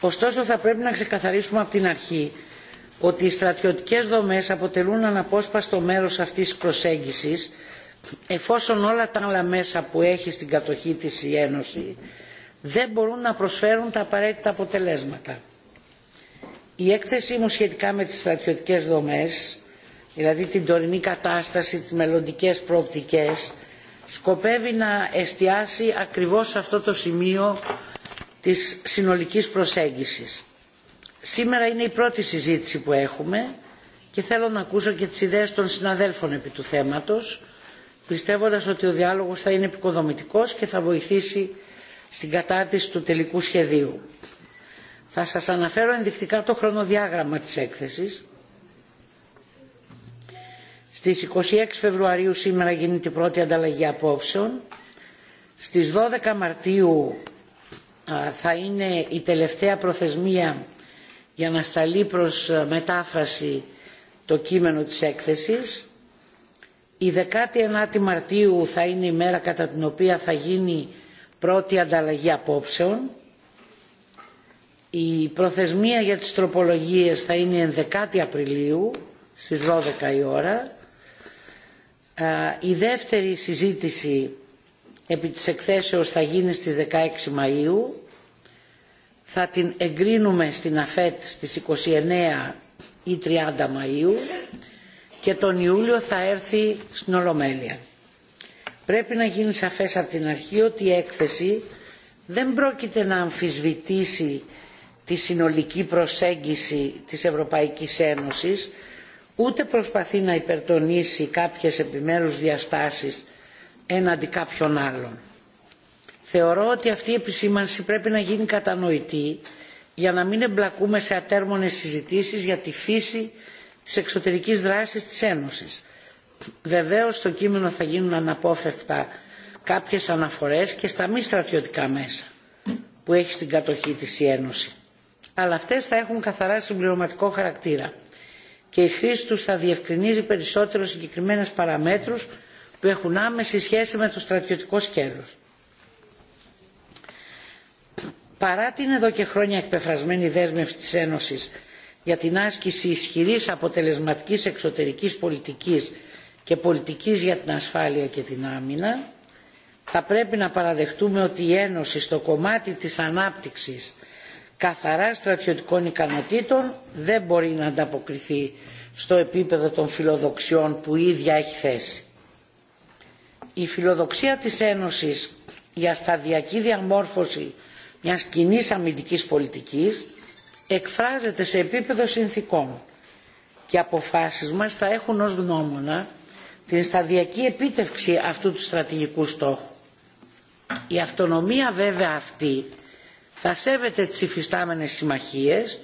Ωστόσο θα πρέπει να ξεκαθαρίσουμε από την αρχή ότι οι στρατιωτικές δομές αποτελούν αναπόσπαστο μέρος αυτής της προσέγγισης εφόσον όλα τα άλλα μέσα που έχει στην κατοχή της η Ένωση δεν μπορούν να προσφέρουν τα απαραίτητα αποτελέσματα. Η έκθεσή μου σχετικά με τις στρατιωτικές δομές δηλαδή την τωρινή κατάσταση, τις μελλοντικές προοπτικές, σκοπεύει να εστιάσει ακριβώς σε αυτό το σημείο της συνολικής προσέγγισης. Σήμερα είναι η πρώτη συζήτηση που έχουμε και θέλω να ακούσω και τις ιδέες των συναδέλφων επί του θέματος, πιστεύοντας ότι ο διάλογος θα είναι επικοδομητικός και θα βοηθήσει στην κατάρτιση του τελικού σχεδίου. Θα σας αναφέρω ενδεικτικά το χρονοδιάγραμμα της έκθεσης στις 26 Φεβρουαρίου σήμερα γίνεται η πρώτη ανταλλαγή απόψεων. Στις 12 Μαρτίου θα είναι η τελευταία προθεσμία για να σταλεί προς μετάφραση το κείμενο της έκθεσης. Η 19η Μαρτίου θα είναι η μέρα κατά την οποία θα γίνει πρώτη ανταλλαγή απόψεων. Η προθεσμία για τις τροπολογίες θα είναι 11η Απριλίου στις 12 η ώρα ε, η δεύτερη συζήτηση επί της εκθέσεως θα γίνει στις 16 Μαΐου. Θα την εγκρίνουμε στην ΑΦΕΤ στις 29 ή 30 Μαΐου και τον Ιούλιο θα έρθει στην Ολομέλεια. Πρέπει να γίνει σαφές από την αρχή ότι η έκθεση δεν πρόκειται να αμφισβητήσει τη συνολική προσέγγιση της Ευρωπαϊκής Ένωσης ούτε προσπαθεί να υπερτονίσει κάποιες επιμέρους διαστάσεις έναντι κάποιων άλλων. Θεωρώ ότι αυτή η επισήμανση πρέπει να γίνει κατανοητή για να μην εμπλακούμε σε ατέρμονες συζητήσεις για τη φύση της εξωτερικής δράσης της Ένωσης. Βεβαίως στο κείμενο θα γίνουν αναπόφευκτα κάποιες αναφορές και στα μη στρατιωτικά μέσα που έχει στην κατοχή της η Ένωση. Αλλά αυτές θα έχουν καθαρά συμπληρωματικό χαρακτήρα και η χρήση τους θα διευκρινίζει περισσότερο συγκεκριμένες παραμέτρους που έχουν άμεση σχέση με το στρατιωτικό σκέλος. Παρά την εδώ και χρόνια εκπεφρασμένη δέσμευση της Ένωσης για την άσκηση ισχυρής αποτελεσματικής εξωτερικής πολιτικής και πολιτικής για την ασφάλεια και την άμυνα, θα πρέπει να παραδεχτούμε ότι η Ένωση στο κομμάτι της ανάπτυξης καθαρά στρατιωτικών ικανοτήτων δεν μπορεί να ανταποκριθεί στο επίπεδο των φιλοδοξιών που η ίδια έχει θέσει. Η φιλοδοξία της Ένωσης για σταδιακή διαμόρφωση μιας κοινή αμυντικής πολιτικής εκφράζεται σε επίπεδο συνθήκων και αποφάσεις μας θα έχουν ως γνώμονα την σταδιακή επίτευξη αυτού του στρατηγικού στόχου. Η αυτονομία βέβαια αυτή θα σέβεται τις υφιστάμενες συμμαχίες,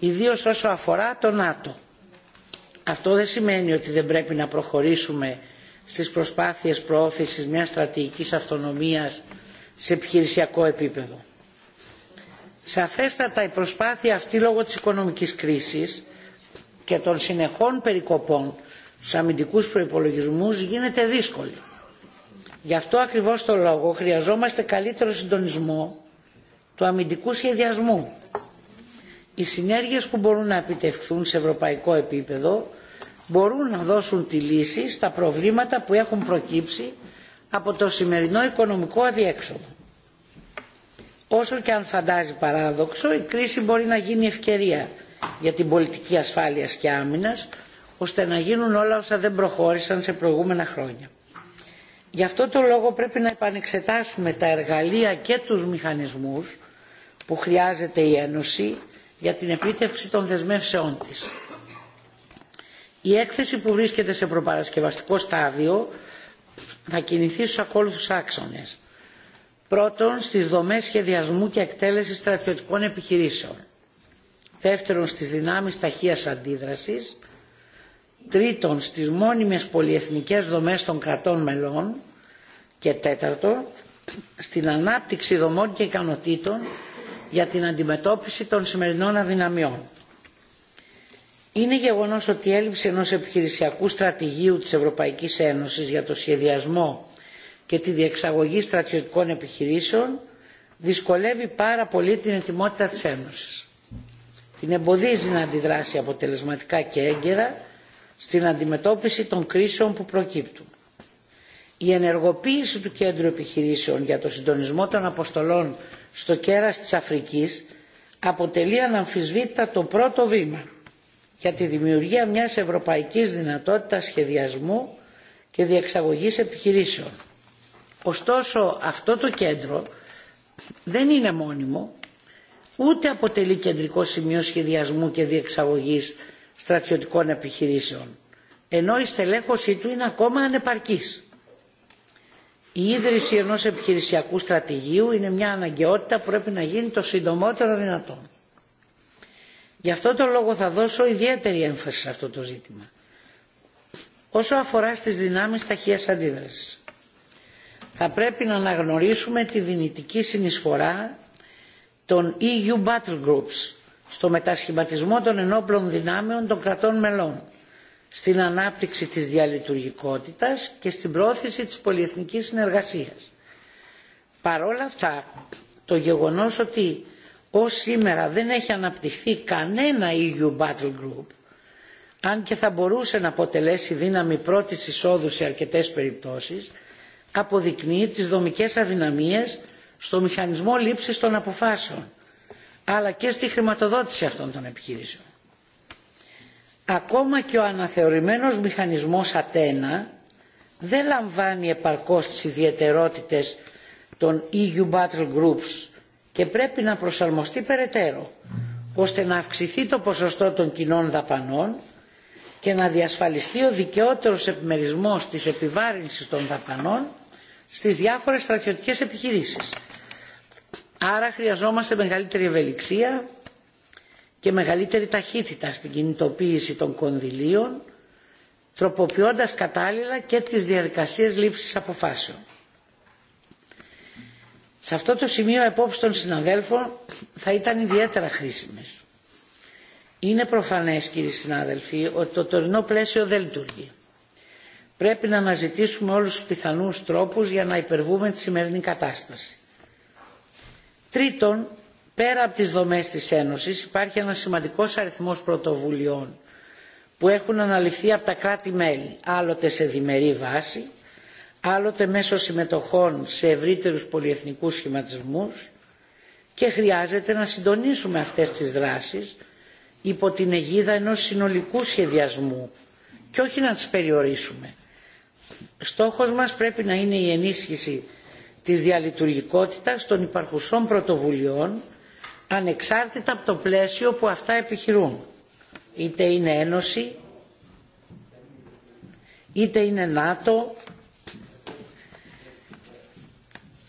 ιδίως όσο αφορά το ΝΑΤΟ. Αυτό δεν σημαίνει ότι δεν πρέπει να προχωρήσουμε στις προσπάθειες προώθησης μιας στρατηγικής αυτονομίας σε επιχειρησιακό επίπεδο. Σαφέστατα η προσπάθεια αυτή λόγω της οικονομικής κρίσης και των συνεχών περικοπών στους αμυντικούς προϋπολογισμούς γίνεται δύσκολη. Γι' αυτό ακριβώς το λόγο χρειαζόμαστε καλύτερο συντονισμό του αμυντικού σχεδιασμού. Οι συνέργειες που μπορούν να επιτευχθούν σε ευρωπαϊκό επίπεδο μπορούν να δώσουν τη λύση στα προβλήματα που έχουν προκύψει από το σημερινό οικονομικό αδιέξοδο. Όσο και αν φαντάζει παράδοξο, η κρίση μπορεί να γίνει ευκαιρία για την πολιτική ασφάλειας και άμυνας, ώστε να γίνουν όλα όσα δεν προχώρησαν σε προηγούμενα χρόνια. Γι' αυτό το λόγο πρέπει να επανεξετάσουμε τα εργαλεία και τους μηχανισμούς που χρειάζεται η Ένωση για την επίτευξη των δεσμεύσεών της. Η έκθεση που βρίσκεται σε προπαρασκευαστικό στάδιο θα κινηθεί στους ακόλουθους άξονες. Πρώτον, στις δομές σχεδιασμού και εκτέλεσης στρατιωτικών επιχειρήσεων. Δεύτερον, στις δυνάμεις ταχείας αντίδρασης. Τρίτον, στις μόνιμες πολυεθνικές δομές των κρατών μελών. Και τέταρτον, στην ανάπτυξη δομών και ικανοτήτων για την αντιμετώπιση των σημερινών αδυναμιών. Είναι γεγονός ότι η έλλειψη ενός επιχειρησιακού στρατηγίου της Ευρωπαϊκής Ένωσης για το σχεδιασμό και τη διεξαγωγή στρατιωτικών επιχειρήσεων δυσκολεύει πάρα πολύ την ετοιμότητα της Ένωσης. Την εμποδίζει να αντιδράσει αποτελεσματικά και έγκαιρα στην αντιμετώπιση των κρίσεων που προκύπτουν. Η ενεργοποίηση του Κέντρου Επιχειρήσεων για το συντονισμό των αποστολών στο κέρας της Αφρικής αποτελεί αναμφισβήτητα το πρώτο βήμα για τη δημιουργία μιας ευρωπαϊκής δυνατότητας σχεδιασμού και διεξαγωγής επιχειρήσεων. Ωστόσο αυτό το κέντρο δεν είναι μόνιμο, ούτε αποτελεί κεντρικό σημείο σχεδιασμού και διεξαγωγής στρατιωτικών επιχειρήσεων, ενώ η στελέχωσή του είναι ακόμα ανεπαρκής. Η ίδρυση ενός επιχειρησιακού στρατηγίου είναι μια αναγκαιότητα που πρέπει να γίνει το συντομότερο δυνατόν. Γι' αυτό το λόγο θα δώσω ιδιαίτερη έμφαση σε αυτό το ζήτημα. Όσο αφορά στις δυνάμεις ταχείας αντίδρασης, θα πρέπει να αναγνωρίσουμε τη δυνητική συνεισφορά των EU Battle Groups στο μετασχηματισμό των ενόπλων δυνάμεων των κρατών μελών στην ανάπτυξη της διαλειτουργικότητας και στην πρόθεση της πολυεθνικής συνεργασίας. Παρόλα αυτά, το γεγονός ότι ως σήμερα δεν έχει αναπτυχθεί κανένα EU Battle Group, αν και θα μπορούσε να αποτελέσει δύναμη πρώτης εισόδου σε αρκετές περιπτώσεις, αποδεικνύει τις δομικές αδυναμίες στο μηχανισμό λήψης των αποφάσεων, αλλά και στη χρηματοδότηση αυτών των επιχειρήσεων. Ακόμα και ο αναθεωρημένος μηχανισμός Ατένα δεν λαμβάνει επαρκώς τις ιδιαιτερότητες των EU Battle Groups και πρέπει να προσαρμοστεί περαιτέρω, ώστε να αυξηθεί το ποσοστό των κοινών δαπανών και να διασφαλιστεί ο δικαιότερος επιμερισμός της επιβάρυνσης των δαπανών στις διάφορες στρατιωτικές επιχειρήσεις. Άρα χρειαζόμαστε μεγαλύτερη ευελιξία, και μεγαλύτερη ταχύτητα στην κινητοποίηση των κονδυλίων, τροποποιώντας κατάλληλα και τις διαδικασίες λήψης αποφάσεων. Σε αυτό το σημείο επόψη των συναδέλφων θα ήταν ιδιαίτερα χρήσιμες. Είναι προφανές κύριοι συνάδελφοι ότι το τωρινό πλαίσιο δεν λειτουργεί. Πρέπει να αναζητήσουμε όλους τους πιθανούς τρόπους για να υπερβούμε τη σημερινή κατάσταση. Τρίτον, πέρα από τις δομές της Ένωσης υπάρχει ένα σημαντικός αριθμός πρωτοβουλειών που έχουν αναλυφθεί από τα κράτη-μέλη, άλλοτε σε διμερή βάση, άλλοτε μέσω συμμετοχών σε ευρύτερους πολυεθνικούς σχηματισμούς και χρειάζεται να συντονίσουμε αυτές τις δράσεις υπό την αιγίδα ενός συνολικού σχεδιασμού και όχι να τις περιορίσουμε. Στόχος μας πρέπει να είναι η ενίσχυση της διαλειτουργικότητας των υπαρχουσών πρωτοβουλειών ανεξάρτητα από το πλαίσιο που αυτά επιχειρούν. Είτε είναι Ένωση, είτε είναι ΝΑΤΟ.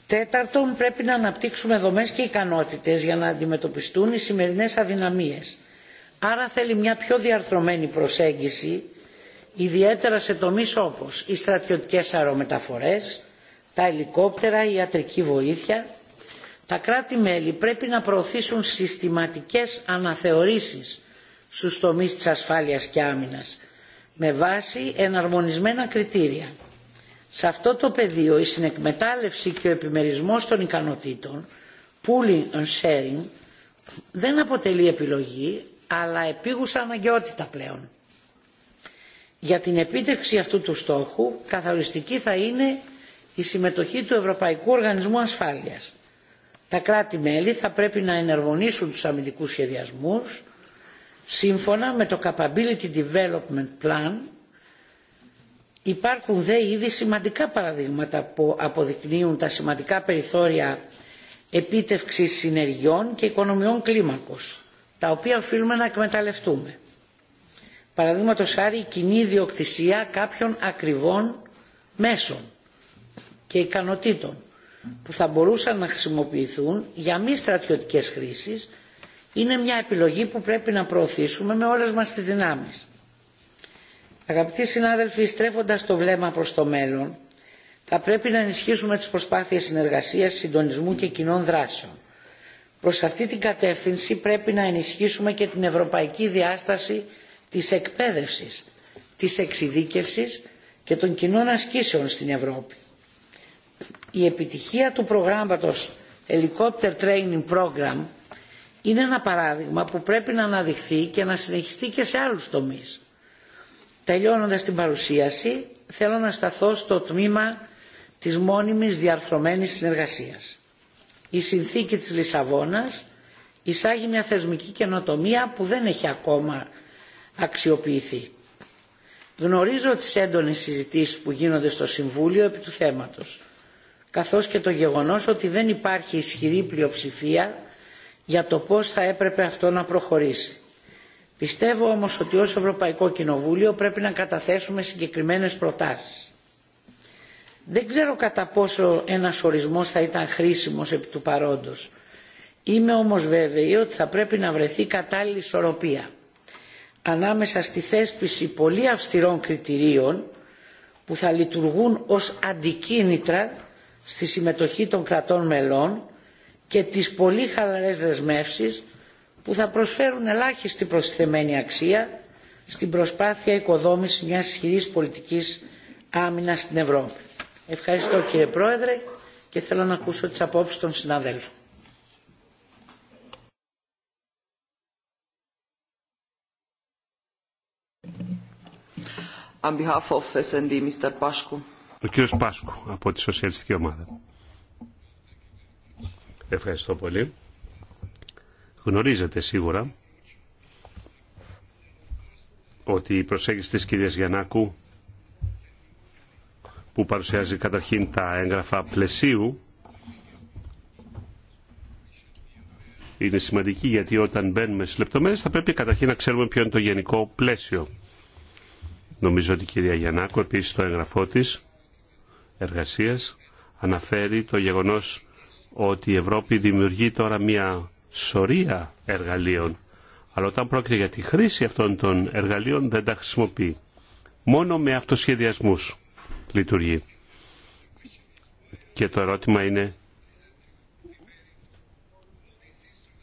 Τέταρτον, πρέπει να αναπτύξουμε δομές και ικανότητες για να αντιμετωπιστούν οι σημερινές αδυναμίες. Άρα θέλει μια πιο διαρθρωμένη προσέγγιση, ιδιαίτερα σε τομείς όπως οι στρατιωτικές αερομεταφορές, τα ελικόπτερα, η ιατρική βοήθεια, τα κράτη-μέλη πρέπει να προωθήσουν συστηματικές αναθεωρήσεις στους τομείς της ασφάλειας και άμυνας με βάση εναρμονισμένα κριτήρια. Σε αυτό το πεδίο η συνεκμετάλλευση και ο επιμερισμός των ικανοτήτων pooling and sharing δεν αποτελεί επιλογή αλλά επίγουσα αναγκαιότητα πλέον. Για την επίτευξη αυτού του στόχου καθοριστική θα είναι η συμμετοχή του Ευρωπαϊκού Οργανισμού Ασφάλειας τα κράτη-μέλη θα πρέπει να ενεργονίσουν τους αμυντικούς σχεδιασμούς σύμφωνα με το Capability Development Plan. Υπάρχουν δε ήδη σημαντικά παραδείγματα που αποδεικνύουν τα σημαντικά περιθώρια επίτευξης συνεργειών και οικονομιών κλίμακος, τα οποία οφείλουμε να εκμεταλλευτούμε. Παραδείγματο χάρη η κοινή ιδιοκτησία κάποιων ακριβών μέσων και ικανοτήτων που θα μπορούσαν να χρησιμοποιηθούν για μη στρατιωτικές χρήσεις είναι μια επιλογή που πρέπει να προωθήσουμε με όλες μας τις δυνάμεις. Αγαπητοί συνάδελφοι, στρέφοντας το βλέμμα προς το μέλλον, θα πρέπει να ενισχύσουμε τις προσπάθειες συνεργασίας, συντονισμού και κοινών δράσεων. Προς αυτή την κατεύθυνση πρέπει να ενισχύσουμε και την ευρωπαϊκή διάσταση της εκπαίδευσης, της εξειδίκευσης και των κοινών ασκήσεων στην Ευρώπη η επιτυχία του προγράμματος Helicopter Training Program είναι ένα παράδειγμα που πρέπει να αναδειχθεί και να συνεχιστεί και σε άλλους τομείς. Τελειώνοντας την παρουσίαση, θέλω να σταθώ στο τμήμα της μόνιμης διαρθρωμένης συνεργασίας. Η συνθήκη της Λισαβόνας εισάγει μια θεσμική καινοτομία που δεν έχει ακόμα αξιοποιηθεί. Γνωρίζω τις έντονες συζητήσεις που γίνονται στο Συμβούλιο επί του θέματος καθώς και το γεγονός ότι δεν υπάρχει ισχυρή πλειοψηφία για το πώς θα έπρεπε αυτό να προχωρήσει. Πιστεύω όμως ότι ως Ευρωπαϊκό Κοινοβούλιο πρέπει να καταθέσουμε συγκεκριμένες προτάσεις. Δεν ξέρω κατά πόσο ένας ορισμός θα ήταν χρήσιμος επί του παρόντος. Είμαι όμως βέβαιη ότι θα πρέπει να βρεθεί κατάλληλη ισορροπία ανάμεσα στη θέσπιση πολύ αυστηρών κριτηρίων που θα λειτουργούν ως αντικίνητρα στη συμμετοχή των κρατών μελών και τις πολύ χαλαρές δεσμεύσεις που θα προσφέρουν ελάχιστη προσθεμένη αξία στην προσπάθεια οικοδόμησης μιας ισχυρής πολιτικής άμυνας στην Ευρώπη. Ευχαριστώ κύριε Πρόεδρε και θέλω να ακούσω τις απόψεις των συναδέλφων. On behalf of Mr. Ο κύριος Πάσκου από τη Σοσιαλιστική Ομάδα. Ευχαριστώ πολύ. Γνωρίζετε σίγουρα ότι η προσέγγιση της κυρίας Γιαννάκου που παρουσιάζει καταρχήν τα έγγραφα πλαισίου είναι σημαντική γιατί όταν μπαίνουμε στις λεπτομέρειες θα πρέπει καταρχήν να ξέρουμε ποιο είναι το γενικό πλαίσιο. Νομίζω ότι η κυρία Γιαννάκου επίσης το έγγραφό της Εργασίας αναφέρει το γεγονός ότι η Ευρώπη δημιουργεί τώρα μια σωρία εργαλείων, αλλά όταν πρόκειται για τη χρήση αυτών των εργαλείων δεν τα χρησιμοποιεί. Μόνο με αυτοσχεδιασμούς λειτουργεί. Και το ερώτημα είναι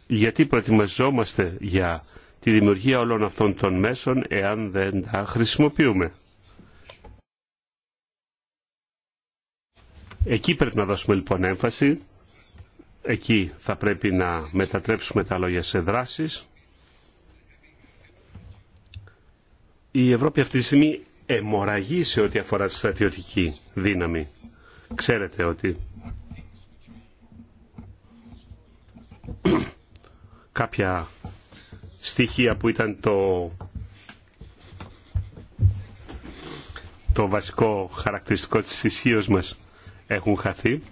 γιατί προετοιμαζόμαστε για τη δημιουργία όλων αυτών των μέσων εάν δεν τα χρησιμοποιούμε. Εκεί πρέπει να δώσουμε λοιπόν έμφαση. Εκεί θα πρέπει να μετατρέψουμε τα λόγια σε δράσεις. Η Ευρώπη αυτή τη στιγμή εμοραγεί σε ό,τι αφορά τη στρατιωτική δύναμη. Ξέρετε ότι κάποια στοιχεία που ήταν το, το βασικό χαρακτηριστικό της ισχύω μας έχουν χαθεί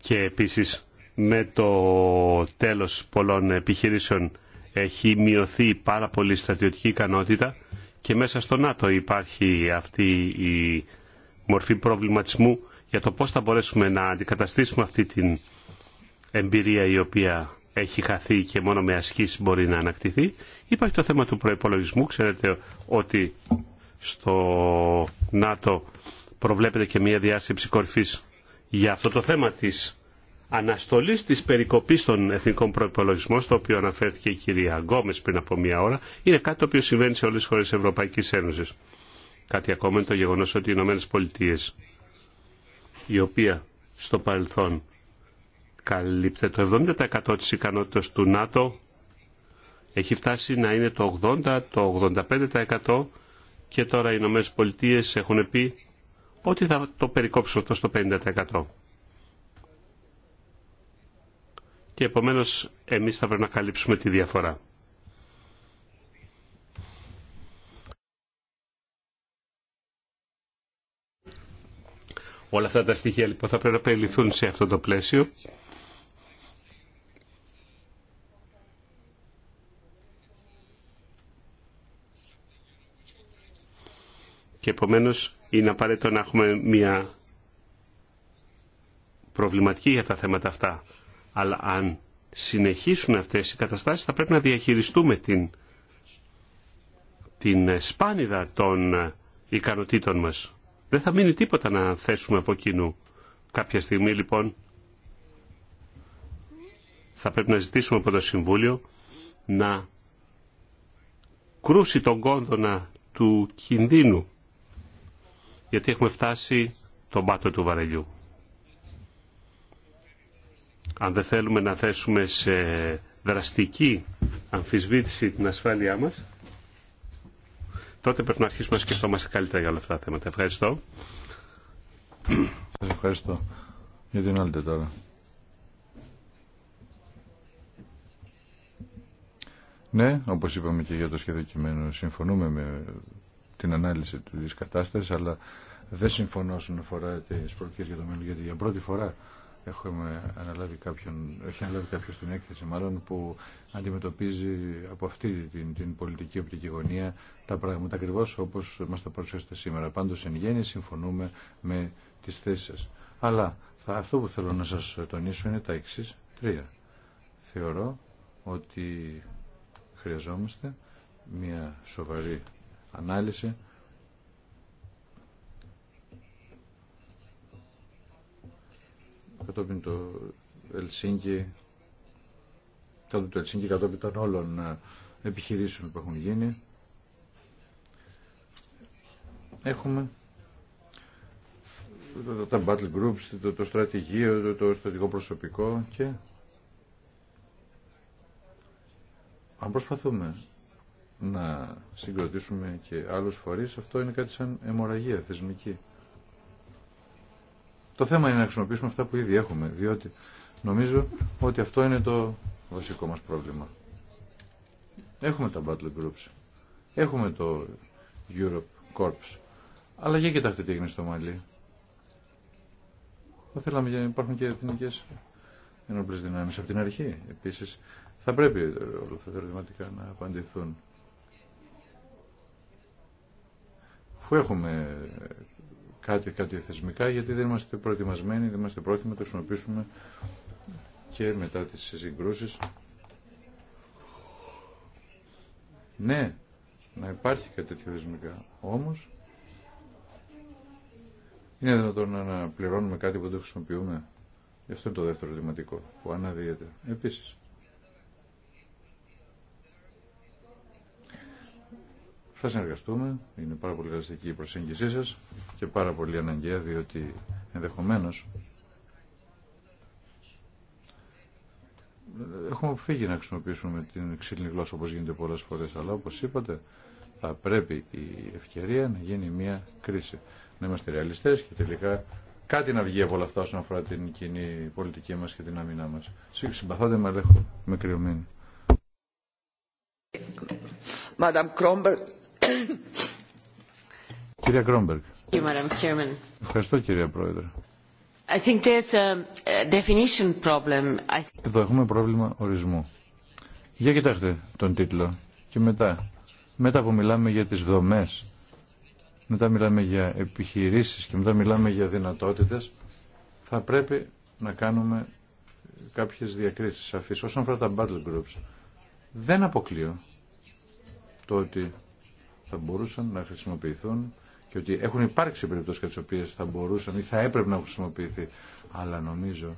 και επίσης με ναι, το τέλος πολλών επιχειρήσεων έχει μειωθεί πάρα πολύ η στρατιωτική ικανότητα και μέσα στο ΝΑΤΟ υπάρχει αυτή η μορφή προβληματισμού για το πώς θα μπορέσουμε να αντικαταστήσουμε αυτή την εμπειρία η οποία έχει χαθεί και μόνο με ασκήσεις μπορεί να ανακτηθεί. Υπάρχει το θέμα του προϋπολογισμού στο ΝΑΤΟ προβλέπεται και μια διάσκεψη κορυφής για αυτό το θέμα της αναστολής της περικοπής των εθνικών προϋπολογισμών, στο οποίο αναφέρθηκε η κυρία Γκόμες πριν από μια ώρα, είναι κάτι το οποίο συμβαίνει σε όλες τις χώρες της Ευρωπαϊκής Ένωσης. Κάτι ακόμα είναι το γεγονός ότι οι Ηνωμένε Πολιτείε, η οποία στο παρελθόν καλύπτε το 70% της ικανότητας του ΝΑΤΟ, έχει φτάσει να είναι το 80, το 85% και τώρα οι νομές Πολιτείες έχουν πει ότι θα το περικόψουν αυτό στο 50%. Και επομένως εμείς θα πρέπει να καλύψουμε τη διαφορά. Όλα αυτά τα στοιχεία λοιπόν θα πρέπει να περιληθούν σε αυτό το πλαίσιο και επομένως είναι απαραίτητο να έχουμε μια προβληματική για τα θέματα αυτά. Αλλά αν συνεχίσουν αυτές οι καταστάσεις θα πρέπει να διαχειριστούμε την, την σπάνιδα των ικανοτήτων μας. Δεν θα μείνει τίποτα να θέσουμε από κοινού. Κάποια στιγμή λοιπόν θα πρέπει να ζητήσουμε από το Συμβούλιο να κρούσει τον κόνδωνα του κινδύνου γιατί έχουμε φτάσει τον πάτο του βαρελιού. Αν δεν θέλουμε να θέσουμε σε δραστική αμφισβήτηση την ασφάλειά μας, τότε πρέπει να αρχίσουμε να σκεφτόμαστε καλύτερα για όλα αυτά τα θέματα. Ευχαριστώ. ευχαριστώ. Για την άλλη τώρα. Ναι, όπως είπαμε και για το σχέδιο κειμένο, συμφωνούμε με την ανάλυση της κατάστασης, αλλά δεν συμφωνώ όσον αφορά τι προοπτικέ για το μέλλον, γιατί για πρώτη φορά έχουμε αναλάβει κάποιον, έχει αναλάβει κάποιο την έκθεση, μάλλον που αντιμετωπίζει από αυτή την, την πολιτική οπτική γωνία τα πράγματα ακριβώ όπω μα τα παρουσιάσετε σήμερα. Πάντω, εν γέννη, συμφωνούμε με τι θέσει σα. Αλλά θα, αυτό που θέλω να σα τονίσω είναι τα εξή τρία. Θεωρώ ότι χρειαζόμαστε μια σοβαρή ανάλυση κατόπιν το Ελσίνκι, κατόπιν το Ελσίνκι, κατόπιν των όλων ε, επιχειρήσεων που έχουν γίνει. Έχουμε τα battle groups, το, το στρατηγείο, το, το στρατηγικό προσωπικό και αν προσπαθούμε να συγκροτήσουμε και άλλους φορείς, αυτό είναι κάτι σαν αιμορραγία θεσμική. Το θέμα είναι να χρησιμοποιήσουμε αυτά που ήδη έχουμε, διότι νομίζω ότι αυτό είναι το βασικό μας πρόβλημα. Έχουμε τα battle groups, έχουμε το Europe Corps, αλλά για κοιτάξτε τι έγινε στο Μαλί. Θα θέλαμε να υπάρχουν και εθνικέ ενόπλε δυνάμει από την αρχή. Επίση, θα πρέπει ε, όλα αυτά τα ερωτηματικά να απαντηθούν. Αφού έχουμε κάτι, κάτι θεσμικά, γιατί δεν είμαστε προετοιμασμένοι, δεν είμαστε πρόθυμοι να το χρησιμοποιήσουμε και μετά τις συγκρούσεις. Ναι, να υπάρχει κάτι τέτοιο θεσμικά. Όμως, είναι δυνατόν να πληρώνουμε κάτι που δεν χρησιμοποιούμε. Γι' αυτό είναι το δεύτερο ερωτηματικό που αναδύεται. Επίσης, Θα συνεργαστούμε, είναι πάρα πολύ ελαστική η προσέγγισή σας και πάρα πολύ αναγκαία διότι ενδεχομένως έχουμε αποφύγει να χρησιμοποιήσουμε την ξύλινη γλώσσα όπως γίνεται πολλές φορές αλλά όπως είπατε θα πρέπει η ευκαιρία να γίνει μια κρίση. Να είμαστε ρεαλιστές και τελικά κάτι να βγει από όλα αυτά όσον αφορά την κοινή πολιτική μας και την άμυνά μας. Συμπαθάτε με, αλλά έχω με κρυωμένη. Κυρία Κρόμπεργκ. Ευχαριστώ κυρία Πρόεδρε. I think there's a definition problem. Εδώ έχουμε πρόβλημα ορισμού. Για κοιτάξτε τον τίτλο και μετά. Μετά που μιλάμε για τις δομές, μετά μιλάμε για επιχειρήσεις και μετά μιλάμε για δυνατότητες, θα πρέπει να κάνουμε κάποιες διακρίσεις σαφείς. Όσον αφορά τα battle groups, δεν αποκλείω το ότι θα μπορούσαν να χρησιμοποιηθούν και ότι έχουν υπάρξει περιπτώσει κατά τι οποίε θα μπορούσαν ή θα έπρεπε να χρησιμοποιηθεί. Αλλά νομίζω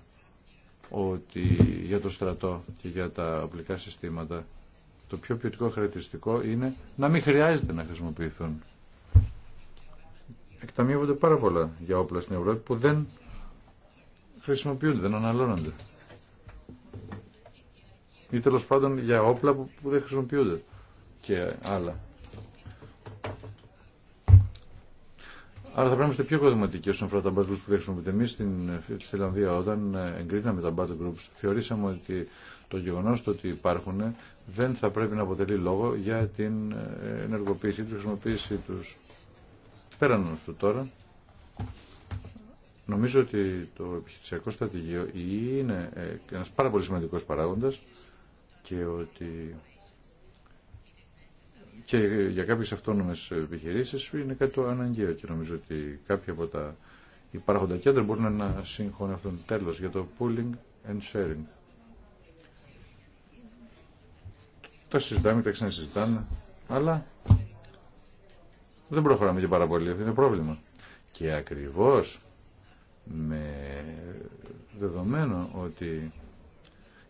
ότι για το στρατό και για τα οπλικά συστήματα το πιο ποιοτικό χαρακτηριστικό είναι να μην χρειάζεται να χρησιμοποιηθούν. Εκταμείβονται πάρα πολλά για όπλα στην Ευρώπη που δεν χρησιμοποιούνται, δεν αναλώνονται. Ή τέλο πάντων για όπλα που δεν χρησιμοποιούνται και άλλα. Άρα θα πρέπει να είμαστε πιο κοδηματικοί όσον αφορά τα battle groups που χρησιμοποιείτε Εμεί στην Φιλανδία, ε, όταν ε, εγκρίναμε τα battle groups, θεωρήσαμε ότι το γεγονό ότι υπάρχουν ε, δεν θα πρέπει να αποτελεί λόγο για την ενεργοποίησή του, χρησιμοποίησή του. Πέραν του τώρα, νομίζω ότι το επιχειρησιακό στρατηγείο είναι ένα πάρα πολύ σημαντικό παράγοντα και ότι και για κάποιες αυτόνομες επιχειρήσεις είναι κάτι το αναγκαίο και νομίζω ότι κάποια από τα υπάρχοντα κέντρα μπορούν να συγχωνευτούν τέλος για το pooling and sharing. Τα συζητάμε, τα ξανασυζητάμε, αλλά δεν προχωράμε και πάρα πολύ, αυτό είναι πρόβλημα. Και ακριβώς με δεδομένο ότι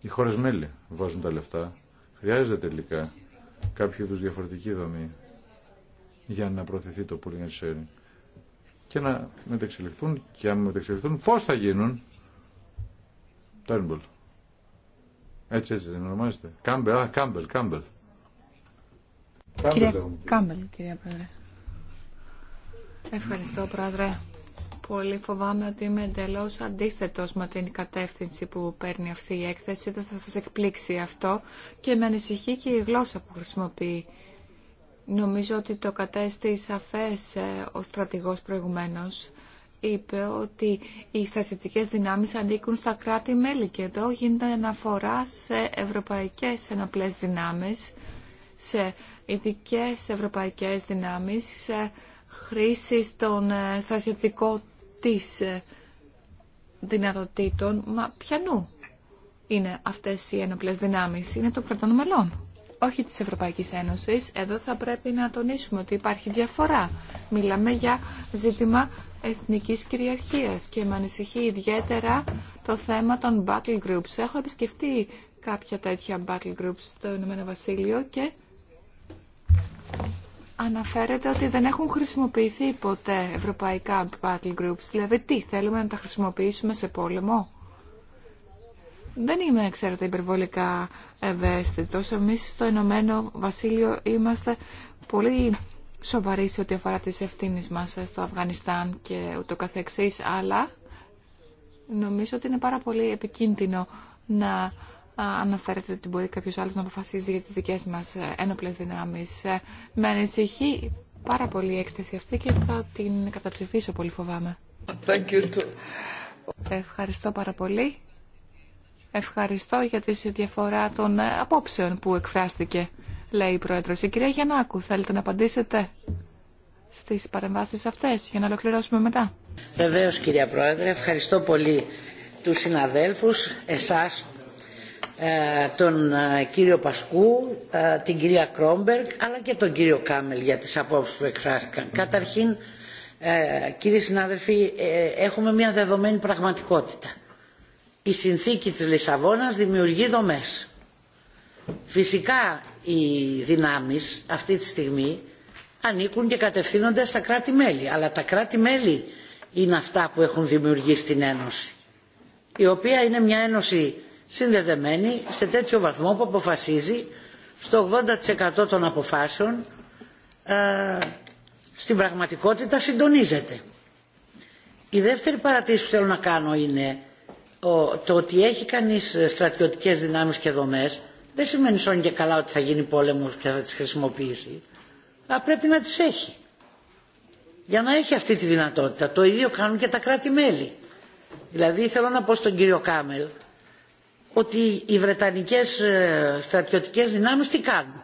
οι χώρες μέλη βάζουν τα λεφτά, χρειάζεται τελικά κάποιο είδου διαφορετική δομή για να προωθηθεί το pooling sharing και να μετεξελιχθούν και αν μετεξελιχθούν πώς θα γίνουν Turnbull έτσι έτσι δεν ονομάζεται Κάμπελ, α, Κάμπελ, Κάμπελ Κάμπελ, κυρία Πρόεδρε Ευχαριστώ Πρόεδρε πολύ φοβάμαι ότι είμαι εντελώ αντίθετο με την κατεύθυνση που παίρνει αυτή η έκθεση. Δεν θα σα εκπλήξει αυτό και με ανησυχεί και η γλώσσα που χρησιμοποιεί. Νομίζω ότι το κατέστη σαφέ ε, ο στρατηγό προηγουμένω είπε ότι οι στρατιωτικές δυνάμει ανήκουν στα κράτη-μέλη και εδώ γίνεται αναφορά σε ευρωπαϊκέ ενοπλέ δυνάμει, σε ειδικέ ευρωπαϊκές δυνάμεις, χρήση στον ε, στρατιωτικών της ε, δυνατοτήτων, μα ποιανού είναι αυτές οι ένοπλες δυνάμεις, είναι των κρατών μελών, όχι της Ευρωπαϊκής Ένωσης. Εδώ θα πρέπει να τονίσουμε ότι υπάρχει διαφορά. Μιλάμε για ζήτημα εθνικής κυριαρχίας και με ανησυχεί ιδιαίτερα το θέμα των battle groups. Έχω επισκεφτεί κάποια τέτοια battle groups στο Ηνωμένο Βασίλειο και Αναφέρεται ότι δεν έχουν χρησιμοποιηθεί ποτέ ευρωπαϊκά battle groups. Δηλαδή τι, θέλουμε να τα χρησιμοποιήσουμε σε πόλεμο. Δεν είμαι, ξέρετε, υπερβολικά ευαίσθητος. Εμείς στο Ηνωμένο Βασίλειο είμαστε πολύ σοβαροί σε ό,τι αφορά τις ευθύνες μας στο Αφγανιστάν και ούτω καθεξής, αλλά νομίζω ότι είναι πάρα πολύ επικίνδυνο να αναφέρεται ότι μπορεί κάποιο άλλο να αποφασίζει για τι δικέ μα ε, ένοπλε δυνάμει. Ε, με ανησυχεί πάρα πολύ η έκθεση αυτή και θα την καταψηφίσω πολύ φοβάμαι. Thank you too. Ευχαριστώ πάρα πολύ. Ευχαριστώ για τη διαφορά των ε, απόψεων που εκφράστηκε, λέει η πρόεδρο. Η κυρία Γιαννάκου, θέλετε να απαντήσετε στι παρεμβάσει αυτέ για να ολοκληρώσουμε μετά. Βεβαίω, κυρία Πρόεδρε, ευχαριστώ πολύ του συναδέλφου εσά. Ε, τον ε, κύριο Πασκού, ε, την κυρία Κρόμπεργκ αλλά και τον κύριο Κάμελ για τις απόψεις που εκφράστηκαν. Καταρχήν, κύριοι συνάδελφοι, έχουμε μια δεδομένη πραγματικότητα. Η συνθήκη της Λισαβόνας δημιουργεί δομές. Φυσικά οι δυνάμεις αυτή τη στιγμή ανήκουν και κατευθύνονται στα κράτη-μέλη. Αλλά τα κράτη-μέλη είναι αυτά που έχουν δημιουργήσει την Ένωση. Η οποία είναι μια ένωση συνδεδεμένη σε τέτοιο βαθμό που αποφασίζει στο 80% των αποφάσεων ε, στην πραγματικότητα συντονίζεται. Η δεύτερη παρατήρηση που θέλω να κάνω είναι το ότι έχει κανείς στρατιωτικές δυνάμεις και δομές δεν σημαίνει σώνει και καλά ότι θα γίνει πόλεμος και θα τις χρησιμοποιήσει. Αλλά πρέπει να τις έχει. Για να έχει αυτή τη δυνατότητα. Το ίδιο κάνουν και τα κράτη-μέλη. Δηλαδή θέλω να πω στον κύριο Κάμελ ότι οι Βρετανικές ε, στρατιωτικές δυνάμεις τι κάνουν.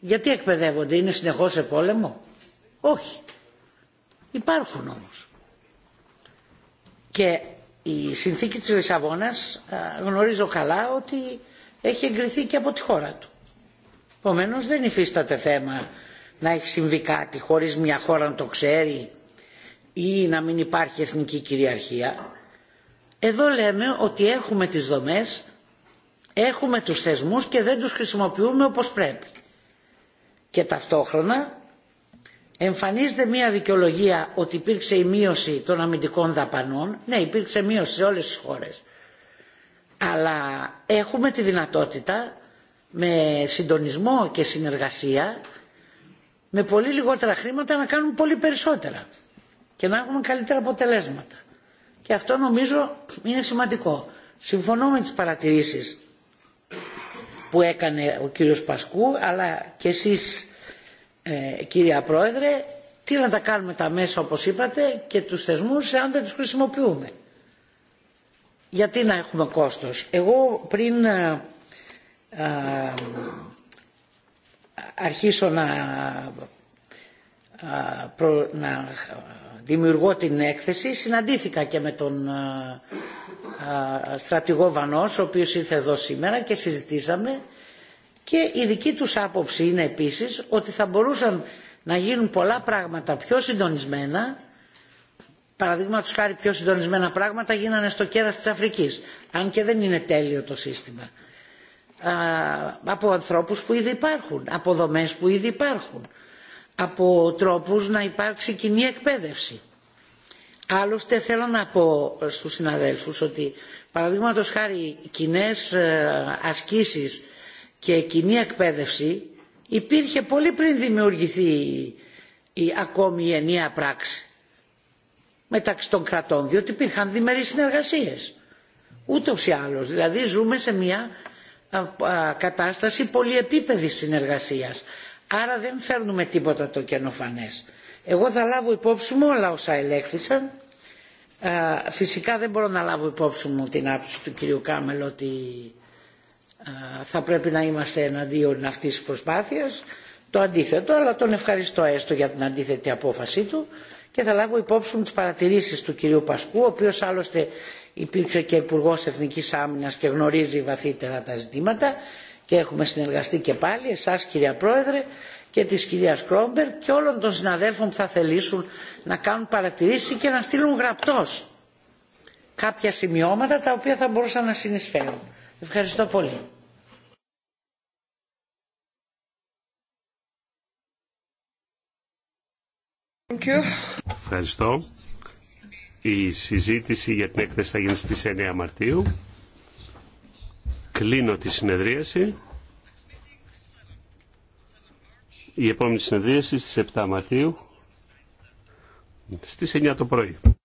Γιατί εκπαιδεύονται, είναι συνεχώς σε πόλεμο. Όχι. Υπάρχουν όμως. Και η συνθήκη της Λισαβόνας ε, γνωρίζω καλά ότι έχει εγκριθεί και από τη χώρα του. Επομένω δεν υφίσταται θέμα να έχει συμβεί κάτι χωρίς μια χώρα να το ξέρει ή να μην υπάρχει εθνική κυριαρχία. Εδώ λέμε ότι έχουμε τις δομές, έχουμε τους θεσμούς και δεν τους χρησιμοποιούμε όπως πρέπει. Και ταυτόχρονα εμφανίζεται μια δικαιολογία ότι υπήρξε η μείωση των αμυντικών δαπανών. Ναι, υπήρξε μείωση σε όλες τις χώρες. Αλλά έχουμε τη δυνατότητα με συντονισμό και συνεργασία με πολύ λιγότερα χρήματα να κάνουμε πολύ περισσότερα και να έχουμε καλύτερα αποτελέσματα και αυτό νομίζω είναι σημαντικό. Συμφωνώ με τις παρατηρήσεις που έκανε ο κύριος Πασκού αλλά και εσείς ε, κυρία Πρόεδρε τι να τα κάνουμε τα μέσα όπως είπατε και τους θεσμούς αν δεν τους χρησιμοποιούμε. Γιατί να έχουμε κόστος. Εγώ πριν α, ε, ε, αρχίσω να, να δημιουργώ την έκθεση συναντήθηκα και με τον ε, ε, στρατηγό Βανός ο οποίος ήρθε εδώ σήμερα και συζητήσαμε και η δική τους άποψη είναι επίσης ότι θα μπορούσαν να γίνουν πολλά πράγματα πιο συντονισμένα παραδείγματος χάρη πιο συντονισμένα πράγματα γίνανε στο κέρας της Αφρικής αν και δεν είναι τέλειο το σύστημα από ανθρώπους που ήδη υπάρχουν από δομές που ήδη υπάρχουν από τρόπους να υπάρξει κοινή εκπαίδευση. Άλλωστε θέλω να πω στους συναδέλφους ότι παραδείγματο χάρη κοινέ ε, ασκήσεις και κοινή εκπαίδευση υπήρχε πολύ πριν δημιουργηθεί η, ακόμη η ενιαία πράξη μεταξύ των κρατών διότι υπήρχαν διμερείς συνεργασίες ούτως ή άλλως δηλαδή ζούμε σε μια ε, κατάσταση πολυεπίπεδης συνεργασίας Άρα δεν φέρνουμε τίποτα το καινοφανές. Εγώ θα λάβω υπόψη μου όλα όσα ελέγχθησαν. Ε, φυσικά δεν μπορώ να λάβω υπόψη μου την άποψη του κυρίου Κάμελ ότι ε, θα πρέπει να είμαστε εναντίον αυτής της προσπάθειας. Το αντίθετο, αλλά τον ευχαριστώ έστω για την αντίθετη απόφασή του και θα λάβω υπόψη μου τις παρατηρήσεις του κυρίου Πασκού, ο οποίος άλλωστε υπήρξε και υπουργό Εθνικής Άμυνας και γνωρίζει βαθύτερα τα ζητήματα και έχουμε συνεργαστεί και πάλι, εσάς κυρία Πρόεδρε και της κυρίας Κρόμπερ και όλων των συναδέλφων που θα θελήσουν να κάνουν παρατηρήσεις και να στείλουν γραπτός κάποια σημειώματα τα οποία θα μπορούσαν να συνεισφέρουν. Ευχαριστώ πολύ. Ευχαριστώ. Η συζήτηση για την έκθεση θα γίνει στις 9 Μαρτίου. Κλείνω τη συνεδρίαση. Η επόμενη συνεδρίαση στις 7 Μαρτίου στις 9 το πρωί.